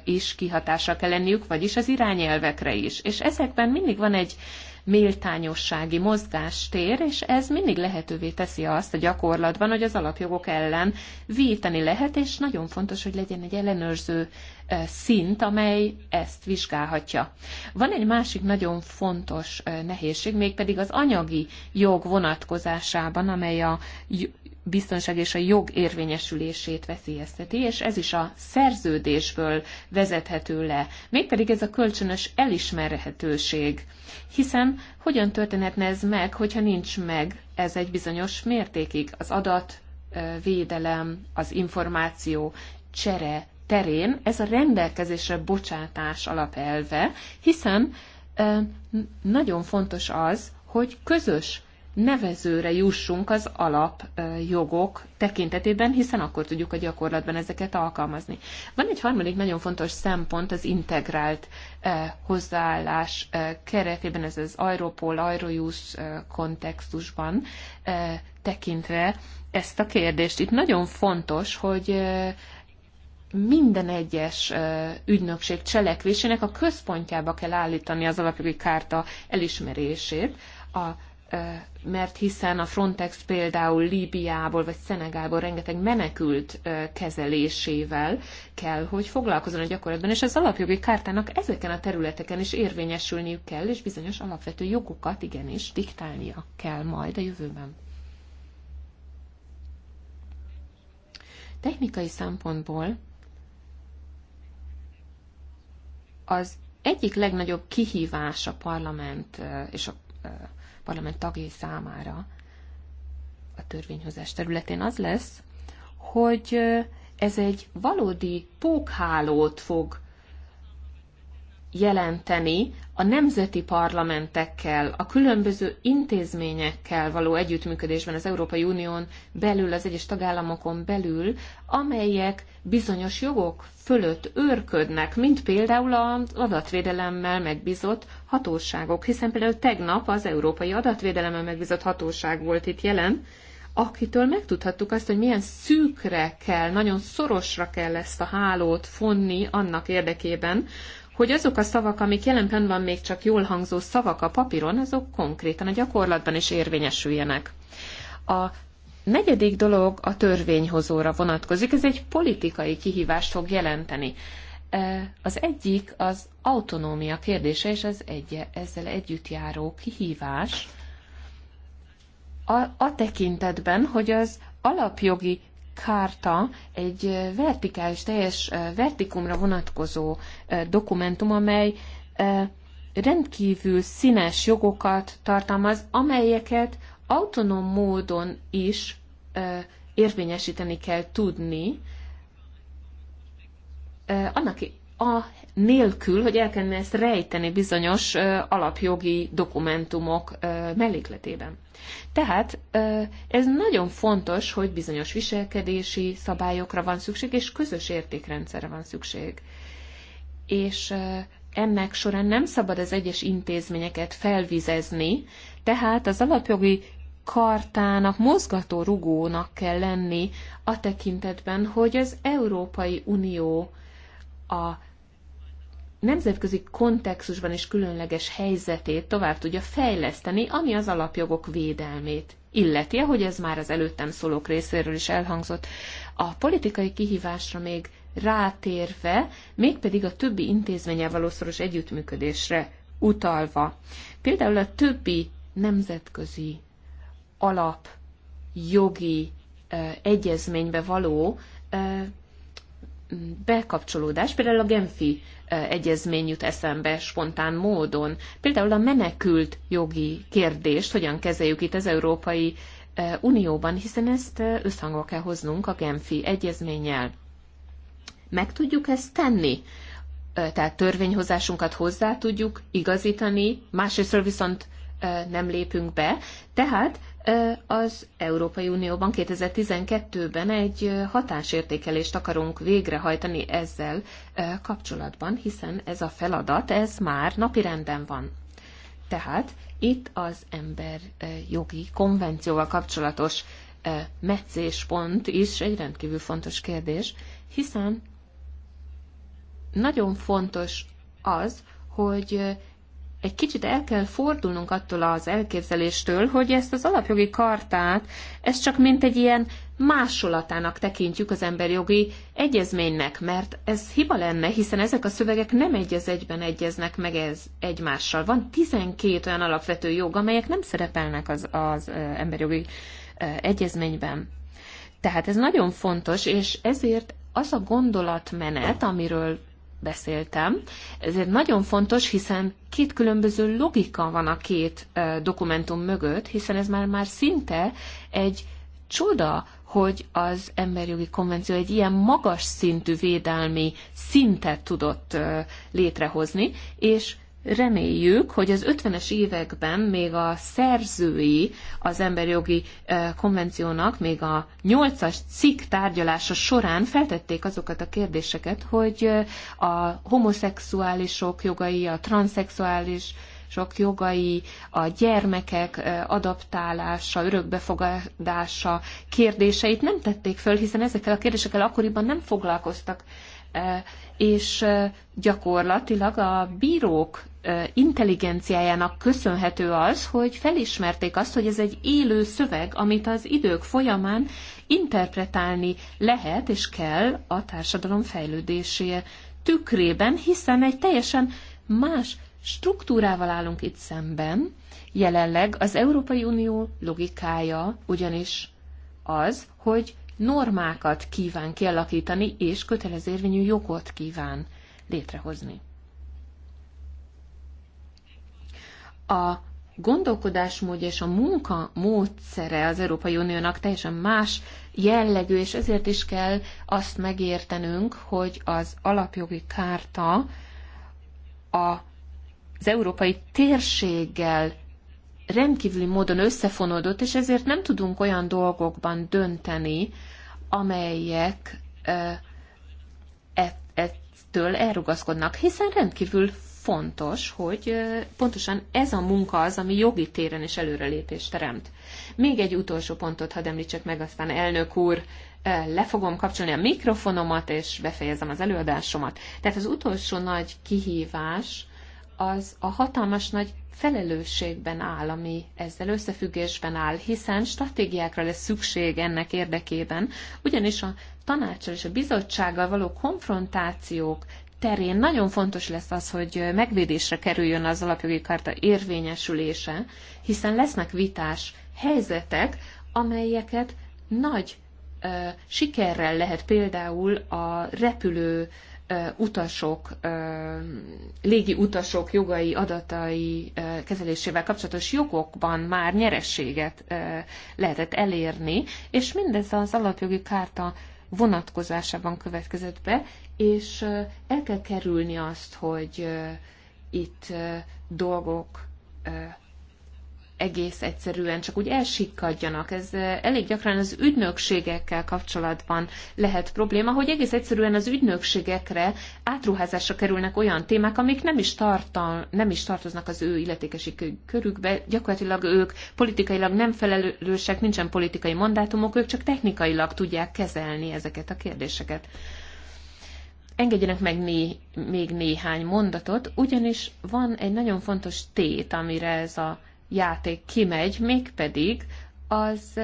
is kihatásra kell lenniük, vagyis az irányelvekre is. És ezekben mindig van egy méltányossági mozgástér, és ez mindig lehetővé teszi azt a gyakorlatban, hogy az alapjogok ellen víteni lehet, és nagyon fontos, hogy legyen egy ellenőrző szint, amely ezt vizsgálhatja. Van egy másik nagyon fontos nehézség, mégpedig az anyagi jog vonatkozásában, amely a biztonság és a jog érvényesülését veszélyezteti, és ez is a szerződésből vezethető le. Mégpedig ez a kölcsönös elismerhetőség. Hiszen hogyan történhetne ez meg, hogyha nincs meg ez egy bizonyos mértékig az adat, védelem, az információ csere terén ez a rendelkezésre bocsátás alapelve, hiszen nagyon fontos az, hogy közös nevezőre jussunk az alapjogok tekintetében, hiszen akkor tudjuk a gyakorlatban ezeket alkalmazni. Van egy harmadik nagyon fontos szempont az integrált hozzáállás keretében, ez az Europol, Eurojust kontextusban tekintve ezt a kérdést. Itt nagyon fontos, hogy minden egyes ügynökség cselekvésének a központjába kell állítani az alapjogi kárta elismerését, a mert hiszen a Frontex például Líbiából vagy Szenegálból rengeteg menekült kezelésével kell, hogy foglalkozzon a gyakorlatban, és az alapjogi kártának ezeken a területeken is érvényesülniük kell, és bizonyos alapvető jogokat igenis diktálnia kell majd a jövőben. Technikai szempontból az egyik legnagyobb kihívás a parlament és a parlament tagjai számára a törvényhozás területén az lesz, hogy ez egy valódi pókhálót fog jelenteni a nemzeti parlamentekkel, a különböző intézményekkel való együttműködésben az Európai Unión belül, az egyes tagállamokon belül, amelyek bizonyos jogok fölött őrködnek, mint például az adatvédelemmel megbízott hatóságok, hiszen például tegnap az Európai Adatvédelemmel megbízott hatóság volt itt jelen, akitől megtudhattuk azt, hogy milyen szűkre kell, nagyon szorosra kell ezt a hálót fonni annak érdekében, hogy azok a szavak, amik jelen pillanatban még csak jól hangzó szavak a papíron, azok konkrétan a gyakorlatban is érvényesüljenek. A negyedik dolog a törvényhozóra vonatkozik, ez egy politikai kihívást fog jelenteni. E, az egyik az autonómia kérdése, és ez egy, ezzel együtt járó kihívás a, a tekintetben, hogy az alapjogi Kárta egy vertikális, teljes vertikumra vonatkozó dokumentum, amely rendkívül színes jogokat tartalmaz, amelyeket autonóm módon is érvényesíteni kell tudni, annak a nélkül, hogy el kellene ezt rejteni bizonyos alapjogi dokumentumok mellékletében. Tehát ez nagyon fontos, hogy bizonyos viselkedési szabályokra van szükség, és közös értékrendszerre van szükség. És ennek során nem szabad az egyes intézményeket felvizezni, tehát az alapjogi kartának, mozgató rugónak kell lenni a tekintetben, hogy az Európai Unió a nemzetközi kontextusban is különleges helyzetét tovább tudja fejleszteni, ami az alapjogok védelmét illeti, ahogy ez már az előttem szólók részéről is elhangzott. A politikai kihívásra még rátérve, mégpedig a többi intézménnyel való szoros együttműködésre utalva. Például a többi nemzetközi alap jogi eh, egyezménybe való eh, bekapcsolódás, például a Genfi egyezmény jut eszembe spontán módon. Például a menekült jogi kérdést hogyan kezeljük itt az Európai Unióban, hiszen ezt összhangba kell hoznunk a Genfi egyezménnyel. Meg tudjuk ezt tenni? Tehát törvényhozásunkat hozzá tudjuk igazítani, másrészt viszont nem lépünk be, tehát az Európai Unióban 2012-ben egy hatásértékelést akarunk végrehajtani ezzel kapcsolatban, hiszen ez a feladat, ez már napirenden van. Tehát itt az ember jogi konvencióval kapcsolatos meccéspont is egy rendkívül fontos kérdés, hiszen nagyon fontos az, hogy egy kicsit el kell fordulnunk attól az elképzeléstől, hogy ezt az alapjogi kartát, ezt csak mint egy ilyen másolatának tekintjük az emberjogi egyezménynek, mert ez hiba lenne, hiszen ezek a szövegek nem egyez egyben egyeznek meg ez egymással. Van 12 olyan alapvető jog, amelyek nem szerepelnek az, az emberjogi egyezményben. Tehát ez nagyon fontos, és ezért az a gondolatmenet, amiről beszéltem. Ezért nagyon fontos, hiszen két különböző logika van a két dokumentum mögött, hiszen ez már, már szinte egy csoda, hogy az emberjogi konvenció egy ilyen magas szintű védelmi szintet tudott létrehozni, és reméljük, hogy az 50-es években még a szerzői az emberjogi konvenciónak, még a 8-as cikk tárgyalása során feltették azokat a kérdéseket, hogy a homoszexuálisok jogai, a transzexuális sok jogai, a gyermekek adaptálása, örökbefogadása kérdéseit nem tették föl, hiszen ezekkel a kérdésekkel akkoriban nem foglalkoztak és gyakorlatilag a bírók intelligenciájának köszönhető az, hogy felismerték azt, hogy ez egy élő szöveg, amit az idők folyamán interpretálni lehet és kell a társadalom fejlődésé tükrében, hiszen egy teljesen más struktúrával állunk itt szemben. Jelenleg az Európai Unió logikája ugyanis az, hogy normákat kíván kialakítani, és kötelezérvényű jogot kíván létrehozni. A gondolkodásmódja és a munka módszere az Európai Uniónak teljesen más jellegű, és ezért is kell azt megértenünk, hogy az alapjogi kárta a az európai térséggel rendkívüli módon összefonódott, és ezért nem tudunk olyan dolgokban dönteni, amelyek e, ettől elrugaszkodnak, hiszen rendkívül fontos, hogy pontosan ez a munka az, ami jogi téren is előrelépést teremt. Még egy utolsó pontot hadd említsek meg, aztán elnök úr, le fogom kapcsolni a mikrofonomat, és befejezem az előadásomat. Tehát az utolsó nagy kihívás az a hatalmas nagy felelősségben áll, ami ezzel összefüggésben áll, hiszen stratégiákra lesz szükség ennek érdekében, ugyanis a tanácsal és a bizottsággal való konfrontációk terén nagyon fontos lesz az, hogy megvédésre kerüljön az alapjogi karta érvényesülése, hiszen lesznek vitás helyzetek, amelyeket nagy ö, sikerrel lehet például a repülő utasok, légi utasok jogai, adatai kezelésével kapcsolatos jogokban már nyerességet lehetett elérni, és mindez az alapjogi kárta vonatkozásában következett be, és el kell kerülni azt, hogy itt dolgok egész egyszerűen csak úgy elsikkadjanak. Ez eh, elég gyakran az ügynökségekkel kapcsolatban lehet probléma, hogy egész egyszerűen az ügynökségekre átruházásra kerülnek olyan témák, amik nem is, tartal, nem is tartoznak az ő illetékesi körükbe. Gyakorlatilag ők politikailag nem felelősek, nincsen politikai mandátumok, ők csak technikailag tudják kezelni ezeket a kérdéseket engedjenek meg né, még néhány mondatot, ugyanis van egy nagyon fontos tét, amire ez a játék kimegy, mégpedig az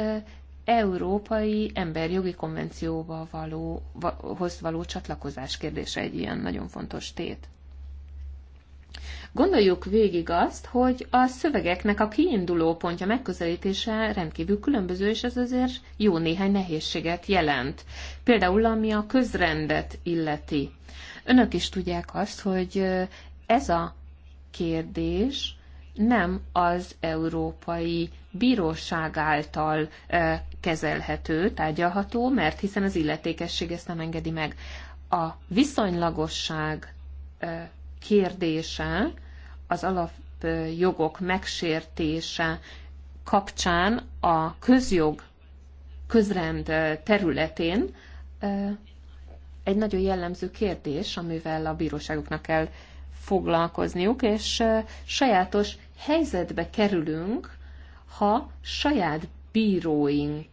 Európai Emberjogi Konvencióba való, hoz való csatlakozás kérdése egy ilyen nagyon fontos tét. Gondoljuk végig azt, hogy a szövegeknek a kiinduló pontja megközelítése rendkívül különböző, és ez azért jó néhány nehézséget jelent. Például ami a közrendet illeti. Önök is tudják azt, hogy ez a kérdés nem az Európai Bíróság által e, kezelhető, tárgyalható, mert hiszen az illetékesség ezt nem engedi meg. A viszonylagosság e, kérdése, az alapjogok megsértése kapcsán a közjog közrend e, területén egy nagyon jellemző kérdés, amivel a bíróságoknak kell foglalkozniuk, és sajátos helyzetbe kerülünk, ha saját bíróink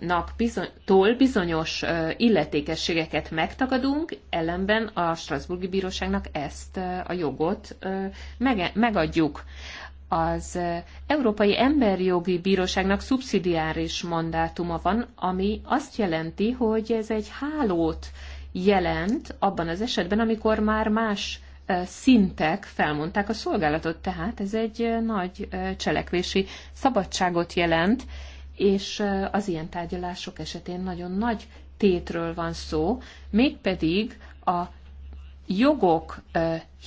nak bizonytól bizonyos illetékességeket megtagadunk, ellenben a Strasburgi Bíróságnak ezt a jogot megadjuk. Az Európai Emberjogi Bíróságnak szubszidiáris mandátuma van, ami azt jelenti, hogy ez egy hálót jelent abban az esetben, amikor már más szintek felmondták a szolgálatot, tehát ez egy nagy cselekvési szabadságot jelent, és az ilyen tárgyalások esetén nagyon nagy tétről van szó, mégpedig a jogok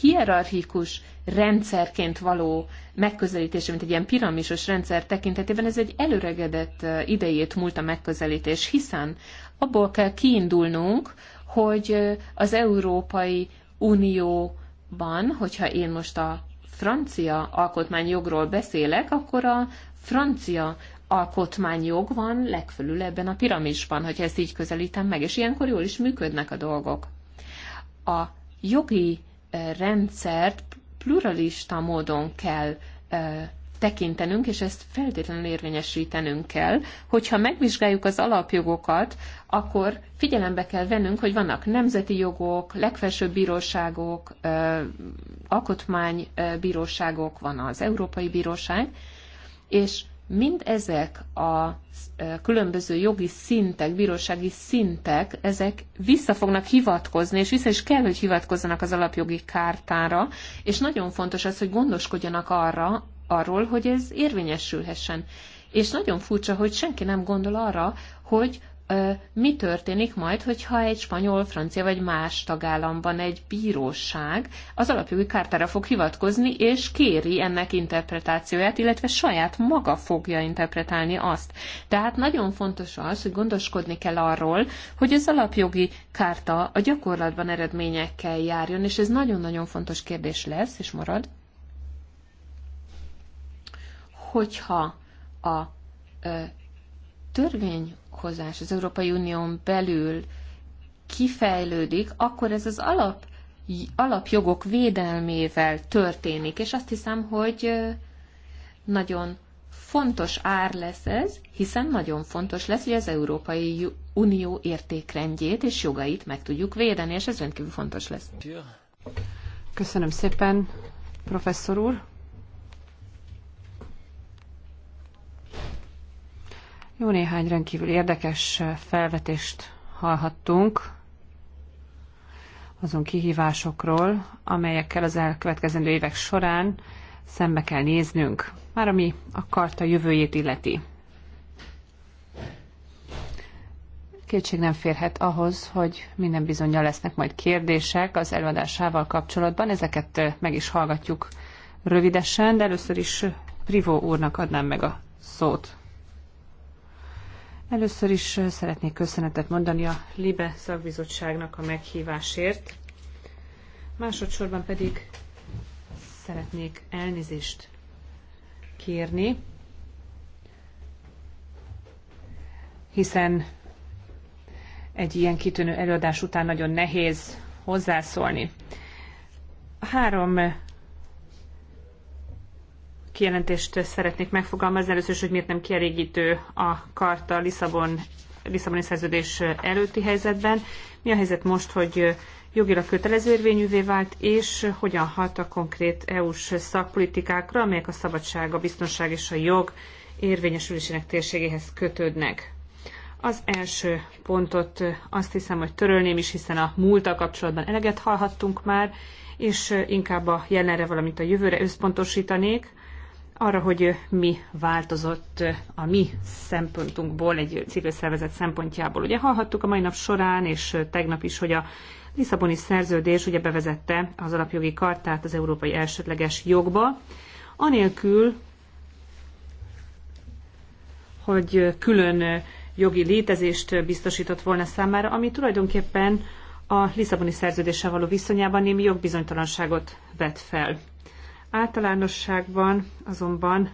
hierarchikus rendszerként való megközelítése, mint egy ilyen piramisos rendszer tekintetében, ez egy előregedett idejét múlt a megközelítés, hiszen abból kell kiindulnunk, hogy az Európai Unió abban, hogyha én most a francia alkotmányjogról beszélek, akkor a francia alkotmányjog van legfelül ebben a piramisban, hogyha ezt így közelítem meg, és ilyenkor jól is működnek a dolgok. A jogi eh, rendszert pluralista módon kell eh, tekintenünk, és ezt feltétlenül érvényesítenünk kell. Hogyha megvizsgáljuk az alapjogokat, akkor figyelembe kell vennünk, hogy vannak nemzeti jogok, legfelsőbb bíróságok, alkotmánybíróságok, van az Európai Bíróság, és mind ezek a különböző jogi szintek, bírósági szintek, ezek vissza fognak hivatkozni, és vissza is kell, hogy hivatkozzanak az alapjogi kártára, és nagyon fontos az, hogy gondoskodjanak arra, arról, hogy ez érvényesülhessen. És nagyon furcsa, hogy senki nem gondol arra, hogy ö, mi történik majd, hogyha egy spanyol, francia vagy más tagállamban egy bíróság az alapjogi kártára fog hivatkozni, és kéri ennek interpretációját, illetve saját maga fogja interpretálni azt. Tehát nagyon fontos az, hogy gondoskodni kell arról, hogy az alapjogi kárta a gyakorlatban eredményekkel járjon, és ez nagyon-nagyon fontos kérdés lesz, és marad hogyha a törvényhozás az Európai Unión belül kifejlődik, akkor ez az alap, alapjogok védelmével történik, és azt hiszem, hogy nagyon fontos ár lesz ez, hiszen nagyon fontos lesz, hogy az Európai Unió értékrendjét és jogait meg tudjuk védeni, és ez rendkívül fontos lesz. Köszönöm szépen, professzor úr. Jó néhány rendkívül érdekes felvetést hallhattunk azon kihívásokról, amelyekkel az elkövetkezendő évek során szembe kell néznünk, már ami a karta jövőjét illeti. Kétség nem férhet ahhoz, hogy minden bizonyja lesznek majd kérdések az előadásával kapcsolatban. Ezeket meg is hallgatjuk rövidesen, de először is Privó úrnak adnám meg a szót. Először is szeretnék köszönetet mondani a LIBE szakbizottságnak a meghívásért, másodszorban pedig szeretnék elnézést kérni, hiszen egy ilyen kitűnő előadás után nagyon nehéz hozzászólni. Három kijelentést szeretnék megfogalmazni. Először is, hogy miért nem kielégítő a karta Lisszabon, Lisszaboni szerződés előtti helyzetben. Mi a helyzet most, hogy jogilag kötelező érvényűvé vált, és hogyan hat a konkrét EU-s szakpolitikákra, amelyek a szabadság, a biztonság és a jog érvényesülésének térségéhez kötődnek. Az első pontot azt hiszem, hogy törölném is, hiszen a múltal kapcsolatban eleget hallhattunk már, és inkább a jelenre, valamint a jövőre összpontosítanék arra, hogy mi változott a mi szempontunkból, egy civil szervezet szempontjából. Ugye hallhattuk a mai nap során, és tegnap is, hogy a Lisszaboni szerződés ugye bevezette az alapjogi kartát az európai elsődleges jogba, anélkül, hogy külön jogi létezést biztosított volna számára, ami tulajdonképpen a Lisszaboni szerződéssel való viszonyában némi jogbizonytalanságot vet fel. Általánosságban azonban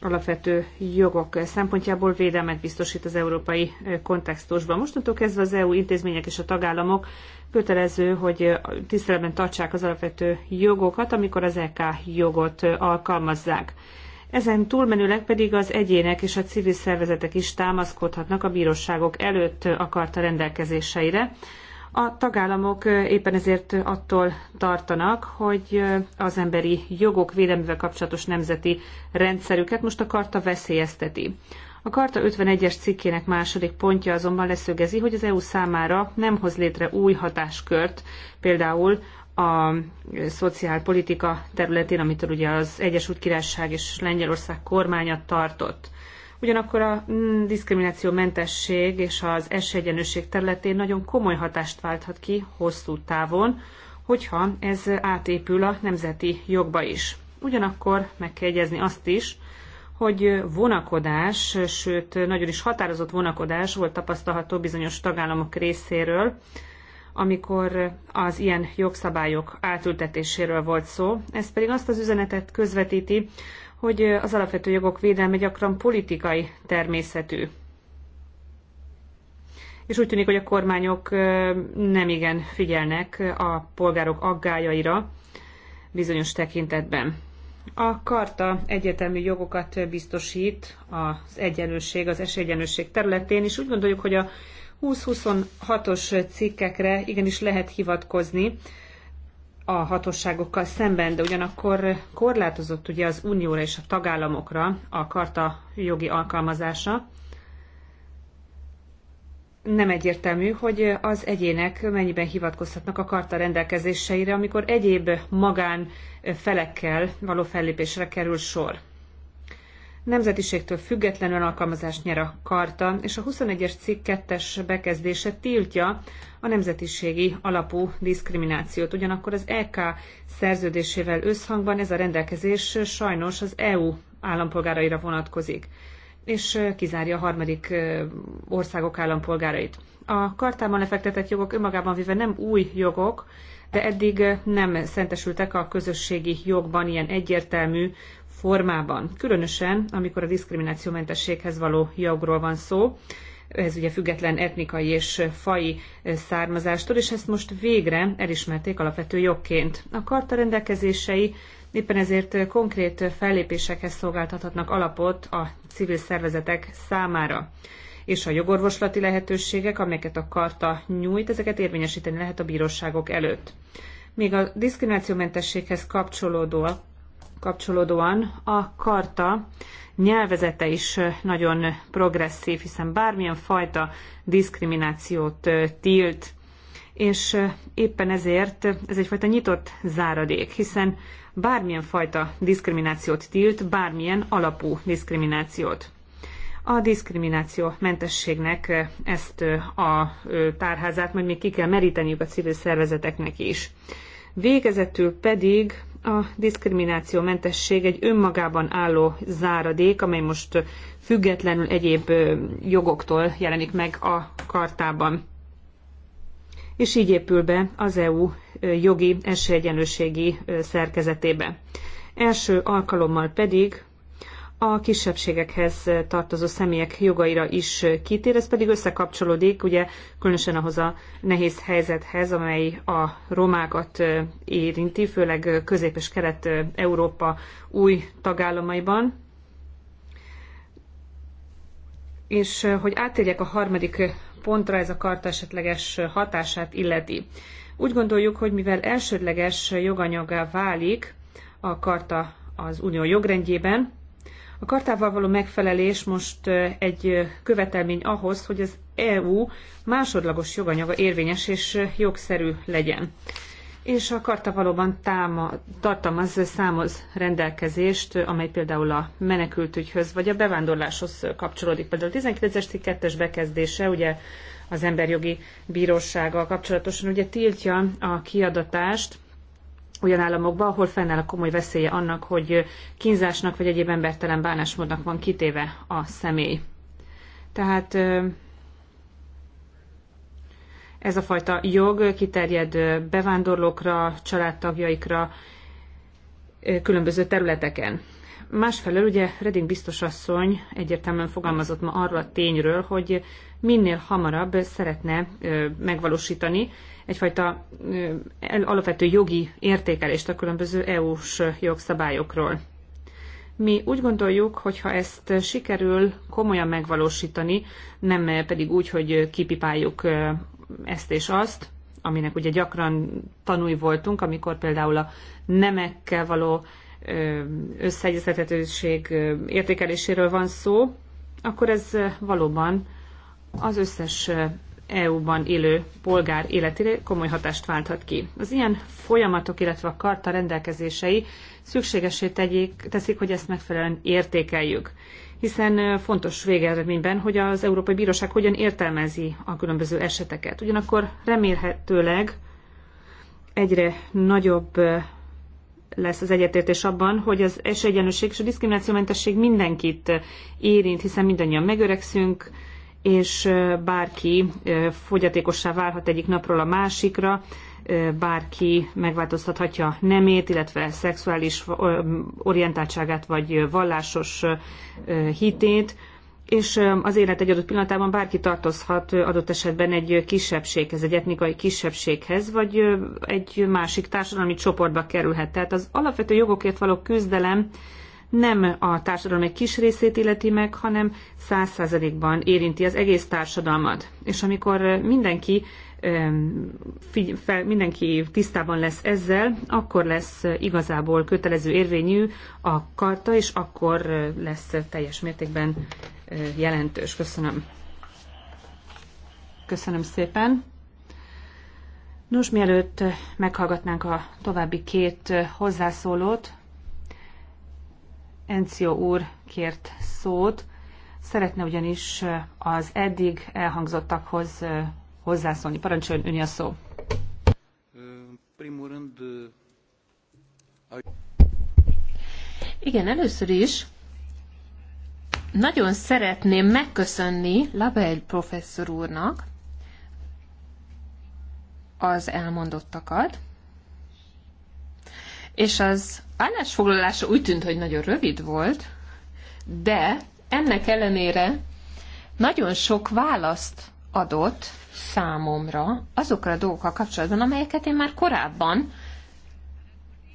alapvető jogok szempontjából védelmet biztosít az európai kontextusban. Mostantól kezdve az EU intézmények és a tagállamok kötelező, hogy tiszteletben tartsák az alapvető jogokat, amikor az EK jogot alkalmazzák. Ezen túlmenőleg pedig az egyének és a civil szervezetek is támaszkodhatnak a bíróságok előtt akarta rendelkezéseire, a tagállamok éppen ezért attól tartanak, hogy az emberi jogok védelmével kapcsolatos nemzeti rendszerüket most a karta veszélyezteti. A Karta 51-es cikkének második pontja azonban leszögezi, hogy az EU számára nem hoz létre új hatáskört, például a szociálpolitika területén, amitől ugye az Egyesült Királyság és Lengyelország kormánya tartott. Ugyanakkor a mm, diszkrimináció mentesség és az esélyegyenlőség területén nagyon komoly hatást válthat ki hosszú távon, hogyha ez átépül a nemzeti jogba is. Ugyanakkor meg kell jegyezni azt is, hogy vonakodás, sőt nagyon is határozott vonakodás volt tapasztalható bizonyos tagállamok részéről, amikor az ilyen jogszabályok átültetéséről volt szó. Ez pedig azt az üzenetet közvetíti, hogy az alapvető jogok védelme gyakran politikai természetű. És úgy tűnik, hogy a kormányok nem igen figyelnek a polgárok aggájaira bizonyos tekintetben. A karta egyetemű jogokat biztosít az egyenlőség, az esélyegyenlőség területén, és úgy gondoljuk, hogy a 20-26-os cikkekre igenis lehet hivatkozni, a hatóságokkal szemben, de ugyanakkor korlátozott ugye az unióra és a tagállamokra a karta jogi alkalmazása. Nem egyértelmű, hogy az egyének mennyiben hivatkozhatnak a karta rendelkezéseire, amikor egyéb magán felekkel való fellépésre kerül sor nemzetiségtől függetlenül alkalmazást nyer a karta, és a 21-es cikk 2-es bekezdése tiltja a nemzetiségi alapú diszkriminációt. Ugyanakkor az EK szerződésével összhangban ez a rendelkezés sajnos az EU állampolgáraira vonatkozik és kizárja a harmadik országok állampolgárait. A kartában lefektetett jogok önmagában véve nem új jogok, de eddig nem szentesültek a közösségi jogban ilyen egyértelmű formában. Különösen, amikor a diszkriminációmentességhez való jogról van szó, ez ugye független etnikai és fai származástól, és ezt most végre elismerték alapvető jogként. A karta rendelkezései éppen ezért konkrét fellépésekhez szolgáltathatnak alapot a civil szervezetek számára és a jogorvoslati lehetőségek, amelyeket a karta nyújt, ezeket érvényesíteni lehet a bíróságok előtt. Még a diszkriminációmentességhez kapcsolódó kapcsolódóan a karta nyelvezete is nagyon progresszív, hiszen bármilyen fajta diszkriminációt tilt, és éppen ezért ez egyfajta nyitott záradék, hiszen bármilyen fajta diszkriminációt tilt, bármilyen alapú diszkriminációt. A diszkrimináció mentességnek ezt a tárházát majd még ki kell meríteniük a civil szervezeteknek is. Végezetül pedig a diszkriminációmentesség egy önmagában álló záradék, amely most függetlenül egyéb jogoktól jelenik meg a kartában. És így épül be az EU jogi esélyegyenlőségi szerkezetébe. Első alkalommal pedig a kisebbségekhez tartozó személyek jogaira is kitér, ez pedig összekapcsolódik, ugye különösen ahhoz a nehéz helyzethez, amely a romákat érinti, főleg közép- és kelet-európa új tagállamaiban. És hogy átérjek a harmadik pontra, ez a karta esetleges hatását illeti. Úgy gondoljuk, hogy mivel elsődleges joganyagá válik a karta az unió jogrendjében, a kartával való megfelelés most egy követelmény ahhoz, hogy az EU másodlagos joganyaga érvényes és jogszerű legyen. És a karta valóban táma, tartalmaz számoz rendelkezést, amely például a menekültügyhöz vagy a bevándorláshoz kapcsolódik. Például a 19-es bekezdése, ugye az emberjogi bírósággal kapcsolatosan ugye tiltja a kiadatást, olyan államokba, ahol fennáll a komoly veszélye annak, hogy kínzásnak vagy egyéb embertelen bánásmódnak van kitéve a személy. Tehát ez a fajta jog kiterjed bevándorlókra, családtagjaikra, különböző területeken. Másfelől ugye Reding biztosasszony egyértelműen fogalmazott ma arról a tényről, hogy minél hamarabb szeretne megvalósítani egyfajta alapvető jogi értékelést a különböző EU-s jogszabályokról. Mi úgy gondoljuk, hogy ha ezt sikerül komolyan megvalósítani, nem pedig úgy, hogy kipipáljuk ezt és azt, aminek ugye gyakran tanúi voltunk, amikor például a nemekkel való összeegyeztethetőség értékeléséről van szó, akkor ez valóban az összes EU-ban élő polgár életére komoly hatást válthat ki. Az ilyen folyamatok, illetve a karta rendelkezései szükségesé tegyék, teszik, hogy ezt megfelelően értékeljük hiszen fontos végeredményben, hogy az Európai Bíróság hogyan értelmezi a különböző eseteket. Ugyanakkor remélhetőleg egyre nagyobb lesz az egyetértés abban, hogy az esélyegyenlőség és a diszkriminációmentesség mindenkit érint, hiszen mindannyian megöregszünk, és bárki fogyatékossá válhat egyik napról a másikra, bárki megváltoztathatja nemét, illetve szexuális orientáltságát vagy vallásos hitét, és az élet egy adott pillanatában bárki tartozhat adott esetben egy kisebbséghez, egy etnikai kisebbséghez, vagy egy másik társadalmi csoportba kerülhet. Tehát az alapvető jogokért való küzdelem nem a társadalom egy kis részét illeti meg, hanem száz százalékban érinti az egész társadalmat. És amikor mindenki mindenki tisztában lesz ezzel, akkor lesz igazából kötelező érvényű a karta, és akkor lesz teljes mértékben eh, jelentős. Köszönöm. Köszönöm szépen. Nos, mielőtt meghallgatnánk a további két eh, hozzászólót, Encio úr kért szót, szeretne ugyanis az eddig elhangzottakhoz hozzászólni. Parancsoljon ön a szó. Igen, először is nagyon szeretném megköszönni Label professzor úrnak az elmondottakat, és az állásfoglalása úgy tűnt, hogy nagyon rövid volt, de ennek ellenére nagyon sok választ adott számomra azokra a dolgokkal kapcsolatban, amelyeket én már korábban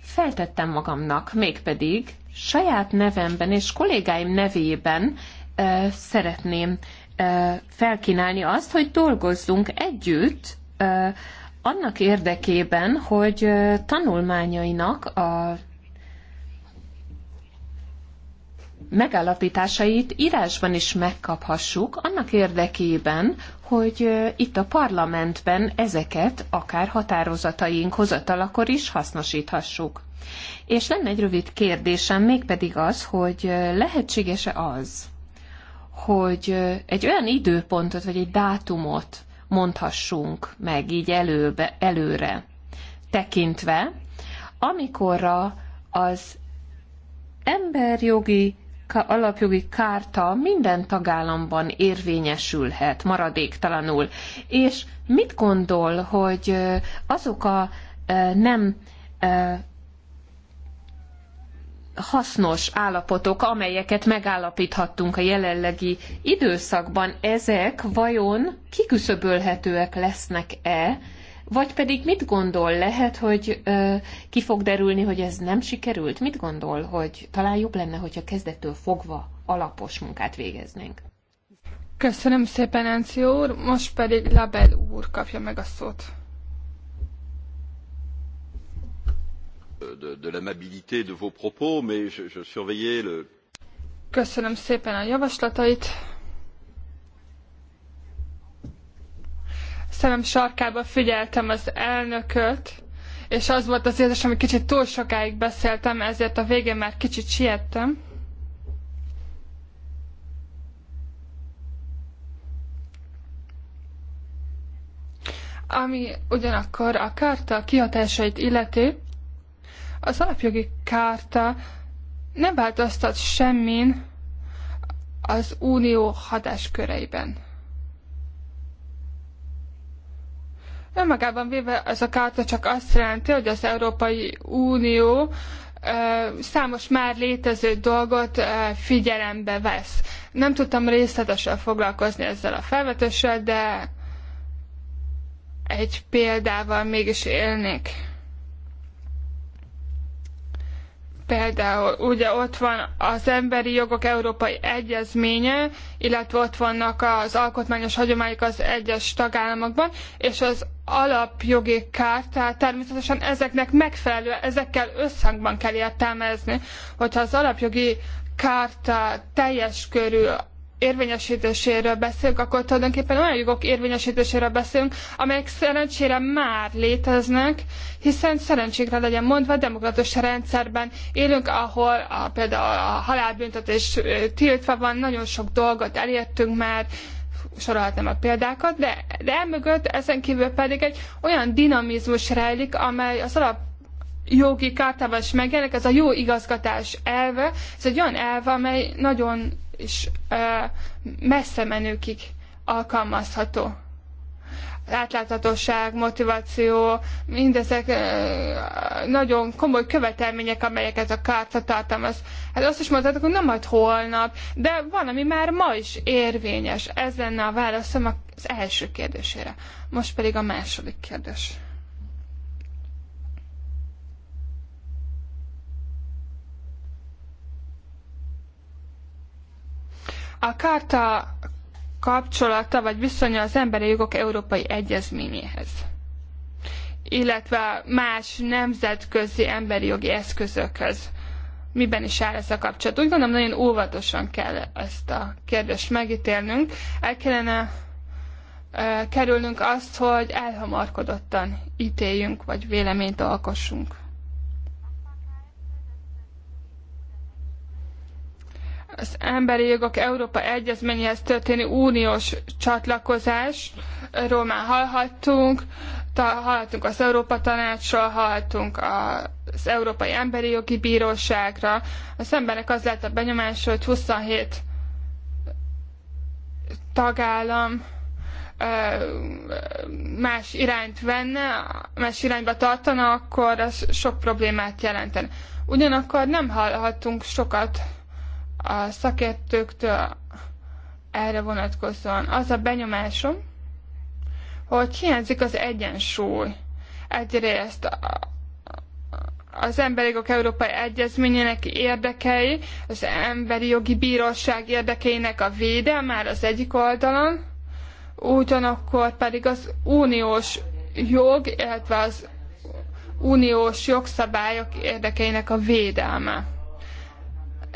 feltettem magamnak, mégpedig saját nevemben és kollégáim nevében e, szeretném e, felkínálni azt, hogy dolgozzunk együtt e, annak érdekében, hogy tanulmányainak a megállapításait írásban is megkaphassuk, annak érdekében, hogy itt a parlamentben ezeket akár határozataink hozatalakor is hasznosíthassuk. És lenne egy rövid kérdésem, mégpedig az, hogy lehetséges-e az, hogy egy olyan időpontot vagy egy dátumot mondhassunk meg így előbe, előre tekintve, amikorra az emberjogi alapjogi kárta minden tagállamban érvényesülhet maradéktalanul. És mit gondol, hogy azok a nem hasznos állapotok, amelyeket megállapíthattunk a jelenlegi időszakban, ezek vajon kiküszöbölhetőek lesznek-e, vagy pedig mit gondol, lehet, hogy ö, ki fog derülni, hogy ez nem sikerült? Mit gondol, hogy talán jobb lenne, hogyha kezdettől fogva alapos munkát végeznénk? Köszönöm szépen, Enci úr, most pedig Label úr kapja meg a szót. de, l'amabilité de vos propos, mais je, je surveillais le... Köszönöm szépen a javaslatait. Szemem sarkába figyeltem az elnököt, és az volt az érzés, hogy kicsit túl sokáig beszéltem, ezért a végén már kicsit siettem. Ami ugyanakkor a kárta kihatásait illeti, az alapjogi kárta nem változtat semmin az unió hatásköreiben. Önmagában véve ez a kárta csak azt jelenti, hogy az Európai Unió számos már létező dolgot figyelembe vesz. Nem tudtam részletesen foglalkozni ezzel a felvetéssel, de egy példával mégis élnék. Például ugye ott van az Emberi Jogok Európai Egyezménye, illetve ott vannak az alkotmányos hagyományok az egyes tagállamokban, és az alapjogi kártát természetesen ezeknek megfelelő, ezekkel összhangban kell értelmezni, hogyha az alapjogi kárta teljes körű érvényesítéséről beszélünk, akkor tulajdonképpen olyan jogok érvényesítéséről beszélünk, amelyek szerencsére már léteznek, hiszen szerencsénkre legyen mondva, demokratikus rendszerben élünk, ahol a, például a halálbüntetés tiltva van, nagyon sok dolgot elértünk már, sorolhatnám a példákat, de, de emögött ezen kívül pedig egy olyan dinamizmus rejlik, amely az alap jogi kártában is megjelenik, ez a jó igazgatás elve, ez egy olyan elve, amely nagyon is messze menőkig alkalmazható. Átláthatóság, motiváció, mindezek nagyon komoly követelmények, amelyeket a kárta tartalmaz. Hát azt is mondhatok, hogy nem majd holnap, de van, ami már ma is érvényes. Ez lenne a válaszom az első kérdésére. Most pedig a második kérdés. a kárta kapcsolata vagy viszonya az emberi jogok európai egyezményéhez illetve más nemzetközi emberi jogi eszközökhöz. Miben is áll ez a kapcsolat? Úgy gondolom, nagyon óvatosan kell ezt a kérdést megítélnünk. El kellene e, kerülnünk azt, hogy elhamarkodottan ítéljünk, vagy véleményt alkossunk. az emberi jogok Európa Egyezményéhez történő uniós csatlakozásról már hallhattunk, hallhattunk az Európa Tanácsról, hallhattunk az Európai Emberi Jogi Bíróságra. Az embernek az lett a benyomása, hogy 27 tagállam más irányt venne, más irányba tartana, akkor az sok problémát jelenten. Ugyanakkor nem hallhattunk sokat a szakértőktől erre vonatkozóan az a benyomásom, hogy hiányzik az egyensúly. Egyrészt az emberi jogok európai egyezményének érdekei, az emberi jogi bíróság érdekeinek a már az egyik oldalon, ugyanakkor pedig az uniós jog, illetve az uniós jogszabályok érdekeinek a védelme.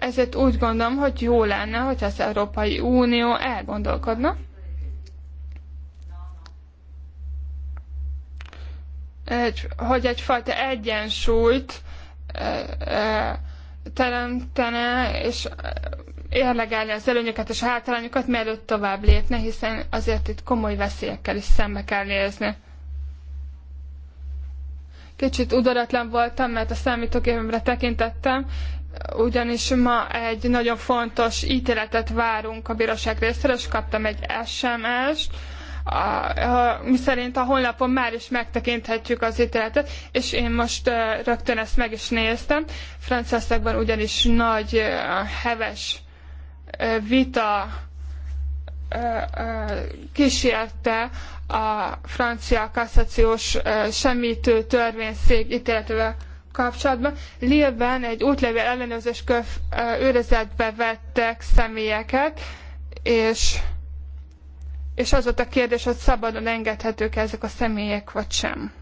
Ezért úgy gondolom, hogy jó lenne, hogy az Európai Unió elgondolkodna. Egy, hogy egyfajta egyensúlyt e, e, teremtene, és érlegelni az előnyöket és hátrányokat, mielőtt tovább lépne, hiszen azért itt komoly veszélyekkel is szembe kell nézni. Kicsit udaratlan voltam, mert a számítógépemre tekintettem, ugyanis ma egy nagyon fontos ítéletet várunk a bíróság részéről, és kaptam egy SMS-t, miszerint a honlapon már is megtekinthetjük az ítéletet, és én most rögtön ezt meg is néztem. Franciaországban ugyanis nagy heves vita kísérte a francia kasszációs semmitő törvényszék ítéletével kapcsolatban. Lilben egy útlevél ellenőrzés köv, őrizetbe vettek személyeket, és, és az volt a kérdés, hogy szabadon engedhetők -e ezek a személyek, vagy sem.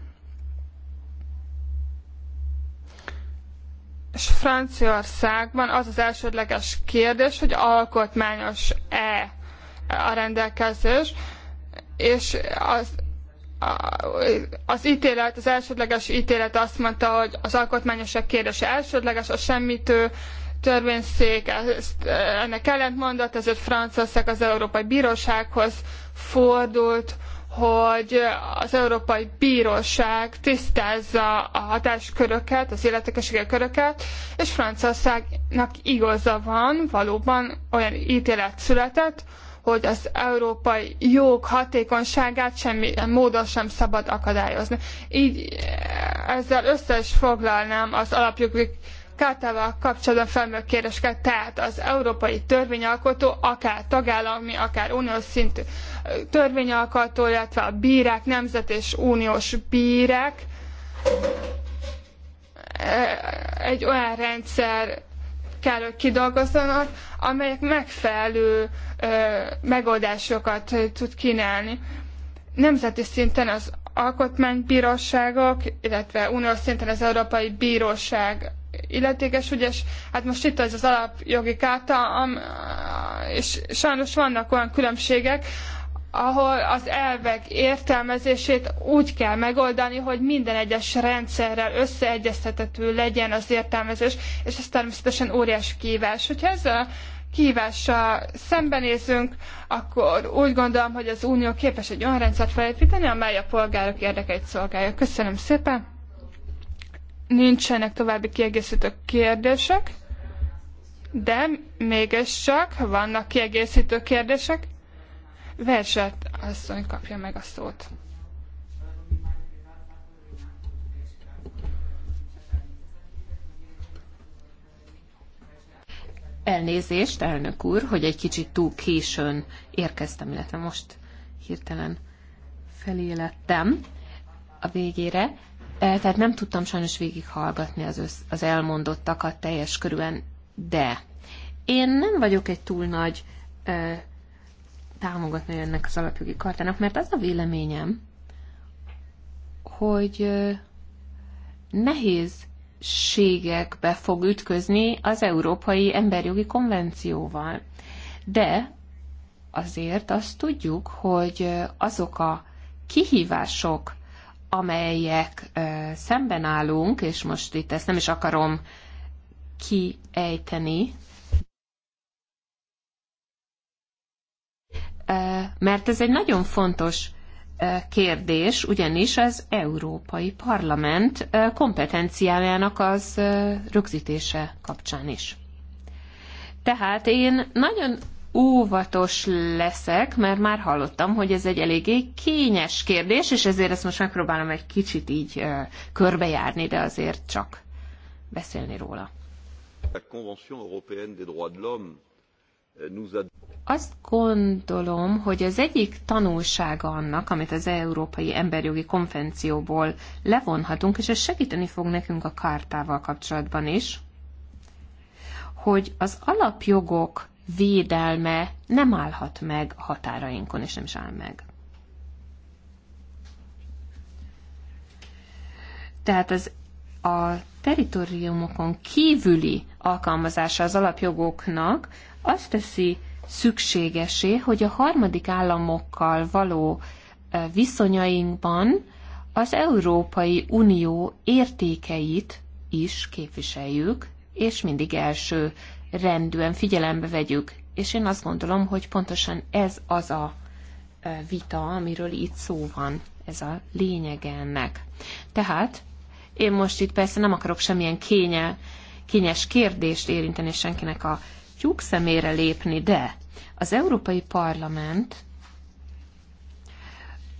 És Franciaországban az az elsődleges kérdés, hogy alkotmányos-e a rendelkezés, és az az ítélet, az elsődleges ítélet azt mondta, hogy az alkotmányosság kérdése elsődleges, a semmitő törvényszék ezt, ennek ellentmondott, ezért Franciaország az Európai Bírósághoz fordult, hogy az Európai Bíróság tisztázza a hatásköröket, az illetékeségi köröket, és Franciaországnak igaza van, valóban olyan ítélet született, hogy az európai jog hatékonyságát semmilyen módon sem szabad akadályozni. Így eh, ezzel össze is foglalnám az alapjogi kártával kapcsolatban felmerült kérdéseket, tehát az európai törvényalkotó, akár tagállami, akár uniós szintű eh, törvényalkotó, illetve a bírák, nemzet és uniós bírák eh, egy olyan rendszer kell, hogy kidolgozzanak, amelyek megfelelő ö, megoldásokat ö, tud kínálni. Nemzeti szinten az alkotmánybíróságok, illetve uniós szinten az Európai Bíróság illetékes, ugye, és hát most itt az az alapjogi kárta, am, és sajnos vannak olyan különbségek, ahol az elvek értelmezését úgy kell megoldani, hogy minden egyes rendszerrel összeegyeztethető legyen az értelmezés, és ez természetesen óriási kívás. Hogyha ezzel a kívással szembenézünk, akkor úgy gondolom, hogy az Unió képes egy olyan rendszert felépíteni, amely a polgárok érdekeit szolgálja. Köszönöm szépen! Nincsenek további kiegészítő kérdések, de mégiscsak vannak kiegészítő kérdések Verset asszony kapja meg a szót. Elnézést, elnök úr, hogy egy kicsit túl későn érkeztem, illetve most hirtelen felélettem a végére. E, tehát nem tudtam sajnos végighallgatni az, össz, az elmondottakat teljes körülön, de én nem vagyok egy túl nagy e, támogatni ennek az alapjogi kartának, mert az a véleményem, hogy nehézségekbe fog ütközni az Európai Emberjogi Konvencióval. De azért azt tudjuk, hogy azok a kihívások, amelyek szemben állunk, és most itt ezt nem is akarom kiejteni, mert ez egy nagyon fontos kérdés, ugyanis az Európai Parlament kompetenciájának az rögzítése kapcsán is. Tehát én nagyon óvatos leszek, mert már hallottam, hogy ez egy eléggé kényes kérdés, és ezért ezt most megpróbálom egy kicsit így körbejárni, de azért csak beszélni róla. A Convention européenne des droits de l'homme azt gondolom, hogy az egyik tanulsága annak, amit az Európai Emberjogi Konvencióból levonhatunk, és ez segíteni fog nekünk a kártával kapcsolatban is, hogy az alapjogok védelme nem állhat meg határainkon, és nem is áll meg. Tehát az a teritoriumokon kívüli alkalmazása az alapjogoknak azt teszi szükségesé, hogy a harmadik államokkal való viszonyainkban az Európai Unió értékeit is képviseljük, és mindig első rendűen figyelembe vegyük. És én azt gondolom, hogy pontosan ez az a vita, amiről itt szó van, ez a lényeg ennek. Tehát én most itt persze nem akarok semmilyen kénye, kényes kérdést érinteni senkinek a tudjuk szemére lépni, de az Európai Parlament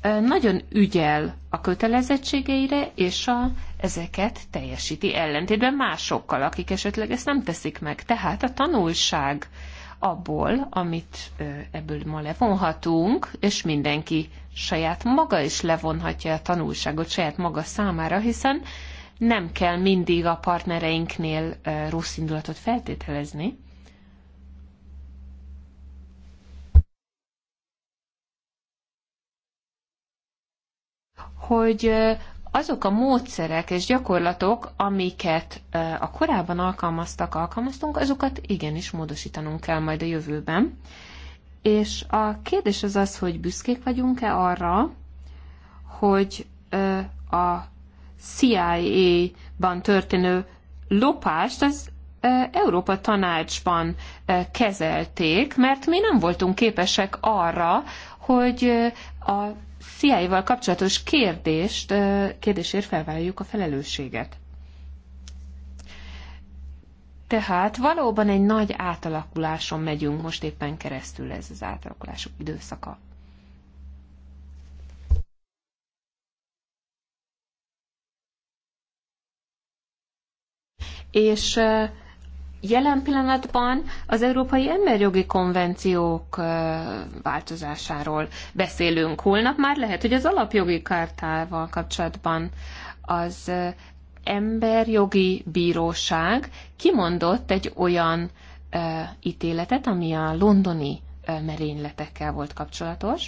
nagyon ügyel a kötelezettségeire, és a, ezeket teljesíti ellentétben másokkal, akik esetleg ezt nem teszik meg. Tehát a tanulság abból, amit ebből ma levonhatunk, és mindenki saját maga is levonhatja a tanulságot saját maga számára, hiszen nem kell mindig a partnereinknél rossz indulatot feltételezni, hogy azok a módszerek és gyakorlatok, amiket a korábban alkalmaztak, alkalmaztunk, azokat igenis módosítanunk kell majd a jövőben. És a kérdés az az, hogy büszkék vagyunk-e arra, hogy a CIA-ban történő lopást az Európa Tanácsban kezelték, mert mi nem voltunk képesek arra, hogy a CIA-val kapcsolatos kérdést, kérdésért felvállaljuk a felelősséget. Tehát valóban egy nagy átalakuláson megyünk most éppen keresztül ez az átalakulások időszaka. És jelen pillanatban az Európai Emberjogi Konvenciók változásáról beszélünk. Holnap már lehet, hogy az alapjogi kártával kapcsolatban az emberjogi bíróság kimondott egy olyan ítéletet, ami a londoni merényletekkel volt kapcsolatos,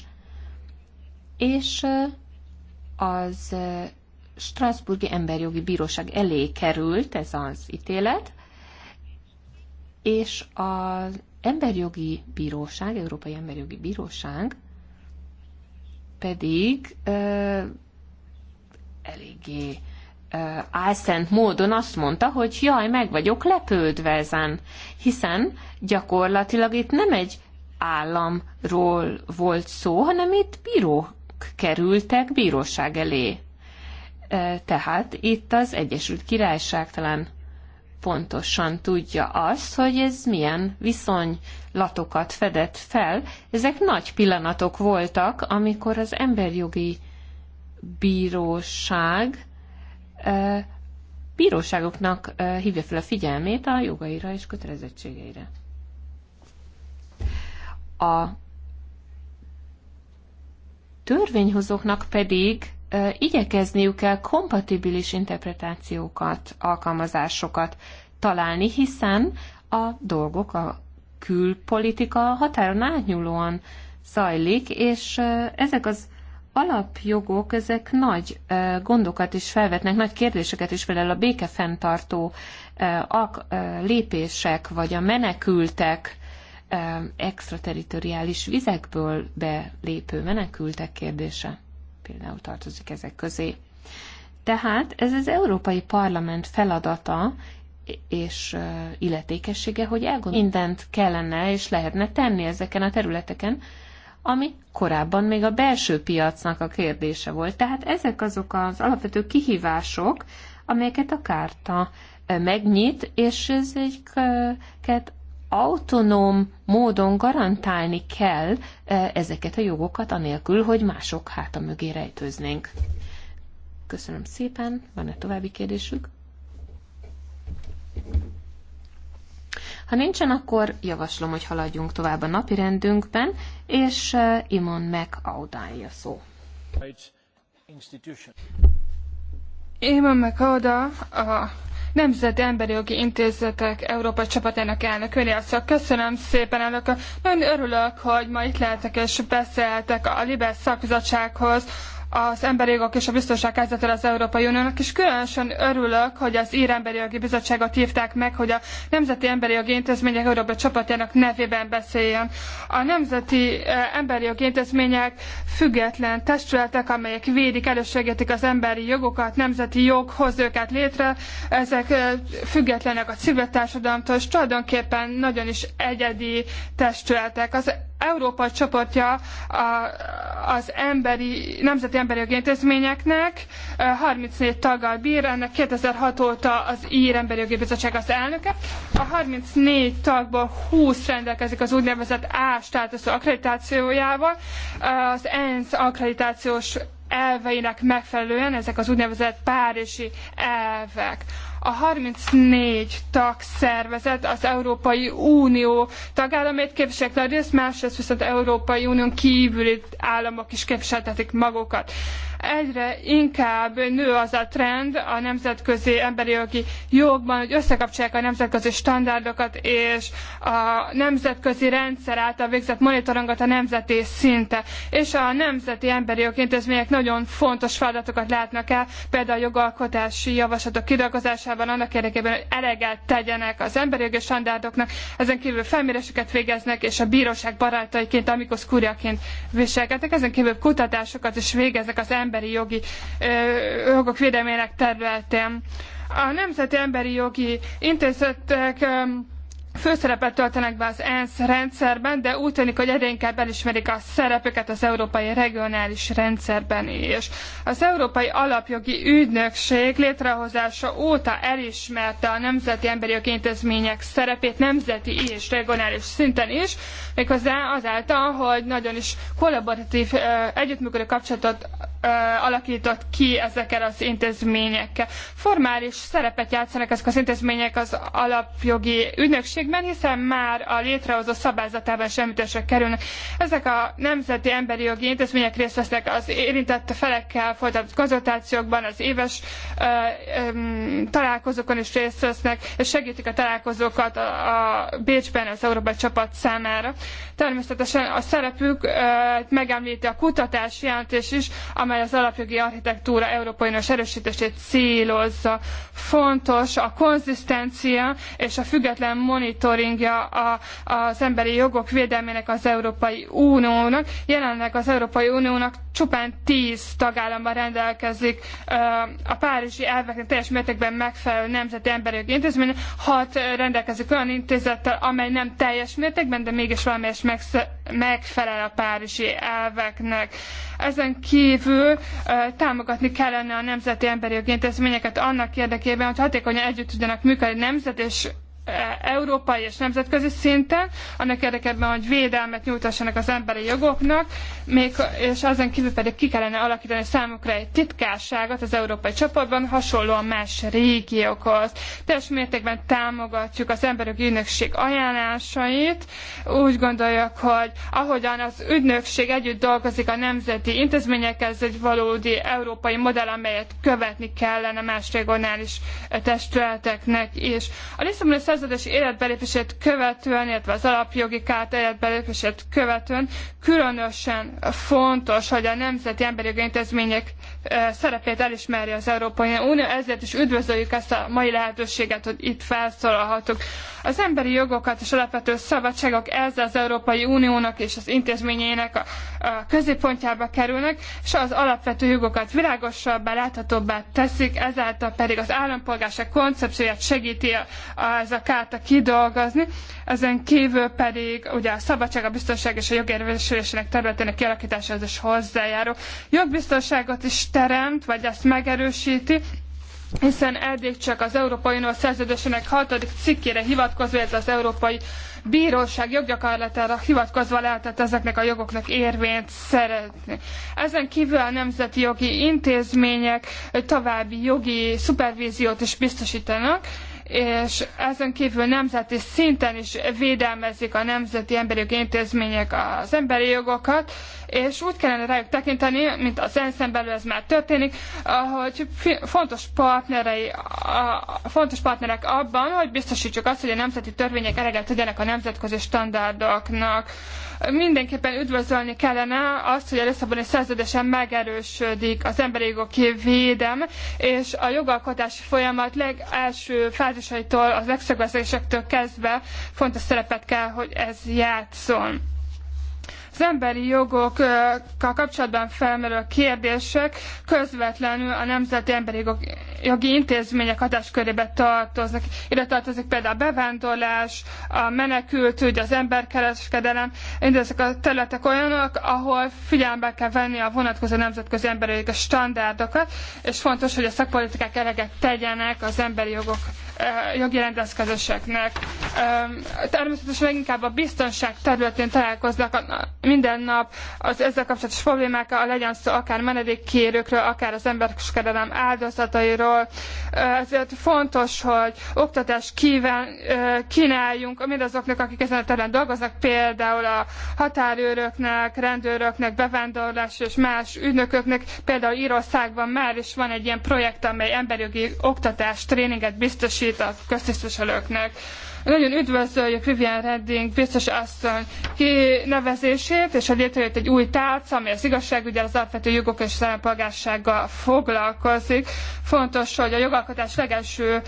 és az Strasburgi Emberjogi Bíróság elé került ez az ítélet, és az Emberjogi Bíróság, Európai Emberjogi Bíróság pedig ö, eléggé ö, álszent módon azt mondta, hogy jaj, meg vagyok lepődve ezen, hiszen gyakorlatilag itt nem egy államról volt szó, hanem itt bírók kerültek bíróság elé. Tehát itt az Egyesült Királyság talán pontosan tudja azt, hogy ez milyen viszonylatokat fedett fel. Ezek nagy pillanatok voltak, amikor az emberjogi bíróság bíróságoknak hívja fel a figyelmét a jogaira és kötelezettségeire. A törvényhozóknak pedig igyekezniük kell kompatibilis interpretációkat, alkalmazásokat találni, hiszen a dolgok, a külpolitika határon átnyúlóan zajlik, és ezek az alapjogok, ezek nagy gondokat is felvetnek, nagy kérdéseket is, például a békefenntartó lépések, vagy a menekültek, extrateritoriális vizekből belépő menekültek kérdése például tartozik ezek közé. Tehát ez az Európai Parlament feladata és illetékessége, hogy elgondolja, mindent kellene és lehetne tenni ezeken a területeken, ami korábban még a belső piacnak a kérdése volt. Tehát ezek azok az alapvető kihívások, amelyeket a kárta megnyit, és ezeket autonóm módon garantálni kell eh, ezeket a jogokat, anélkül, hogy mások háta mögé rejtőznénk. Köszönöm szépen. Van-e további kérdésük? Ha nincsen, akkor javaslom, hogy haladjunk tovább a napi rendünkben, és eh, Imon a szó. Imon McAuda a Nemzeti Emberi Jogi Intézetek Európa csapatának elnök Önél Köszönöm szépen, elnök. Nagyon örülök, hogy ma itt lehetek és beszéltek a Libes szakbizottsághoz, az emberi jogok és a biztonság helyzetéről az Európai Uniónak, és különösen örülök, hogy az Ír Emberi Jogi Bizottságot hívták meg, hogy a Nemzeti Emberi Jogi Intézmények Európai Csapatjának nevében beszéljen. A Nemzeti eh, Emberi Jogi Intézmények független testületek, amelyek védik, elősegítik az emberi jogokat, nemzeti joghoz őket létre, ezek eh, függetlenek a civil társadalomtól, és tulajdonképpen nagyon is egyedi testületek. Az Európa csoportja az emberi, Nemzeti Emberi Jogi Intézményeknek 34 taggal bír, ennek 2006 óta az Ír Emberi Jogi Bizottság az elnöke. A 34 tagból 20 rendelkezik az úgynevezett A státuszú akkreditációjával. Az ENSZ akkreditációs elveinek megfelelően ezek az úgynevezett párizsi elvek a 34 tagszervezet az Európai Unió tagállamait képviselik nagy részt, másrészt viszont Európai Unión kívüli államok is képviseltetik magukat egyre inkább nő az a trend a nemzetközi emberi jogi jogban, hogy összekapcsolják a nemzetközi standardokat és a nemzetközi rendszer által végzett monitorongot a nemzeti szinte. És a nemzeti emberi jogi intézmények nagyon fontos feladatokat látnak el, például a jogalkotási javaslatok kidolgozásában annak érdekében, hogy eleget tegyenek az emberi jogi standardoknak, ezen kívül felméréseket végeznek, és a bíróság barátaiként, amikus kurjaként viselkednek, ezen kívül kutatásokat is végeznek az emberi emberi jogi jogok védelmének területén. A Nemzeti Emberi Jogi Intézetek főszerepet töltenek be az ENSZ rendszerben, de úgy tűnik, hogy egyre inkább elismerik a szerepüket az európai regionális rendszerben is. Az Európai Alapjogi Ügynökség létrehozása óta elismerte a nemzeti emberi jogi intézmények szerepét nemzeti és regionális szinten is, méghozzá azáltal, hogy nagyon is kollaboratív együttműködő kapcsolatot alakított ki ezekkel az intézményekkel. Formális szerepet játszanak ezek az intézmények az alapjogi ügynökségben, hiszen már a létrehozó szabályzatában is említésre kerülnek. Ezek a nemzeti emberi jogi intézmények részt vesznek az érintett felekkel folytatott konzultációkban, az éves ö, ö, találkozókon is részt vesznek, és segítik a találkozókat a, a Bécsben az európai csapat számára. Természetesen a szerepük ö, megemlíti a kutatási jelentés is, a amely az alapjogi architektúra európai nős erősítését célozza. Fontos a konzisztencia és a független monitoringja a, az emberi jogok védelmének az Európai Uniónak. Jelenleg az Európai Uniónak csupán tíz tagállamban rendelkezik a párizsi elveknek teljes mértékben megfelelő nemzeti emberi jogi intézmény, hat rendelkezik olyan intézettel, amely nem teljes mértékben, de mégis valamelyes megfelel a párizsi elveknek. Ezen kívül támogatni kellene a nemzeti emberi jogi intézményeket annak érdekében, hogy hatékonyan együtt tudjanak működni nemzet és E, európai és nemzetközi szinten, annak érdekében, hogy védelmet nyújtassanak az emberi jogoknak, még, és ezen kívül pedig ki kellene alakítani számukra egy titkárságot az európai csoportban, hasonlóan más régiókhoz. Teljes mértékben támogatjuk az emberi ügynökség ajánlásait. Úgy gondoljuk, hogy ahogyan az ügynökség együtt dolgozik a nemzeti intézményekkel, ez egy valódi európai modell, amelyet követni kellene más regionális testületeknek is. A Lisszaboni szerződés életbelépését követően, illetve az alapjogi kárt életbelépését követően különösen fontos, hogy a nemzeti emberi jogi intézmények szerepét elismeri az Európai Unió, ezért is üdvözöljük ezt a mai lehetőséget, hogy itt felszólalhatunk. Az emberi jogokat és alapvető szabadságok ezzel az Európai Uniónak és az intézményeinek a, a középpontjába kerülnek, és az alapvető jogokat világosabbá, láthatóbbá teszik, ezáltal pedig az állampolgárság koncepcióját segíti a, a, ez a kárta kidolgozni, ezen kívül pedig ugye a szabadság, a biztonság és a jogérvésülésének területének kialakításához is hozzájárul. Jogbiztonságot is teremt, vagy ezt megerősíti, hiszen eddig csak az Európai Unió szerződésének 6. cikkére hivatkozva, illetve az Európai Bíróság joggyakorlatára hivatkozva lehetett ezeknek a jogoknak érvényt szerezni. Ezen kívül a nemzeti jogi intézmények további jogi szupervíziót is biztosítanak, és ezen kívül nemzeti szinten is védelmezik a nemzeti emberi jogi intézmények az emberi jogokat, és úgy kellene rájuk tekinteni, mint az ENSZ-en belül ez már történik, hogy fontos, partnerei, fontos partnerek abban, hogy biztosítsuk azt, hogy a nemzeti törvények eleget tegyenek a nemzetközi standardoknak. Mindenképpen üdvözölni kellene azt, hogy a Lisszaboni szerződésen megerősödik az emberi jogok védem, és a jogalkotási folyamat legelső fázisaitól, az legszögezésektől kezdve fontos szerepet kell, hogy ez játszon az emberi jogokkal kapcsolatban felmerülő kérdések közvetlenül a Nemzeti Emberi Jogi Intézmények hatáskörébe tartoznak. Ide tartozik például a bevándorlás, a menekültügy, az emberkereskedelem. Mindezek a területek olyanok, ahol figyelembe kell venni a vonatkozó nemzetközi emberi jogi standardokat, és fontos, hogy a szakpolitikák eleget tegyenek az emberi jogok eh, jogi rendezkezéseknek. Természetesen leginkább a biztonság területén találkoznak a minden nap az ezzel kapcsolatos problémákkal, legyen szó akár menedékkérőkről, akár az emberkereskedelem áldozatairól. Ezért fontos, hogy oktatást kíván, kínáljunk mindazoknak, akik ezen a területen dolgoznak, például a határőröknek, rendőröknek, bevándorlás és más ügynököknek. Például Írországban már is van egy ilyen projekt, amely emberjogi oktatást, tréninget biztosít a köztisztviselőknek. Nagyon üdvözöljük Vivian Redding biztos asszony kinevezését, és hogy létrejött egy új tárca, ami az igazságügyel, az alapvető jogok és szerepolgársággal foglalkozik. Fontos, hogy a jogalkotás legelső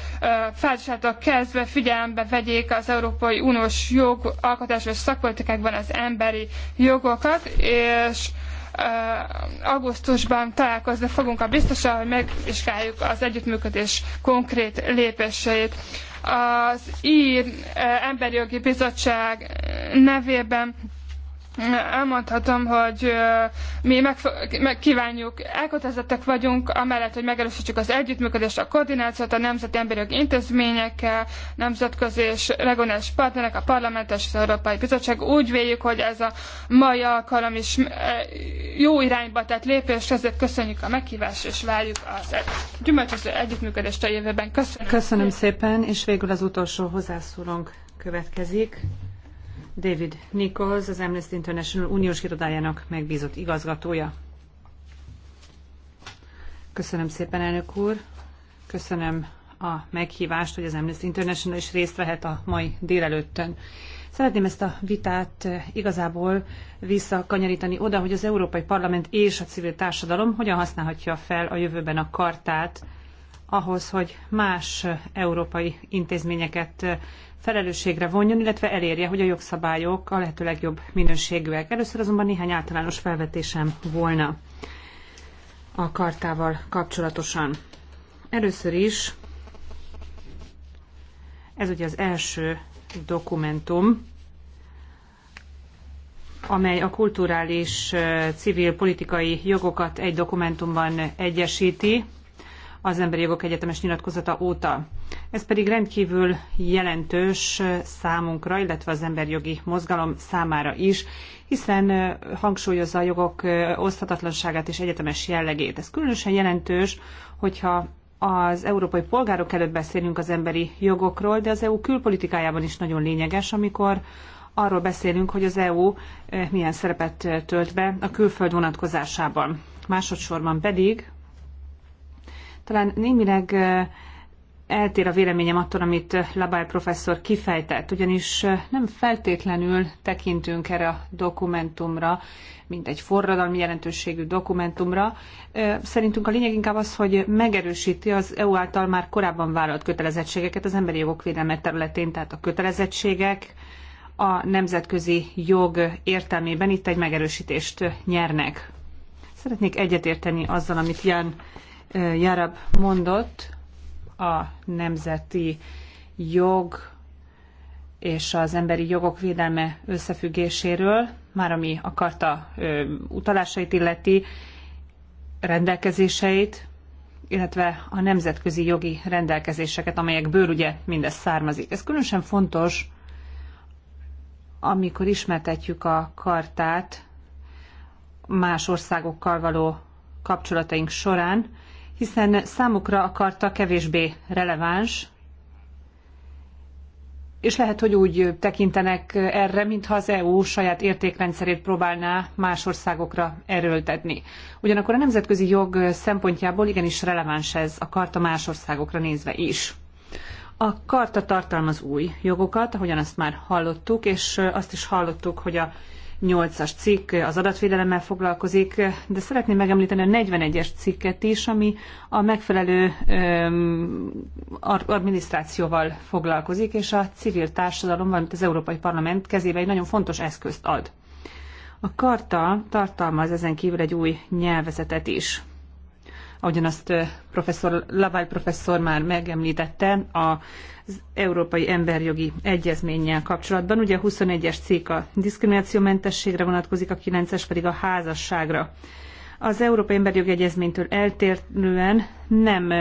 fázisától kezdve figyelembe vegyék az Európai Uniós jogalkotás és szakpolitikákban az emberi jogokat, és augusztusban találkozni fogunk a biztosan, hogy megvizsgáljuk az együttműködés konkrét lépéseit az ír eh, emberi jogi bizottság eh, nevében elmondhatom, hogy mi megkívánjuk, meg elkötelezettek vagyunk, amellett, hogy megerősítsük az együttműködést, a koordinációt a nemzeti emberi jogi intézményekkel, nemzetközi és regionális partnerek, a parlamentes és az Európai Bizottság. Úgy véljük, hogy ez a mai alkalom is e, jó irányba tett lépés, ezért köszönjük a meghívást, és várjuk az gyümölcsöző együttműködést a jövőben. Köszönöm. Köszönöm szépen, és végül az utolsó hozzászólónk következik. David Nichols, az Amnesty International uniós irodájának megbízott igazgatója. Köszönöm szépen, elnök úr. Köszönöm a meghívást, hogy az Amnesty International is részt vehet a mai délelőttön. Szeretném ezt a vitát eh, igazából visszakanyarítani oda, hogy az Európai Parlament és a civil társadalom hogyan használhatja fel a jövőben a kartát ahhoz, hogy más eh, európai intézményeket eh, felelősségre vonjon, illetve elérje, hogy a jogszabályok a lehető legjobb minőségűek. Először azonban néhány általános felvetésem volna a kartával kapcsolatosan. Először is, ez ugye az első dokumentum, amely a kulturális, eh, civil, politikai jogokat egy dokumentumban egyesíti, az Emberi Jogok Egyetemes nyilatkozata óta. Ez pedig rendkívül jelentős számunkra, illetve az emberjogi mozgalom számára is, hiszen hangsúlyozza a jogok oszthatatlanságát és egyetemes jellegét. Ez különösen jelentős, hogyha az európai polgárok előtt beszélünk az emberi jogokról, de az EU külpolitikájában is nagyon lényeges, amikor arról beszélünk, hogy az EU milyen szerepet tölt be a külföld vonatkozásában. Másodszorban pedig talán némileg eltér a véleményem attól, amit Labaj professzor kifejtett, ugyanis nem feltétlenül tekintünk erre a dokumentumra, mint egy forradalmi jelentőségű dokumentumra. Szerintünk a lényeg inkább az, hogy megerősíti az EU által már korábban vállalt kötelezettségeket az emberi jogok védelme területén, tehát a kötelezettségek a nemzetközi jog értelmében itt egy megerősítést nyernek. Szeretnék egyetérteni azzal, amit Jan Jarab mondott, a nemzeti jog és az emberi jogok védelme összefüggéséről, már ami a karta utalásait illeti, rendelkezéseit, illetve a nemzetközi jogi rendelkezéseket, amelyekből ugye mindez származik. Ez különösen fontos, amikor ismertetjük a kartát más országokkal való kapcsolataink során, hiszen számukra a karta kevésbé releváns, és lehet, hogy úgy tekintenek erre, mintha az EU saját értékrendszerét próbálná más országokra erőltetni. Ugyanakkor a nemzetközi jog szempontjából igenis releváns ez a karta más országokra nézve is. A karta tartalmaz új jogokat, ahogyan azt már hallottuk, és azt is hallottuk, hogy a 8-as cikk az adatvédelemmel foglalkozik, de szeretném megemlíteni a 41-es cikket is, ami a megfelelő adminisztrációval foglalkozik, és a civil társadalom, valamint az Európai Parlament kezébe egy nagyon fontos eszközt ad. A karta tartalmaz ezen kívül egy új nyelvezetet is ahogyan azt professzor, Laval professzor már megemlítette, az Európai Emberjogi Egyezménnyel kapcsolatban. Ugye a 21-es cikk a diszkriminációmentességre vonatkozik, a 9-es pedig a házasságra. Az Európai Emberjogi Egyezménytől eltérően nem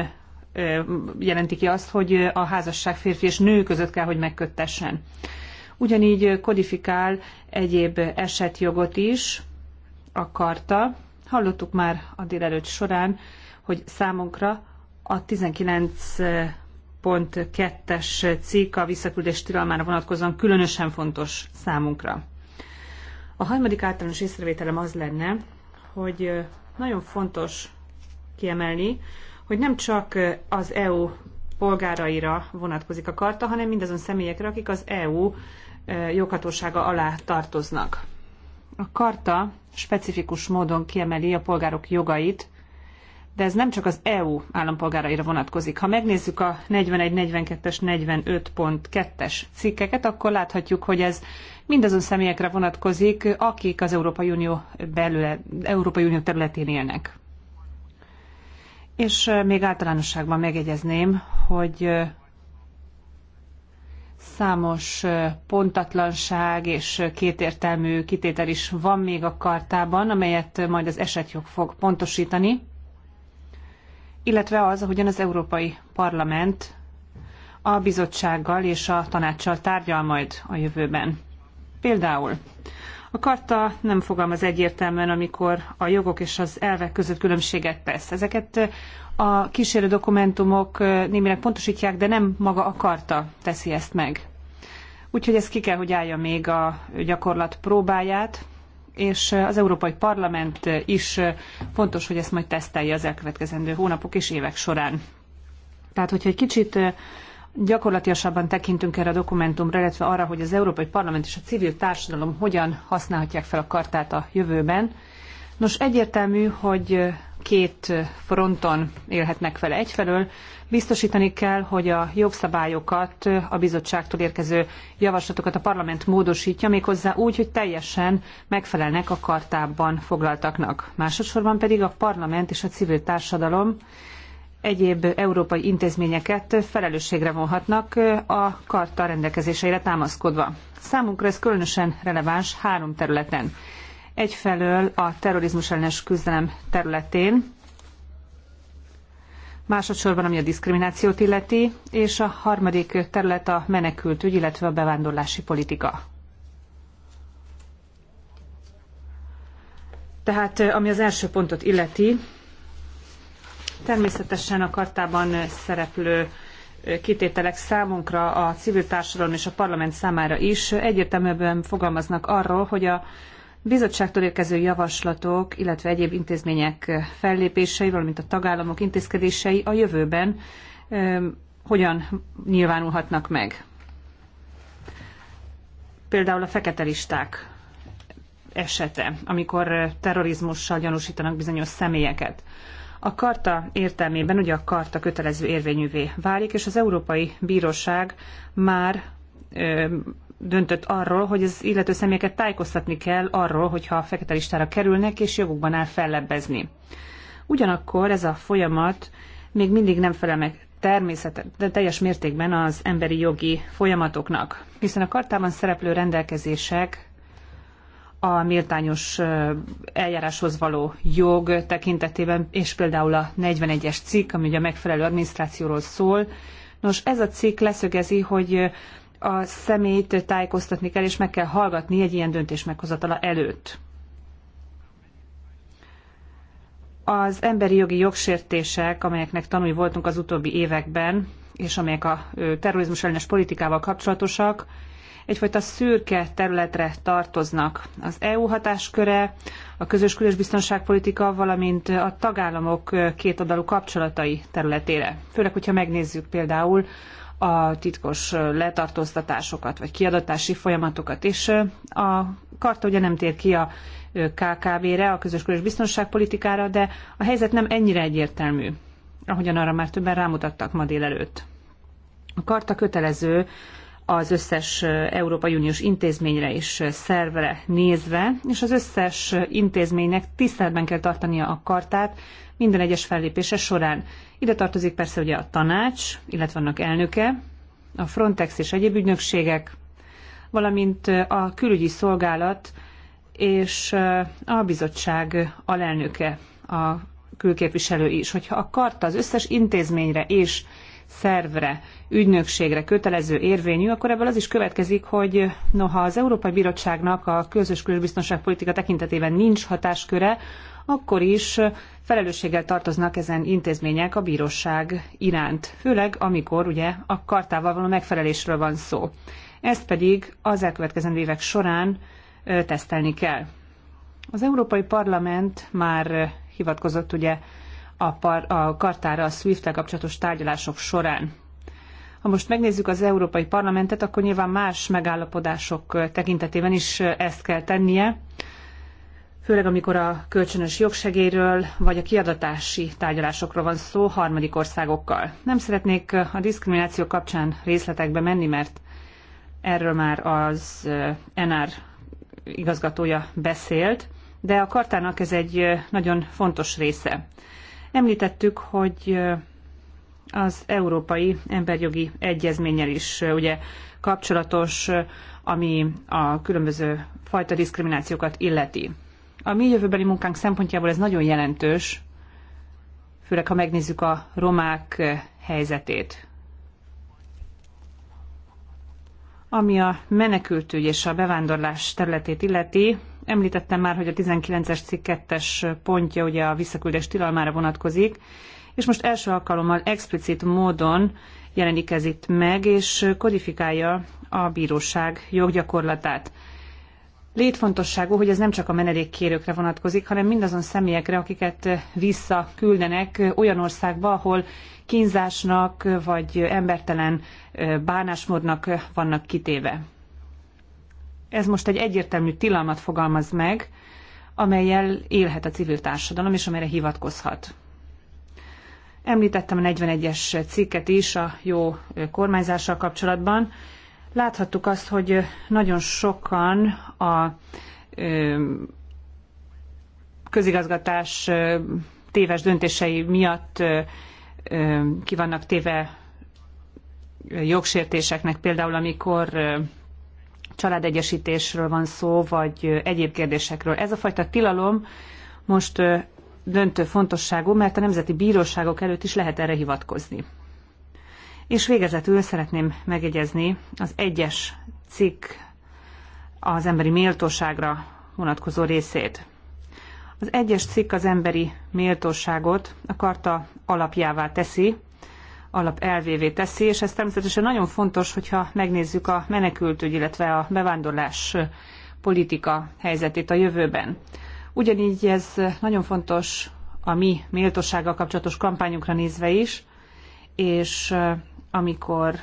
jelenti ki azt, hogy a házasság férfi és nő között kell, hogy megköttessen. Ugyanígy kodifikál egyéb esetjogot is a karta. Hallottuk már a délelőtt során, hogy számunkra a 19.2-es cikk a visszaküldés tilalmára vonatkozóan különösen fontos számunkra. A harmadik általános észrevételem az lenne, hogy nagyon fontos kiemelni, hogy nem csak az EU polgáraira vonatkozik a karta, hanem mindazon személyekre, akik az EU joghatósága alá tartoznak. A karta specifikus módon kiemeli a polgárok jogait, de ez nem csak az EU állampolgáraira vonatkozik. Ha megnézzük a 41, 42-es, 45.2-es cikkeket, akkor láthatjuk, hogy ez mindazon személyekre vonatkozik, akik az Európai Unió, belül, Európai Unió területén élnek. És még általánosságban megegyezném, hogy számos pontatlanság és kétértelmű kitétel is van még a kartában, amelyet majd az esetjog fog pontosítani illetve az, ahogyan az Európai Parlament a bizottsággal és a tanácssal tárgyal majd a jövőben. Például a karta nem fogalmaz egyértelműen, amikor a jogok és az elvek között különbséget tesz. Ezeket a kísérő dokumentumok némileg pontosítják, de nem maga a karta teszi ezt meg. Úgyhogy ez ki kell, hogy állja még a gyakorlat próbáját, és az Európai Parlament is fontos, hogy ezt majd tesztelje az elkövetkezendő hónapok és évek során. Tehát, hogyha egy kicsit gyakorlatilasabban tekintünk erre a dokumentumra, illetve arra, hogy az Európai Parlament és a civil társadalom hogyan használhatják fel a kartát a jövőben. Nos, egyértelmű, hogy két fronton élhetnek vele. Egyfelől Biztosítani kell, hogy a jogszabályokat, a bizottságtól érkező javaslatokat a parlament módosítja, méghozzá úgy, hogy teljesen megfelelnek a kartában foglaltaknak. Másodszorban pedig a parlament és a civil társadalom egyéb európai intézményeket felelősségre vonhatnak a karta rendelkezéseire támaszkodva. Számunkra ez különösen releváns három területen. Egyfelől a terrorizmus ellenes küzdelem területén, másodszorban ami a diszkriminációt illeti, és a harmadik terület a menekültügy, illetve a bevándorlási politika. Tehát ami az első pontot illeti, természetesen a kartában szereplő kitételek számunkra, a civil társadalom és a parlament számára is egyértelműen fogalmaznak arról, hogy a bizottságtól érkező javaslatok, illetve egyéb intézmények fellépései, valamint a tagállamok intézkedései a jövőben hogyan nyilvánulhatnak meg. Például a fekete listák esete, amikor terrorizmussal gyanúsítanak bizonyos személyeket. A karta értelmében ugye a karta kötelező érvényűvé válik, és az Európai Bíróság már döntött arról, hogy az illető személyeket tájékoztatni kell arról, hogyha a fekete listára kerülnek, és jogukban áll fellebbezni. Ugyanakkor ez a folyamat még mindig nem felel meg természet, de teljes mértékben az emberi jogi folyamatoknak, hiszen a kartában szereplő rendelkezések a méltányos eljáráshoz való jog tekintetében, és például a 41-es cikk, ami ugye a megfelelő adminisztrációról szól. Nos, ez a cikk leszögezi, hogy a személyt tájékoztatni kell, és meg kell hallgatni egy ilyen döntés meghozatala előtt. Az emberi jogi jogsértések, amelyeknek tanulni voltunk az utóbbi években, és amelyek a terrorizmus ellenes politikával kapcsolatosak, egyfajta szürke területre tartoznak. Az EU hatásköre, a közös külös biztonságpolitika, valamint a tagállamok kétoldalú kapcsolatai területére. Főleg, hogyha megnézzük például a titkos letartóztatásokat vagy kiadatási folyamatokat, és a karta ugye nem tér ki a KKV-re, a közös közös biztonságpolitikára, de a helyzet nem ennyire egyértelmű, ahogyan arra már többen rámutattak ma délelőtt. A karta kötelező az összes Európai Uniós intézményre és szervre nézve, és az összes intézménynek tiszteletben kell tartania a kartát minden egyes fellépése során. Ide tartozik persze ugye a tanács, illetve annak elnöke, a Frontex és egyéb ügynökségek, valamint a külügyi szolgálat és a bizottság alelnöke, a külképviselő is. Hogyha a karta az összes intézményre és szervre ügynökségre kötelező érvényű, akkor ebből az is következik, hogy noha az Európai bíróságnak a közös külbiztonságpolitika tekintetében nincs hatásköre, akkor is felelősséggel tartoznak ezen intézmények a bíróság iránt, főleg amikor ugye a kartával való megfelelésről van szó. Ezt pedig az elkövetkezendő évek során tesztelni kell. Az Európai Parlament már hivatkozott ugye a, par, a kartára a SWIFT-tel kapcsolatos tárgyalások során. Ha most megnézzük az Európai Parlamentet, akkor nyilván más megállapodások tekintetében is ezt kell tennie, főleg amikor a kölcsönös jogsegélyről vagy a kiadatási tárgyalásokról van szó harmadik országokkal. Nem szeretnék a diszkrimináció kapcsán részletekbe menni, mert erről már az NR igazgatója beszélt, de a kartának ez egy nagyon fontos része. Említettük, hogy az Európai Emberjogi Egyezménnyel is ugye kapcsolatos, ami a különböző fajta diszkriminációkat illeti. A mi jövőbeli munkánk szempontjából ez nagyon jelentős, főleg ha megnézzük a romák helyzetét. Ami a menekültügy és a bevándorlás területét illeti, említettem már, hogy a 19-es cikk 2 pontja ugye a visszaküldés tilalmára vonatkozik, és most első alkalommal explicit módon jelenik ez itt meg, és kodifikálja a bíróság joggyakorlatát. Létfontosságú, hogy ez nem csak a menedékkérőkre vonatkozik, hanem mindazon személyekre, akiket visszaküldenek olyan országba, ahol kínzásnak vagy embertelen bánásmódnak vannak kitéve. Ez most egy egyértelmű tilalmat fogalmaz meg, amelyel élhet a civil társadalom, és amelyre hivatkozhat. Említettem a 41-es cikket is a jó kormányzással kapcsolatban. Láthattuk azt, hogy nagyon sokan a közigazgatás téves döntései miatt ki vannak téve jogsértéseknek, például amikor családegyesítésről van szó, vagy egyéb kérdésekről. Ez a fajta tilalom most döntő fontosságú, mert a nemzeti bíróságok előtt is lehet erre hivatkozni. És végezetül szeretném megegyezni az egyes cikk az emberi méltóságra vonatkozó részét. Az egyes cikk az emberi méltóságot a karta alapjává teszi, alap elvévé teszi, és ez természetesen nagyon fontos, hogyha megnézzük a menekültügy, illetve a bevándorlás politika helyzetét a jövőben. Ugyanígy ez nagyon fontos a mi méltósággal kapcsolatos kampányunkra nézve is, és amikor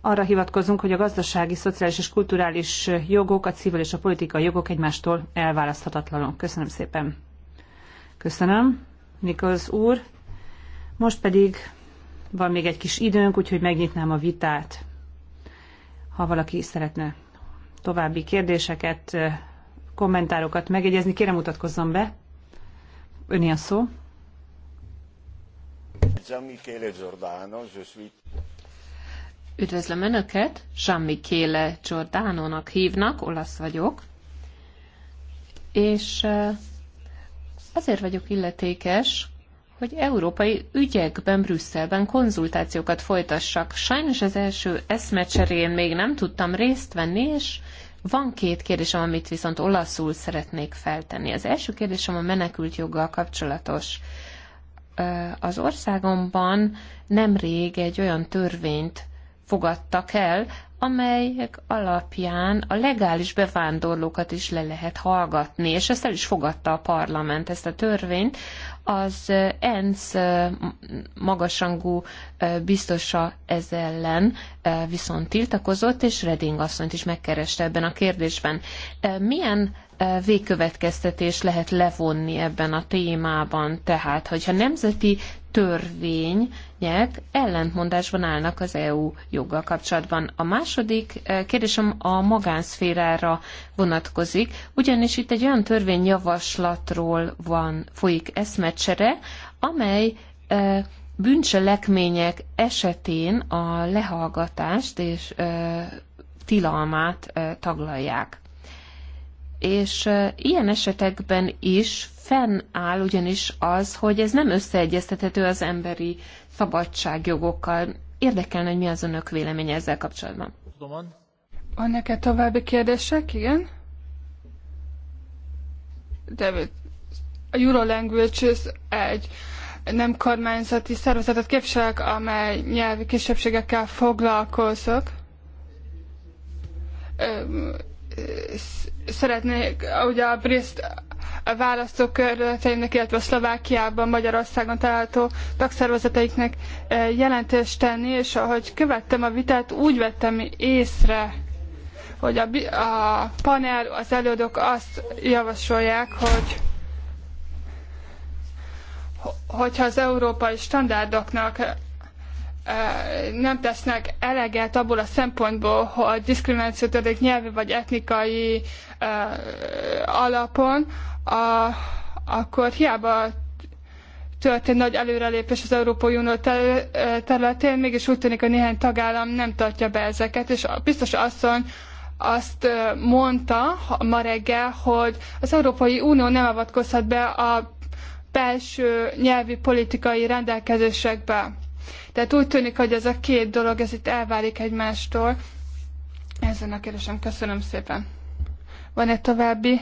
arra hivatkozunk, hogy a gazdasági, szociális és kulturális jogok, a civil és a politikai jogok egymástól elválaszthatatlanok. Köszönöm szépen. Köszönöm, Nikolz úr. Most pedig van még egy kis időnk, úgyhogy megnyitnám a vitát. Ha valaki szeretne további kérdéseket kommentárokat megjegyezni. Kérem mutatkozzon be. Öné a szó. Üdvözlöm Önöket, Jean-Michele Giordano-nak hívnak, olasz vagyok, és azért vagyok illetékes, hogy európai ügyekben Brüsszelben konzultációkat folytassak. Sajnos az első eszmecserén még nem tudtam részt venni, és van két kérdésem, amit viszont olaszul szeretnék feltenni. Az első kérdésem a menekült joggal kapcsolatos. Az országomban nemrég egy olyan törvényt fogadtak el, amelyek alapján a legális bevándorlókat is le lehet hallgatni, és ezt el is fogadta a parlament, ezt a törvényt. Az ENSZ magasrangú biztosa ez ellen viszont tiltakozott, és Reding asszonyt is megkereste ebben a kérdésben. Milyen végkövetkeztetés lehet levonni ebben a témában. Tehát, hogyha nemzeti törvények ellentmondásban állnak az EU joggal kapcsolatban. A második eh, kérdésem a magánszférára vonatkozik, ugyanis itt egy olyan törvényjavaslatról van, folyik eszmecsere, amely eh, bűncselekmények esetén a lehallgatást és eh, tilalmát taglalják és ilyen esetekben is fennáll ugyanis az, hogy ez nem összeegyeztethető az emberi szabadságjogokkal. Érdekelne, hogy mi az önök véleménye ezzel kapcsolatban. Van neked további kérdések? Igen? De a Eurolanguages egy nem kormányzati szervezetet képviselek, amely nyelvi kisebbségekkel foglalkozok szeretnék, ugye a Brist a választókerületeimnek, illetve a Szlovákiában, Magyarországon található tagszervezeteiknek eh, jelentést tenni, és ahogy követtem a vitát, úgy vettem észre, hogy a, a panel, az előadók azt javasolják, hogy hogyha az európai standardoknak nem tesznek eleget abból a szempontból, hogy diszkrimináció történik nyelvi vagy etnikai alapon, a, akkor hiába történt nagy előrelépés az Európai Unió területén, mégis úgy tűnik, hogy néhány tagállam nem tartja be ezeket, és a biztos asszony azt mondta ma reggel, hogy az Európai Unió nem avatkozhat be a belső nyelvi politikai rendelkezésekbe. Tehát úgy tűnik, hogy ez a két dolog, ez itt elválik egymástól. Ezen a kérdésem köszönöm szépen. Van-e további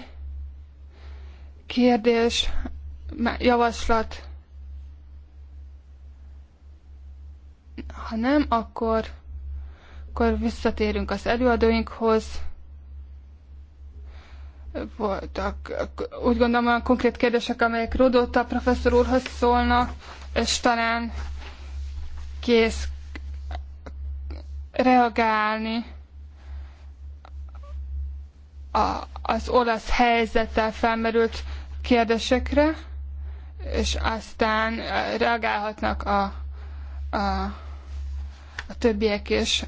kérdés, javaslat? Ha nem, akkor, akkor visszatérünk az előadóinkhoz. Voltak, úgy gondolom, olyan konkrét kérdések, amelyek Rodóta professzor úrhoz szólnak, és talán kész reagálni a, az olasz helyzettel felmerült kérdésekre, és aztán reagálhatnak a, a, a többiek is.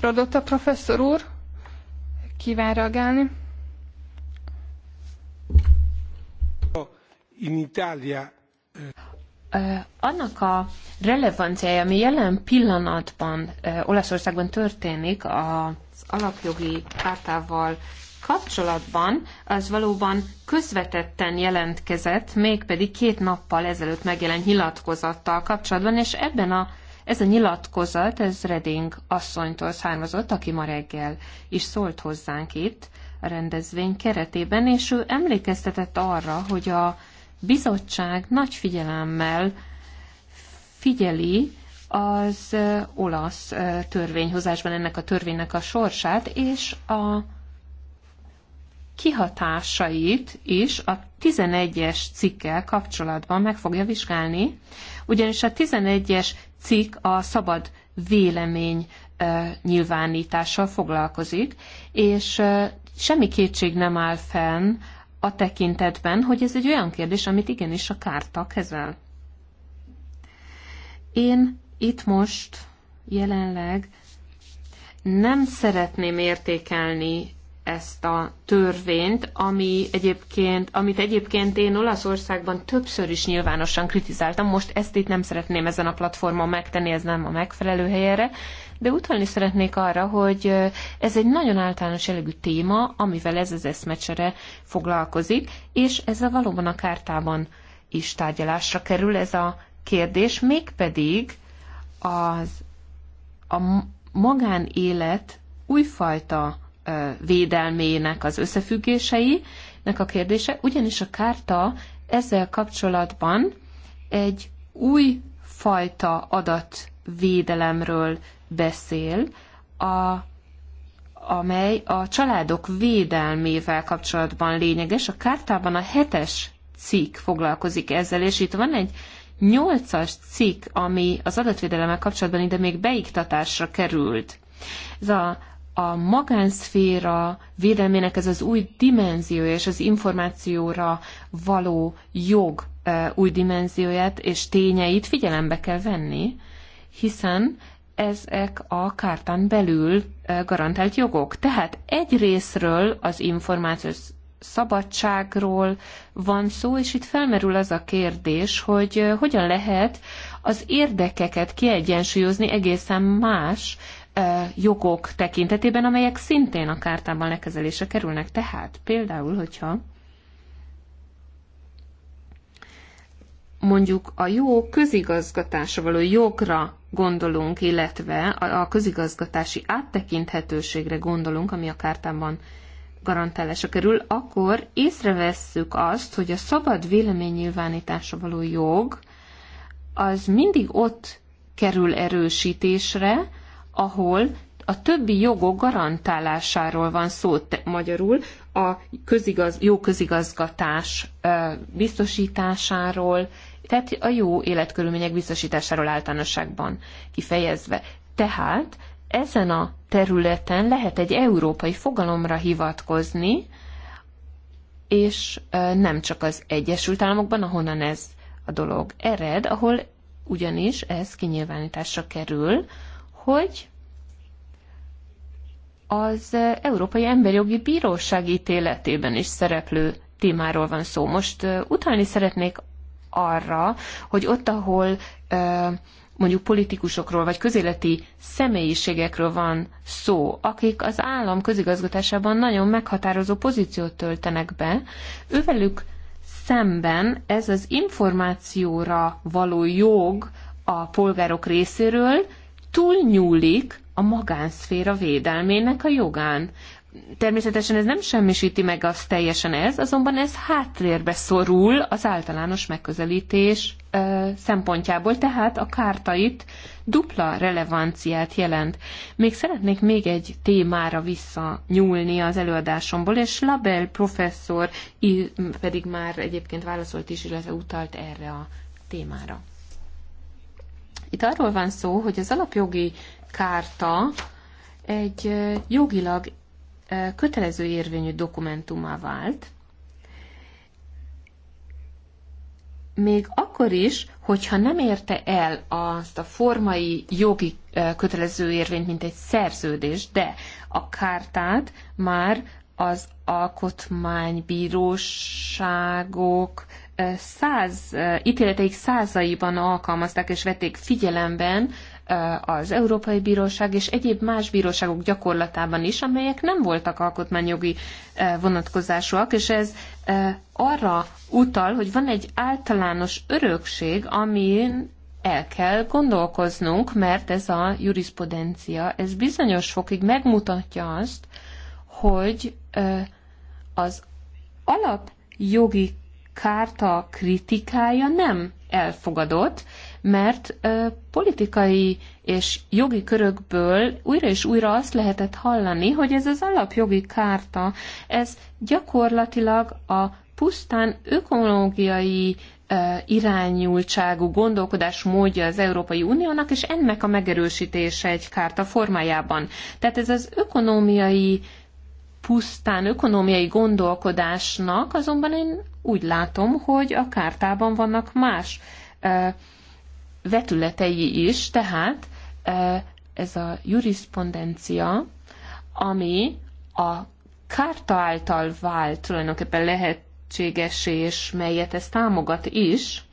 Rodotta professzor úr kíván reagálni. In Italia annak a relevanciája, ami jelen pillanatban Olaszországban történik az alapjogi pártával kapcsolatban, az valóban közvetetten jelentkezett, mégpedig két nappal ezelőtt megjelent nyilatkozattal kapcsolatban, és ebben a ez a nyilatkozat, ez Reding asszonytól származott, aki ma reggel is szólt hozzánk itt a rendezvény keretében, és ő emlékeztetett arra, hogy a bizottság nagy figyelemmel figyeli az olasz törvényhozásban ennek a törvénynek a sorsát, és a kihatásait is a 11-es cikkel kapcsolatban meg fogja vizsgálni, ugyanis a 11-es cikk a szabad vélemény nyilvánítással foglalkozik, és semmi kétség nem áll fenn a tekintetben, hogy ez egy olyan kérdés, amit igenis a kárta kezel. Én itt most jelenleg nem szeretném értékelni ezt a törvényt, ami egyébként, amit egyébként én Olaszországban többször is nyilvánosan kritizáltam, most ezt itt nem szeretném ezen a platformon megtenni, ez nem a megfelelő helyre de utalni szeretnék arra, hogy ez egy nagyon általános jellegű téma, amivel ez az eszmecsere foglalkozik, és ez a valóban a kártában is tárgyalásra kerül ez a kérdés, mégpedig az a magánélet újfajta védelmének az összefüggései, nek a kérdése, ugyanis a kárta ezzel kapcsolatban egy új fajta adat védelemről beszél, a, amely a családok védelmével kapcsolatban lényeges. A kártában a hetes cikk foglalkozik ezzel, és itt van egy nyolcas cikk, ami az adatvédelemmel kapcsolatban ide még beiktatásra került. Ez a, a magánszféra védelmének ez az új dimenziója és az információra való jog e, új dimenzióját és tényeit figyelembe kell venni, hiszen ezek a kártán belül garantált jogok. Tehát egy részről az információs szabadságról van szó, és itt felmerül az a kérdés, hogy hogyan lehet az érdekeket kiegyensúlyozni egészen más jogok tekintetében, amelyek szintén a kártában lekezelése kerülnek. Tehát például, hogyha mondjuk a jó közigazgatásra való jogra gondolunk, illetve a közigazgatási áttekinthetőségre gondolunk, ami a kártában garantálásra kerül, akkor észrevesszük azt, hogy a szabad véleménynyilvánításra való jog az mindig ott kerül erősítésre, ahol a többi jogok garantálásáról van szó te, magyarul, a közigaz, jó közigazgatás ö, biztosításáról, tehát a jó életkörülmények biztosításáról általánosságban kifejezve. Tehát ezen a területen lehet egy európai fogalomra hivatkozni, és nem csak az Egyesült Államokban, ahonnan ez a dolog ered, ahol ugyanis ez kinyilvánításra kerül, hogy az Európai Emberjogi Bíróság ítéletében is szereplő témáról van szó. Most utalni szeretnék arra, hogy ott, ahol mondjuk politikusokról vagy közéleti személyiségekről van szó, akik az állam közigazgatásában nagyon meghatározó pozíciót töltenek be, ővelük szemben ez az információra való jog a polgárok részéről túlnyúlik a magánszféra védelmének a jogán. Természetesen ez nem semmisíti meg azt teljesen ez, azonban ez hátrérbe szorul az általános megközelítés ö, szempontjából, tehát a kártait dupla relevanciát jelent. Még szeretnék még egy témára visszanyúlni az előadásomból, és Label professzor pedig már egyébként válaszolt is, illetve utalt erre a témára. Itt arról van szó, hogy az alapjogi kárta egy jogilag kötelező érvényű dokumentumá vált, még akkor is, hogyha nem érte el azt a formai jogi kötelező érvényt, mint egy szerződés, de a kártát már az alkotmánybíróságok száz, ítéleteik százaiban alkalmazták és vették figyelemben az Európai Bíróság és egyéb más bíróságok gyakorlatában is, amelyek nem voltak alkotmányjogi vonatkozásúak, és ez arra utal, hogy van egy általános örökség, amin el kell gondolkoznunk, mert ez a jurisprudencia, ez bizonyos fokig megmutatja azt, hogy az alapjogi kárta kritikája nem elfogadott, mert politikai és jogi körökből újra és újra azt lehetett hallani, hogy ez az alapjogi kárta, ez gyakorlatilag a pusztán ökológiai irányultságú gondolkodás módja az Európai Uniónak, és ennek a megerősítése egy kárta formájában. Tehát ez az ökonomiai pusztán ökonomiai gondolkodásnak, azonban én úgy látom, hogy a kártában vannak más vetületei is, tehát ez a jurisprudencia, ami a kárta által vált tulajdonképpen lehetséges, és melyet ez támogat is,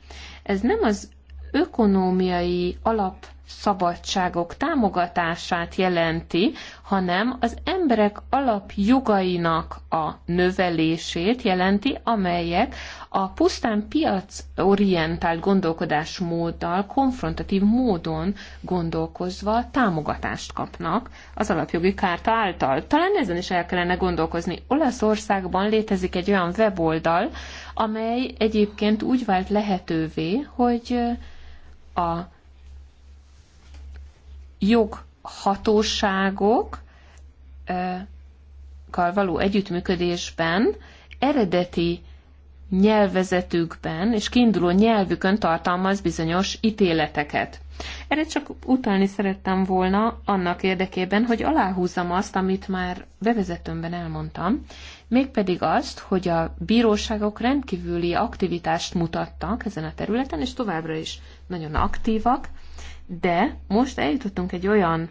ez nem az ökonómiai alap szabadságok támogatását jelenti, hanem az emberek alapjogainak a növelését jelenti, amelyek a pusztán piacorientált gondolkodásmóddal, konfrontatív módon gondolkozva támogatást kapnak az alapjogi kárta által. Talán ezen is el kellene gondolkozni. Olaszországban létezik egy olyan weboldal, amely egyébként úgy vált lehetővé, hogy a joghatóságokkal való együttműködésben eredeti nyelvezetükben és kiinduló nyelvükön tartalmaz bizonyos ítéleteket. Erre csak utalni szerettem volna annak érdekében, hogy aláhúzzam azt, amit már bevezetőmben elmondtam, mégpedig azt, hogy a bíróságok rendkívüli aktivitást mutattak ezen a területen, és továbbra is nagyon aktívak, de most eljutottunk egy olyan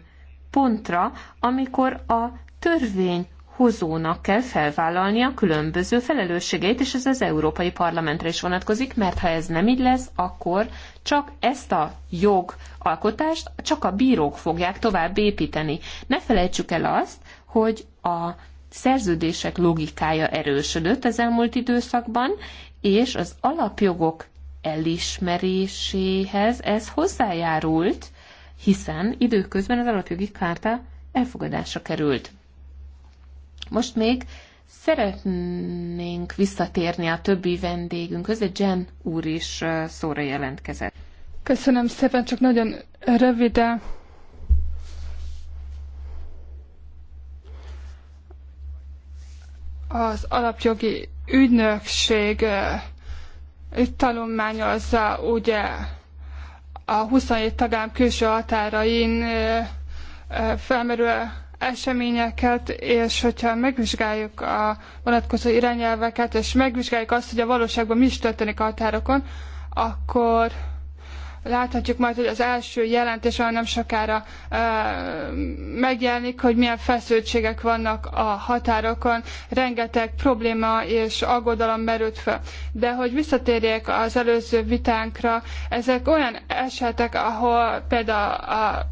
pontra, amikor a törvény hozónak kell felvállalnia különböző felelősségeit, és ez az Európai Parlamentre is vonatkozik, mert ha ez nem így lesz, akkor csak ezt a jogalkotást csak a bírók fogják tovább építeni. Ne felejtsük el azt, hogy a szerződések logikája erősödött az elmúlt időszakban, és az alapjogok elismeréséhez ez hozzájárult, hiszen időközben az alapjogi kárta elfogadásra került. Most még szeretnénk visszatérni a többi vendégünkhöz, de Jen úr is szóra jelentkezett. Köszönöm szépen, csak nagyon röviden. Az alapjogi ügynökség itt tanulmányozza ugye a 27 tagám külső határain felmerül eseményeket, és hogyha megvizsgáljuk a vonatkozó irányelveket, és megvizsgáljuk azt, hogy a valóságban mi is történik a határokon, akkor láthatjuk majd, hogy az első jelentés olyan nem sokára e, megjelenik, hogy milyen feszültségek vannak a határokon, rengeteg probléma és aggodalom merült fel. De hogy visszatérjek az előző vitánkra, ezek olyan esetek, ahol például a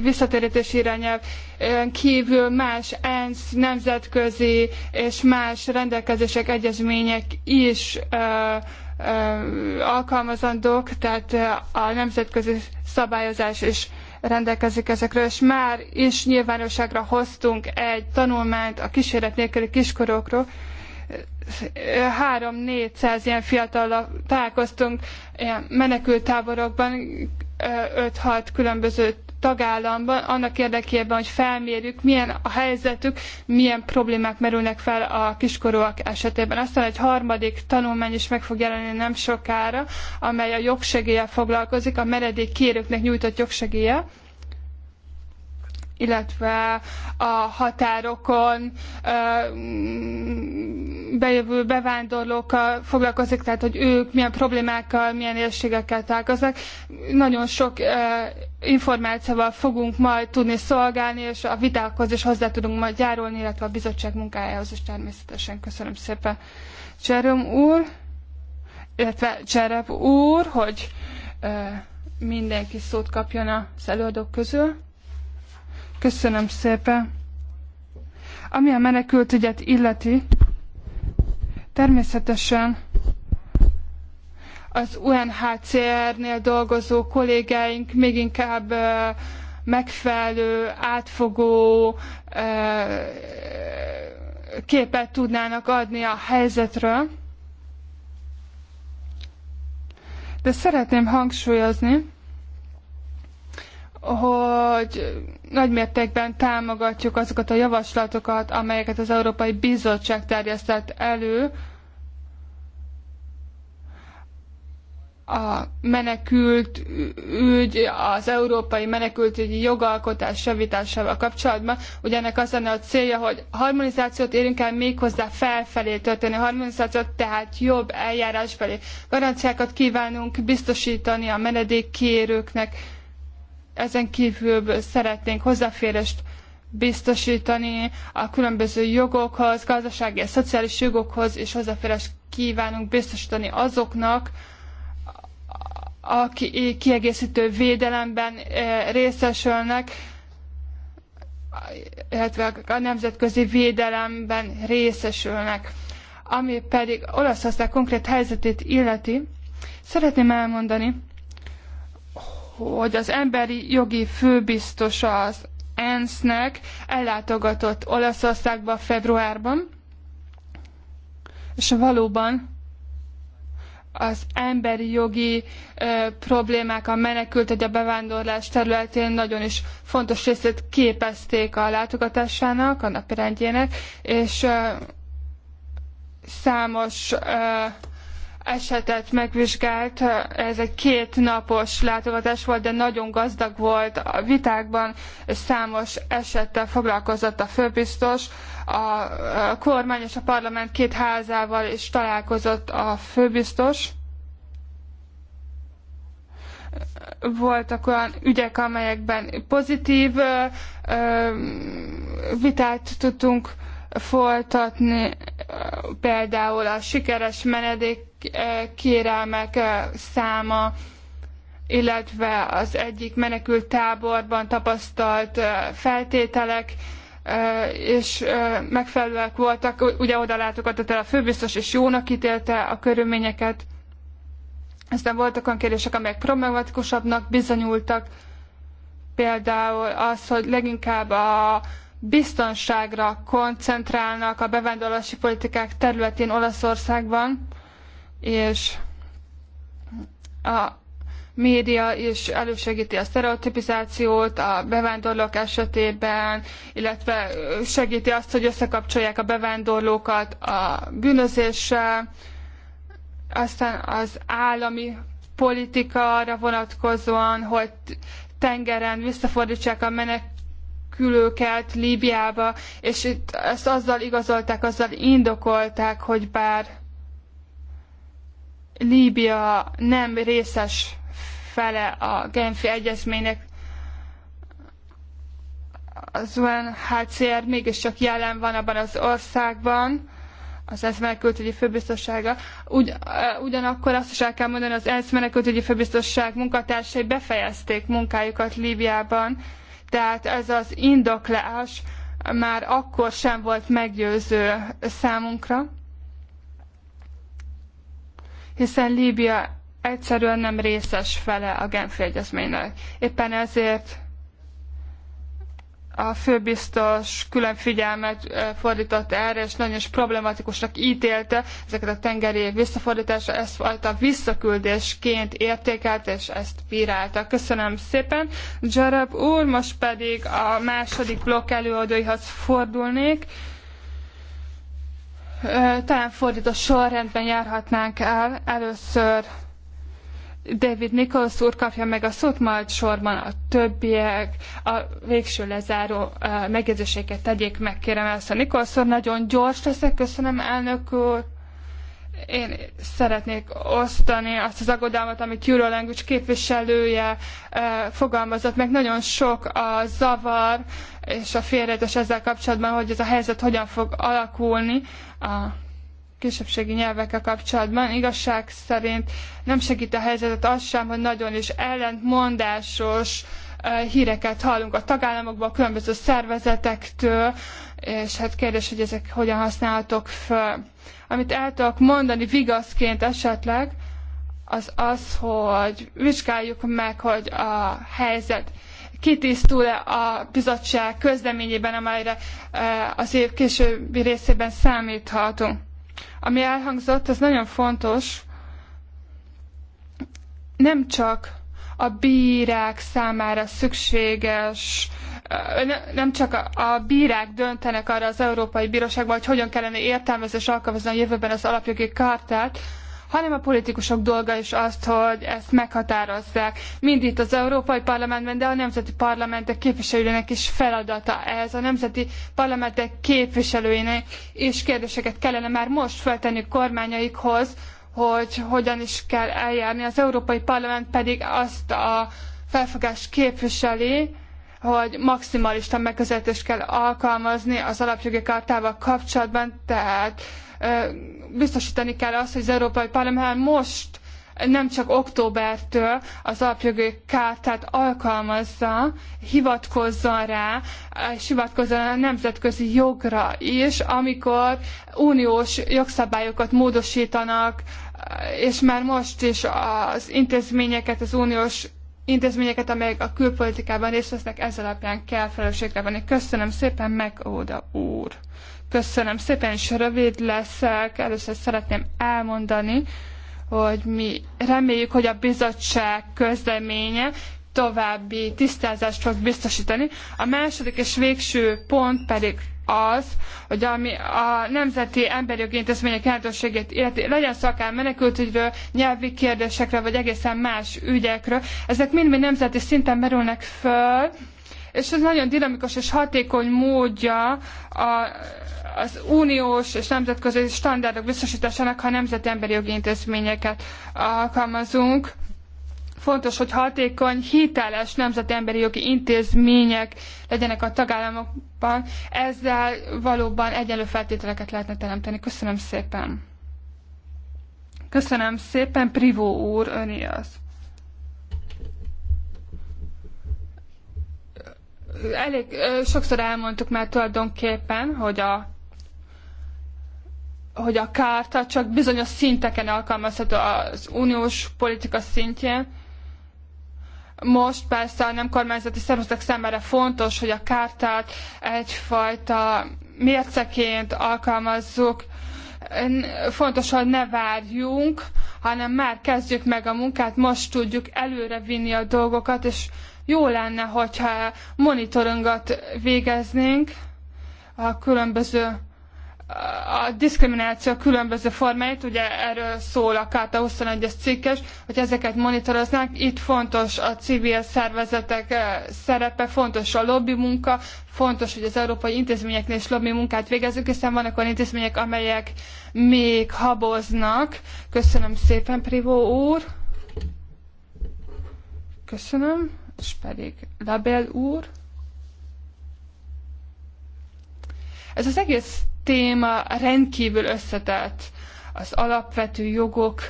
visszatérítési irányelv kívül más ENSZ, nemzetközi és más rendelkezések, egyezmények is e, alkalmazandók, tehát a nemzetközi szabályozás is rendelkezik ezekről, és már is nyilvánosságra hoztunk egy tanulmányt a kísérlet nélküli kiskorokról, 3-400 ilyen fiatallal találkoztunk ilyen menekültáborokban, 5-6 különböző tagállamban, annak érdekében, hogy felmérjük, milyen a helyzetük, milyen problémák merülnek fel a kiskorúak esetében. Aztán egy harmadik tanulmány is meg fog jelenni nem sokára, amely a jogsegéllyel foglalkozik, a meredék kérőknek nyújtott jogsegéllyel illetve a határokon bejövő bevándorlókkal foglalkozik, tehát hogy ők milyen problémákkal, milyen érségekkel találkoznak. Nagyon sok információval fogunk majd tudni szolgálni, és a vitákhoz is hozzá tudunk majd járulni, illetve a bizottság munkájához is természetesen. Köszönöm szépen Cserem úr, illetve Cserep úr, hogy mindenki szót kapjon az előadók közül. Köszönöm szépen. Ami a menekültügyet illeti, természetesen az UNHCR-nél dolgozó kollégáink még inkább megfelelő, átfogó képet tudnának adni a helyzetről. De szeretném hangsúlyozni, hogy nagymértékben támogatjuk azokat a javaslatokat, amelyeket az Európai Bizottság terjesztett elő a menekült ügy, az európai menekültügyi jogalkotás javításával kapcsolatban. Ugye ennek az lenne a célja, hogy harmonizációt érünk el méghozzá felfelé történő harmonizációt, tehát jobb eljárás felé. Garanciákat kívánunk biztosítani a menedékkérőknek, ezen kívül szeretnénk hozzáférést biztosítani a különböző jogokhoz, gazdasági és szociális jogokhoz, és hozzáférést kívánunk biztosítani azoknak, akik kiegészítő védelemben eh, részesülnek, illetve a nemzetközi védelemben részesülnek. Ami pedig Olaszország konkrét helyzetét illeti, szeretném elmondani, hogy az emberi jogi főbiztosa az ENSZ-nek ellátogatott Olaszországba februárban, és valóban az emberi jogi ö, problémák, a menekültügy, a bevándorlás területén nagyon is fontos részét képezték a látogatásának, a napirendjének, és ö, számos ö, esetet megvizsgált. Ez egy két napos látogatás volt, de nagyon gazdag volt a vitákban, és számos esettel foglalkozott a főbiztos. A kormány és a parlament két házával is találkozott a főbiztos. Voltak olyan ügyek, amelyekben pozitív vitát tudtunk folytatni, például a sikeres menedék E, kérelmek e, száma, illetve az egyik menekült táborban tapasztalt e, feltételek, és megfelelőek voltak. Ugye oda látogatott el a főbiztos, és jónak ítélte a körülményeket. Aztán voltak olyan kérdések, amelyek problematikusabbnak bizonyultak, például az, hogy leginkább a biztonságra koncentrálnak a bevándorlási politikák területén Olaszországban, és a média is elősegíti a sztereotipizációt a bevándorlók esetében, illetve segíti azt, hogy összekapcsolják a bevándorlókat a bűnözéssel, aztán az állami politika arra vonatkozóan, hogy tengeren visszafordítsák a menekülőket Líbiába, és itt ezt azzal igazolták, azzal indokolták, hogy bár Líbia nem részes fele a Genfi Egyezménynek, az UNHCR mégiscsak jelen van abban az országban, az ENSZ menekültügyi főbiztossága. Ugy, ugyanakkor azt is el kell mondani, az ENSZ menekültügyi főbiztosság munkatársai befejezték munkájukat Líbiában, tehát ez az indoklás már akkor sem volt meggyőző számunkra hiszen Líbia egyszerűen nem részes fele a Genfi Egyezménynek. Éppen ezért a főbiztos külön figyelmet fordított erre, és nagyon is problematikusnak ítélte ezeket a tengeri visszafordításra, ezt fajta visszaküldésként értékelt, és ezt bírálta. Köszönöm szépen. Jarab úr, most pedig a második blokk előadóihoz fordulnék talán fordító sorrendben járhatnánk el. Először David Nichols úr kapja meg a szót, majd sorban a többiek a végső lezáró megjegyzéseket tegyék meg, kérem először Nichols úr. Nagyon gyors leszek, köszönöm elnök úr én szeretnék osztani azt az aggodalmat, amit Eurolanguage képviselője eh, fogalmazott, meg nagyon sok a zavar és a félrejtés ezzel kapcsolatban, hogy ez a helyzet hogyan fog alakulni a kisebbségi nyelvekkel kapcsolatban. Igazság szerint nem segít a helyzetet az sem, hogy nagyon is ellentmondásos eh, híreket hallunk a tagállamokból, a különböző szervezetektől, és hát kérdés, hogy ezek hogyan használhatók föl amit el tudok mondani vigaszként esetleg, az az, hogy vizsgáljuk meg, hogy a helyzet kitisztul-e a bizottság közleményében, amelyre e, az év későbbi részében számíthatunk. Ami elhangzott, az nagyon fontos, nem csak a bírák számára szükséges nem csak a bírák döntenek arra az Európai Bíróságban, hogy hogyan kellene értelmezni és alkalmazni a jövőben az alapjogi kartát, hanem a politikusok dolga is azt, hogy ezt meghatározzák. Mind itt az Európai Parlamentben, de a nemzeti parlamentek képviselőinek is feladata ez. A nemzeti parlamentek képviselőinek is kérdéseket kellene már most feltenni kormányaikhoz, hogy hogyan is kell eljárni. Az Európai Parlament pedig azt a felfogást képviseli, hogy maximalista megközelítést kell alkalmazni az alapjogi kartával kapcsolatban, tehát biztosítani kell azt, hogy az Európai Parlament most nem csak októbertől az alapjogi kártát alkalmazza, hivatkozzon rá, és hivatkozzon a nemzetközi jogra is, amikor uniós jogszabályokat módosítanak és már most is az intézményeket, az uniós intézményeket, amelyek a külpolitikában részt vesznek, ez alapján kell felelősségre venni. Köszönöm szépen, meg Óda úr! Köszönöm szépen, és rövid leszek. Először szeretném elmondani, hogy mi reméljük, hogy a bizottság közleménye további tisztázást fog biztosítani. A második és végső pont pedig az, hogy ami a nemzeti Jogi intézmények jelentőségét illeti, legyen szó akár menekültügyről, nyelvi kérdésekről, vagy egészen más ügyekről, ezek mind-mind nemzeti szinten merülnek föl, és ez nagyon dinamikus és hatékony módja a, az uniós és nemzetközi standardok biztosításának, ha nemzeti emberi jogi intézményeket alkalmazunk. Fontos, hogy hatékony, hiteles nemzeti emberi jogi intézmények legyenek a tagállamokban. Ezzel valóban egyenlő feltételeket lehetne teremteni. Köszönöm szépen. Köszönöm szépen, Privó úr, öné az. Elég sokszor elmondtuk már tulajdonképpen, hogy a hogy a kárta csak bizonyos szinteken alkalmazható az uniós politika szintjén, most persze a nem kormányzati szervezetek számára fontos, hogy a kártát egyfajta mérceként alkalmazzuk, fontos, hogy ne várjunk, hanem már kezdjük meg a munkát, most tudjuk előre vinni a dolgokat, és jó lenne, hogyha monitoringot végeznénk a különböző a diszkrimináció különböző formáit, ugye erről szól a Kárta 21-es cikkes, hogy ezeket monitoroznánk. Itt fontos a civil szervezetek eh, szerepe, fontos a lobby munka, fontos, hogy az európai intézményeknél is lobby munkát végezzük, hiszen vannak olyan intézmények, amelyek még haboznak. Köszönöm szépen, Privó úr. Köszönöm. És pedig Label úr. Ez az egész téma rendkívül összetett. Az alapvető jogok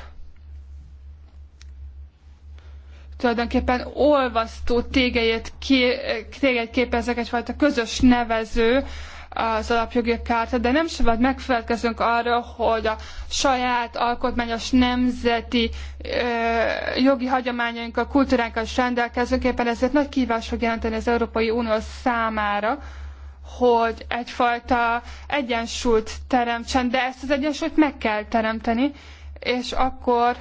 tulajdonképpen olvasztó tégelyet, téged képeznek egyfajta közös nevező az alapjogi kárta, de nem szabad megfelelkezünk arra, hogy a saját alkotmányos nemzeti ö, jogi hagyományainkkal, kultúránkkal is rendelkezünk, éppen ezért nagy kívás fog jelenteni az Európai Unió számára, hogy egyfajta egyensúlyt teremtsen, de ezt az egyensúlyt meg kell teremteni, és akkor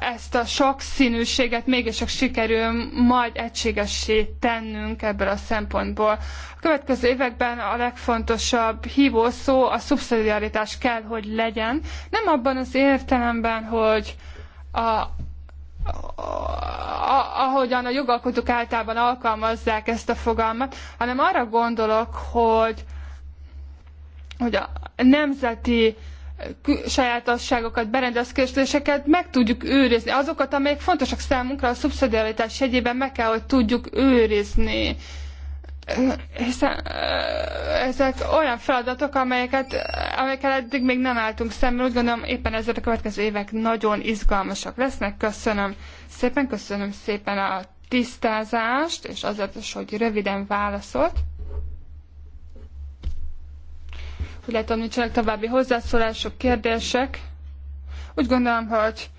ezt a sokszínűséget csak sikerül majd egységessé tennünk ebből a szempontból. A következő években a legfontosabb hívószó a szubszidiaritás kell, hogy legyen. Nem abban az értelemben, hogy a, ahogyan a jogalkotók általában alkalmazzák ezt a fogalmat, hanem arra gondolok, hogy, hogy a nemzeti sajátosságokat, berendezkedéseket meg tudjuk őrizni. Azokat, amelyek fontosak számunkra, a szubszidiaritás jegyében meg kell, hogy tudjuk őrizni hiszen ezek olyan feladatok, amelyeket, amelyekkel eddig még nem álltunk szemben. Úgy gondolom, éppen ezért a következő évek nagyon izgalmasak lesznek. Köszönöm szépen, köszönöm szépen a tisztázást, és azért is, hogy röviden válaszolt. Úgy hogy nincsenek további hozzászólások, kérdések. Úgy gondolom, hogy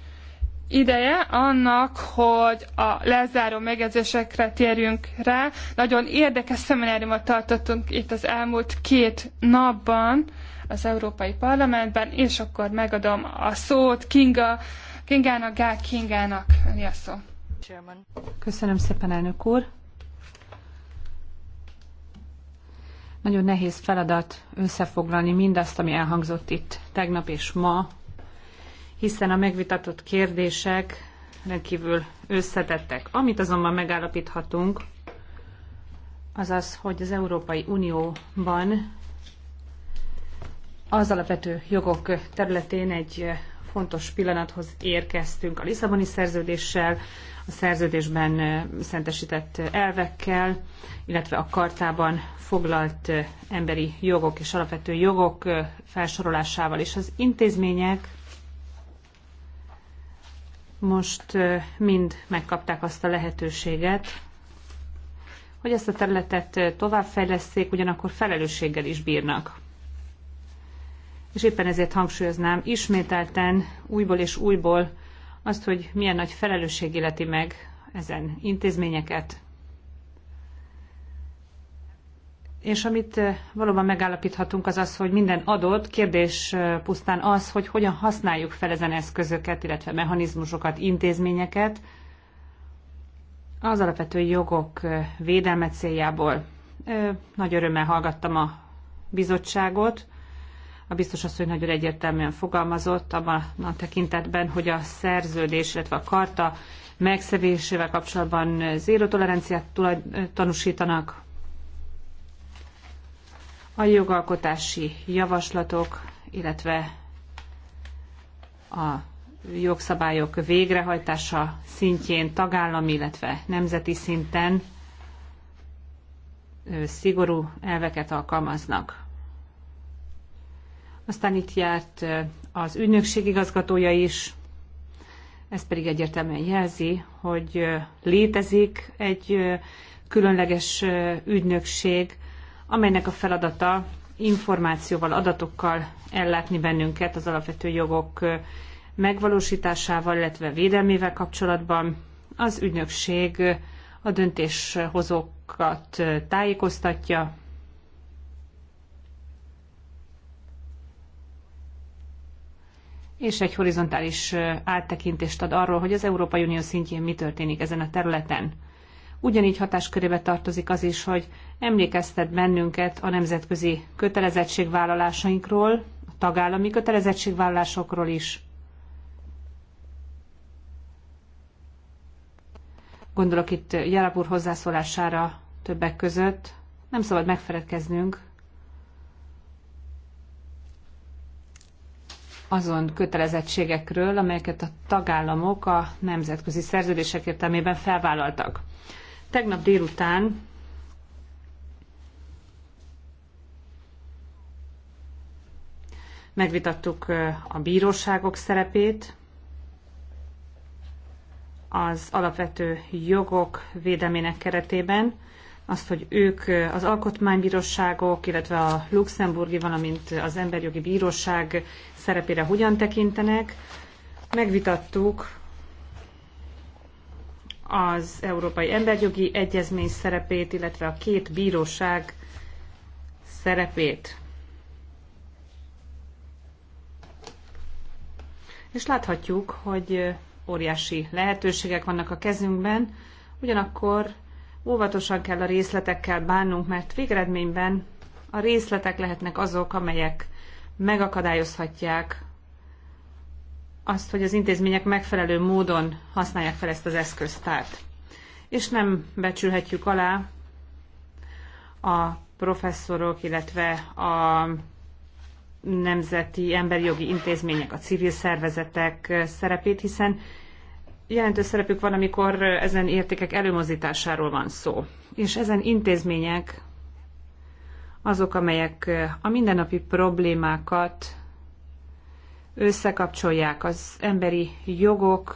ideje annak, hogy a lezáró megjegyzésekre térjünk rá. Nagyon érdekes szemináriumot tartottunk itt az elmúlt két napban az Európai Parlamentben, és akkor megadom a szót Kinga, Kingának, Gál Kingának. Mi a szó? Köszönöm szépen, elnök úr. Nagyon nehéz feladat összefoglalni mindazt, ami elhangzott itt tegnap és ma hiszen a megvitatott kérdések rendkívül összetettek. Amit azonban megállapíthatunk, az az, hogy az Európai Unióban az alapvető jogok területén egy fontos pillanathoz érkeztünk a Lisszaboni szerződéssel, a szerződésben szentesített elvekkel, illetve a kartában foglalt emberi jogok és alapvető jogok felsorolásával, és az intézmények most mind megkapták azt a lehetőséget, hogy ezt a területet továbbfejleszték, ugyanakkor felelősséggel is bírnak. És éppen ezért hangsúlyoznám ismételten újból és újból azt, hogy milyen nagy felelősség illeti meg ezen intézményeket, És amit eh, valóban megállapíthatunk az az, hogy minden adott kérdés eh, pusztán az, hogy hogyan használjuk fel ezen eszközöket, illetve mechanizmusokat, intézményeket az alapvető jogok eh, védelme céljából. Nagy örömmel hallgattam a bizottságot. A biztos asszony nagyon egyértelműen fogalmazott abban a tekintetben, hogy a szerződés, illetve a karta megszevésével kapcsolatban zéró toleranciát tanúsítanak, a jogalkotási javaslatok, illetve a jogszabályok végrehajtása szintjén, tagállami, illetve nemzeti szinten szigorú elveket alkalmaznak. Aztán itt járt az ügynökség igazgatója is, ez pedig egyértelműen jelzi, hogy létezik egy különleges ügynökség, amelynek a feladata információval, adatokkal ellátni bennünket az alapvető jogok megvalósításával, illetve védelmével kapcsolatban. Az ügynökség a döntéshozókat tájékoztatja, és egy horizontális áttekintést ad arról, hogy az Európai Unió szintjén mi történik ezen a területen. Ugyanígy hatáskörébe tartozik az is, hogy emlékeztet bennünket a nemzetközi kötelezettségvállalásainkról, a tagállami kötelezettségvállalásokról is. Gondolok itt Jarab úr hozzászólására többek között. Nem szabad megfeledkeznünk azon kötelezettségekről, amelyeket a tagállamok a nemzetközi szerződések értelmében felvállaltak. Tegnap délután megvitattuk a bíróságok szerepét, az alapvető jogok védelmének keretében, azt, hogy ők az alkotmánybíróságok, illetve a luxemburgi, valamint az emberjogi bíróság szerepére hogyan tekintenek. Megvitattuk az Európai Emberjogi Egyezmény szerepét, illetve a két bíróság szerepét. És láthatjuk, hogy óriási lehetőségek vannak a kezünkben, ugyanakkor óvatosan kell a részletekkel bánnunk, mert végeredményben a részletek lehetnek azok, amelyek megakadályozhatják azt, hogy az intézmények megfelelő módon használják fel ezt az eszköztárt. És nem becsülhetjük alá a professzorok, illetve a nemzeti emberi jogi intézmények, a civil szervezetek szerepét, hiszen jelentős szerepük van, amikor ezen értékek előmozításáról van szó. És ezen intézmények azok, amelyek a mindennapi problémákat összekapcsolják az emberi jogok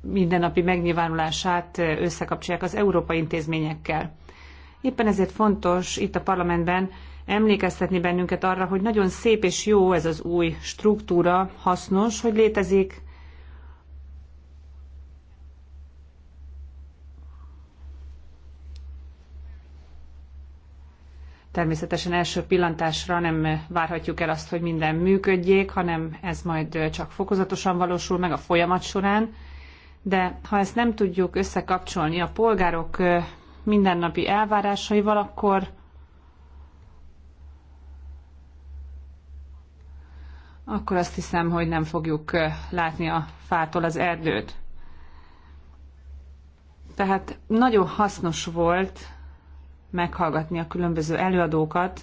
mindennapi megnyilvánulását, összekapcsolják az európai intézményekkel. Éppen ezért fontos itt a parlamentben emlékeztetni bennünket arra, hogy nagyon szép és jó ez az új struktúra, hasznos, hogy létezik, Természetesen első pillantásra nem várhatjuk el azt, hogy minden működjék, hanem ez majd csak fokozatosan valósul meg a folyamat során. De ha ezt nem tudjuk összekapcsolni a polgárok mindennapi elvárásaival, akkor akkor azt hiszem, hogy nem fogjuk látni a fától az erdőt. Tehát nagyon hasznos volt meghallgatni a különböző előadókat,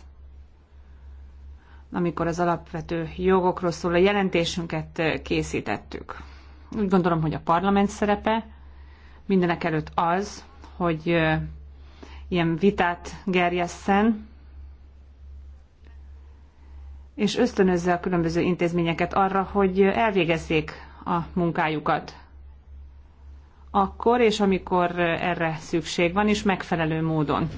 amikor az alapvető jogokról szóló jelentésünket eh, készítettük. Úgy gondolom, hogy a parlament szerepe mindenek előtt az, hogy eh, ilyen vitát gerjesszen, és ösztönözze a különböző intézményeket arra, hogy eh, elvégezzék a munkájukat. Akkor és amikor erre szükség van, és megfelelő módon.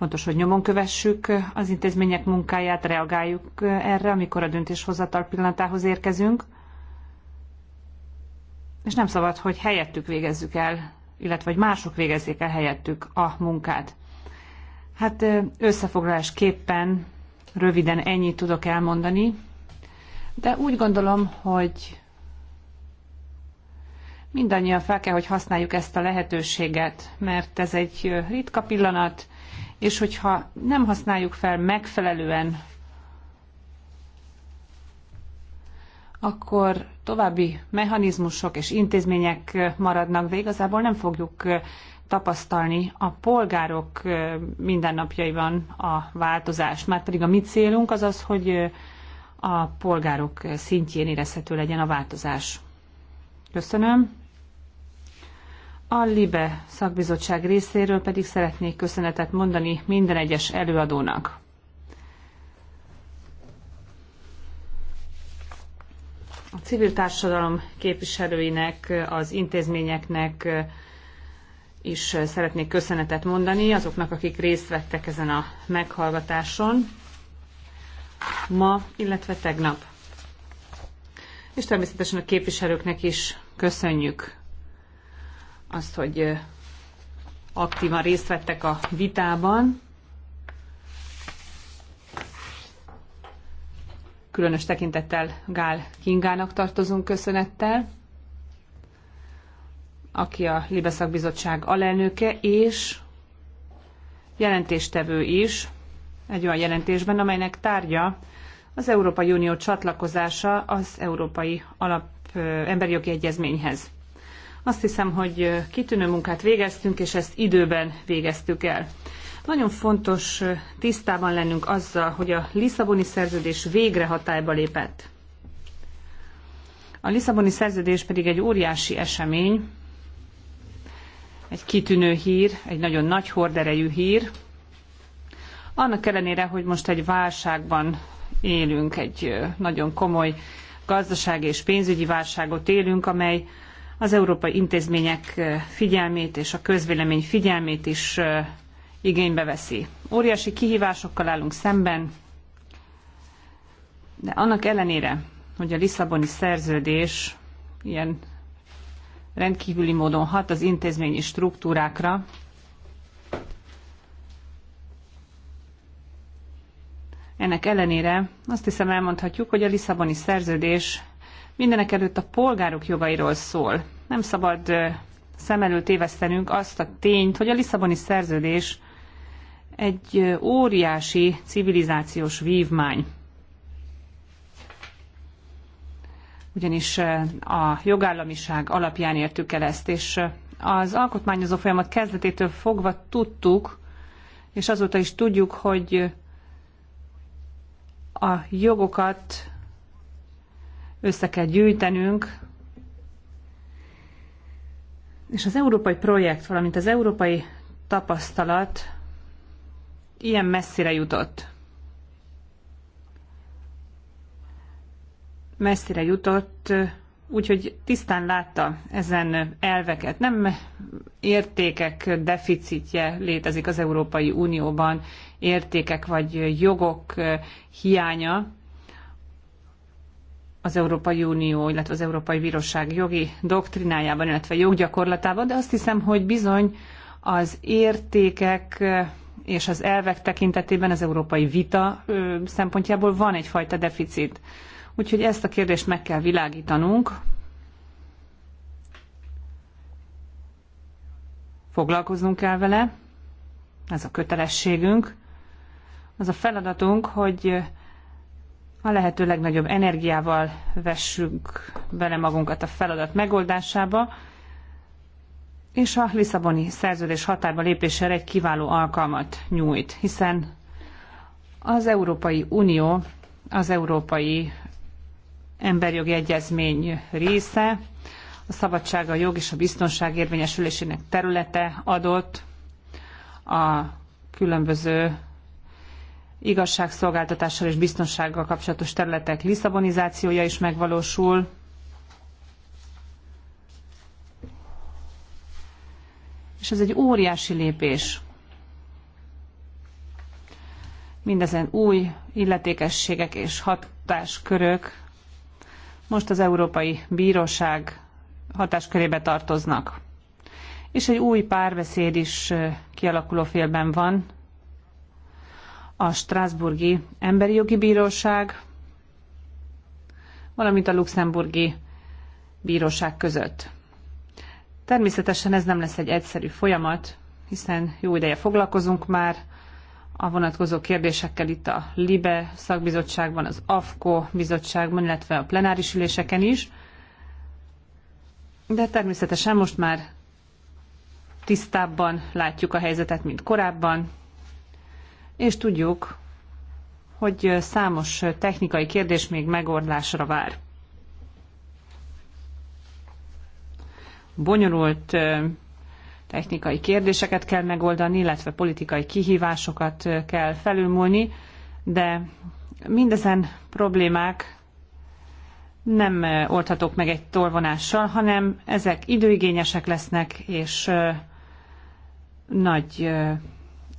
Fontos, hogy nyomon kövessük az intézmények munkáját, reagáljuk erre, amikor a döntéshozatal pillanatához érkezünk, és nem szabad, hogy helyettük végezzük el, illetve hogy mások végezzék el helyettük a munkát. Hát összefoglalásképpen röviden ennyit tudok elmondani, de úgy gondolom, hogy mindannyian fel kell, hogy használjuk ezt a lehetőséget, mert ez egy ritka pillanat, és hogyha nem használjuk fel megfelelően, akkor további mechanizmusok és intézmények maradnak, de igazából nem fogjuk tapasztalni a polgárok mindennapjaiban a változást. Már pedig a mi célunk az az, hogy a polgárok szintjén érezhető legyen a változás. Köszönöm. A LIBE szakbizottság részéről pedig szeretnék köszönetet mondani minden egyes előadónak. A civil társadalom képviselőinek, az intézményeknek is szeretnék köszönetet mondani azoknak, akik részt vettek ezen a meghallgatáson ma, illetve tegnap. És természetesen a képviselőknek is köszönjük azt, hogy aktívan részt vettek a vitában. Különös tekintettel Gál Kingának tartozunk köszönettel, aki a Libeszak Bizottság alelnöke, és jelentéstevő is egy olyan jelentésben, amelynek tárgya az Európai Unió csatlakozása az Európai Alap Emberi Jogi Egyezményhez. Azt hiszem, hogy kitűnő munkát végeztünk, és ezt időben végeztük el. Nagyon fontos tisztában lennünk azzal, hogy a Lisszaboni szerződés végre hatályba lépett. A Lisszaboni szerződés pedig egy óriási esemény, egy kitűnő hír, egy nagyon nagy horderejű hír. Annak ellenére, hogy most egy válságban élünk, egy nagyon komoly gazdasági és pénzügyi válságot élünk, amely az európai intézmények figyelmét és a közvélemény figyelmét is igénybe veszi. Óriási kihívásokkal állunk szemben, de annak ellenére, hogy a Lisszaboni szerződés ilyen rendkívüli módon hat az intézményi struktúrákra, ennek ellenére azt hiszem elmondhatjuk, hogy a Lisszaboni szerződés mindenek előtt a polgárok jogairól szól. Nem szabad szem előtt tévesztenünk azt a tényt, hogy a Lisszaboni szerződés egy óriási civilizációs vívmány. Ugyanis a jogállamiság alapján értük el ezt, és az alkotmányozó folyamat kezdetétől fogva tudtuk, és azóta is tudjuk, hogy a jogokat össze kell gyűjtenünk, és az európai projekt, valamint az európai tapasztalat ilyen messzire jutott. Messzire jutott, úgyhogy tisztán látta ezen elveket. Nem értékek deficitje létezik az Európai Unióban, értékek vagy jogok hiánya, az Európai Unió, illetve az Európai Bíróság jogi doktrinájában, illetve joggyakorlatában, de azt hiszem, hogy bizony az értékek eh, és az elvek tekintetében az európai vita eh, szempontjából van egyfajta deficit. Úgyhogy ezt a kérdést meg kell világítanunk. Foglalkoznunk kell vele, ez a kötelességünk. Az a feladatunk, hogy eh, a lehető legnagyobb energiával vessünk bele magunkat a feladat megoldásába, és a Lisszaboni szerződés határba lépésére egy kiváló alkalmat nyújt, hiszen az Európai Unió az Európai Emberjogi Egyezmény része, a szabadság, a jog és a biztonság érvényesülésének területe adott, a különböző igazságszolgáltatással és biztonsággal kapcsolatos területek liszabonizációja is megvalósul. És ez egy óriási lépés. Mindezen új illetékességek és hatáskörök most az Európai Bíróság hatáskörébe tartoznak. És egy új párbeszéd is kialakuló félben van, a Strasburgi Emberi Jogi Bíróság, valamint a Luxemburgi Bíróság között. Természetesen ez nem lesz egy egyszerű folyamat, hiszen jó ideje foglalkozunk már a vonatkozó kérdésekkel itt a LIBE szakbizottságban, az AFKO bizottságban, illetve a plenáris üléseken is. De természetesen most már tisztábban látjuk a helyzetet, mint korábban, és tudjuk, hogy számos technikai kérdés még megoldásra vár. Bonyolult technikai kérdéseket kell megoldani, illetve politikai kihívásokat kell felülmúlni, de mindezen problémák nem oldhatók meg egy tolvonással, hanem ezek időigényesek lesznek, és nagy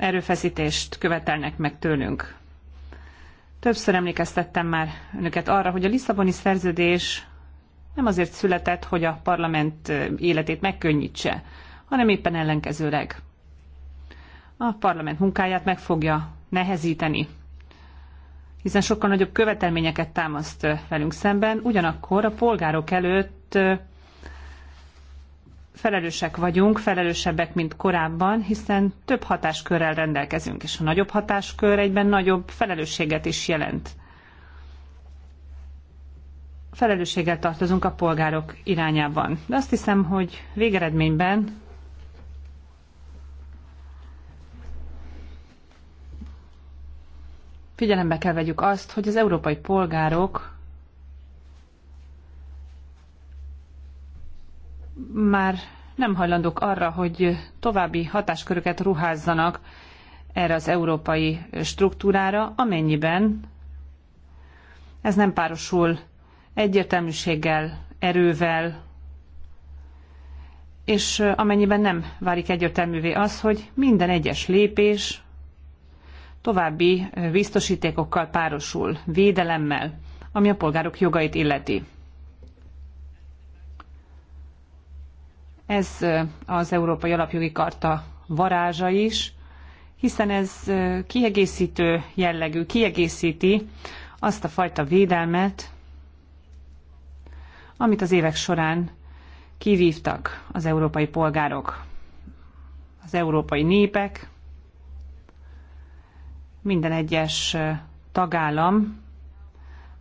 erőfeszítést követelnek meg tőlünk. Többször emlékeztettem már önöket arra, hogy a Lisszaboni szerződés nem azért született, hogy a parlament életét megkönnyítse, hanem éppen ellenkezőleg. A parlament munkáját meg fogja nehezíteni, hiszen sokkal nagyobb követelményeket támaszt velünk szemben, ugyanakkor a polgárok előtt felelősek vagyunk, felelősebbek, mint korábban, hiszen több hatáskörrel rendelkezünk, és a nagyobb hatáskör egyben nagyobb felelősséget is jelent. Felelősséggel tartozunk a polgárok irányában. De azt hiszem, hogy végeredményben figyelembe kell vegyük azt, hogy az európai polgárok már nem hajlandók arra, hogy további hatásköröket ruházzanak erre az európai struktúrára, amennyiben ez nem párosul egyértelműséggel, erővel, és amennyiben nem válik egyértelművé az, hogy minden egyes lépés további biztosítékokkal párosul, védelemmel, ami a polgárok jogait illeti. Ez az Európai Alapjogi Karta varázsa is, hiszen ez kiegészítő jellegű, kiegészíti azt a fajta védelmet, amit az évek során kivívtak az európai polgárok, az európai népek, minden egyes tagállam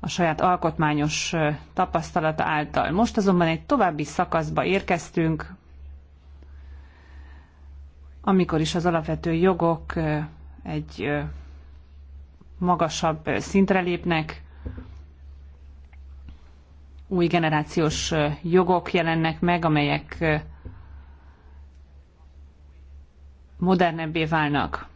a saját alkotmányos tapasztalata által. Most azonban egy további szakaszba érkeztünk, amikor is az alapvető jogok egy magasabb szintre lépnek, új generációs jogok jelennek meg, amelyek modernebbé válnak.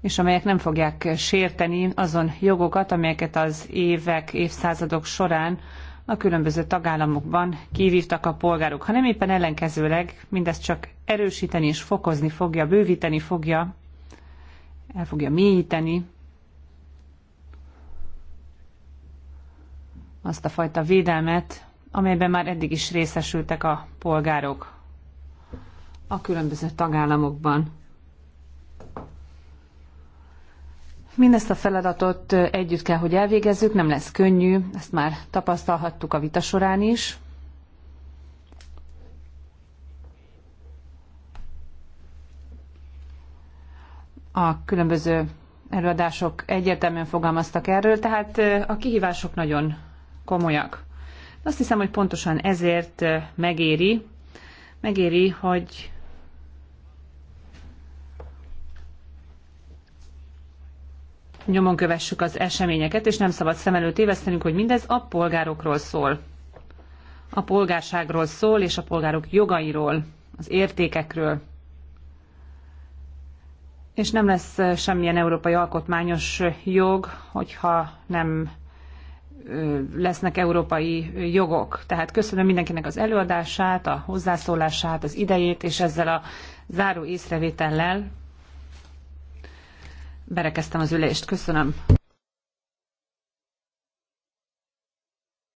és amelyek nem fogják sérteni azon jogokat, amelyeket az évek, évszázadok során a különböző tagállamokban kivívtak a polgárok, hanem éppen ellenkezőleg mindez csak erősíteni és fokozni fogja, bővíteni fogja, el fogja mélyíteni azt a fajta védelmet, amelyben már eddig is részesültek a polgárok a különböző tagállamokban. Mindezt a feladatot együtt kell, hogy elvégezzük, nem lesz könnyű, ezt már tapasztalhattuk a vita során is. A különböző előadások egyértelműen fogalmaztak erről, tehát a kihívások nagyon komolyak. Azt hiszem, hogy pontosan ezért megéri, megéri, hogy nyomon kövessük az eseményeket, és nem szabad szem előtt évesztenünk, hogy mindez a polgárokról szól. A polgárságról szól, és a polgárok jogairól, az értékekről. És nem lesz semmilyen európai alkotmányos jog, hogyha nem lesznek európai jogok. Tehát köszönöm mindenkinek az előadását, a hozzászólását, az idejét, és ezzel a záró észrevétellel Berekeztem az ülést. Köszönöm.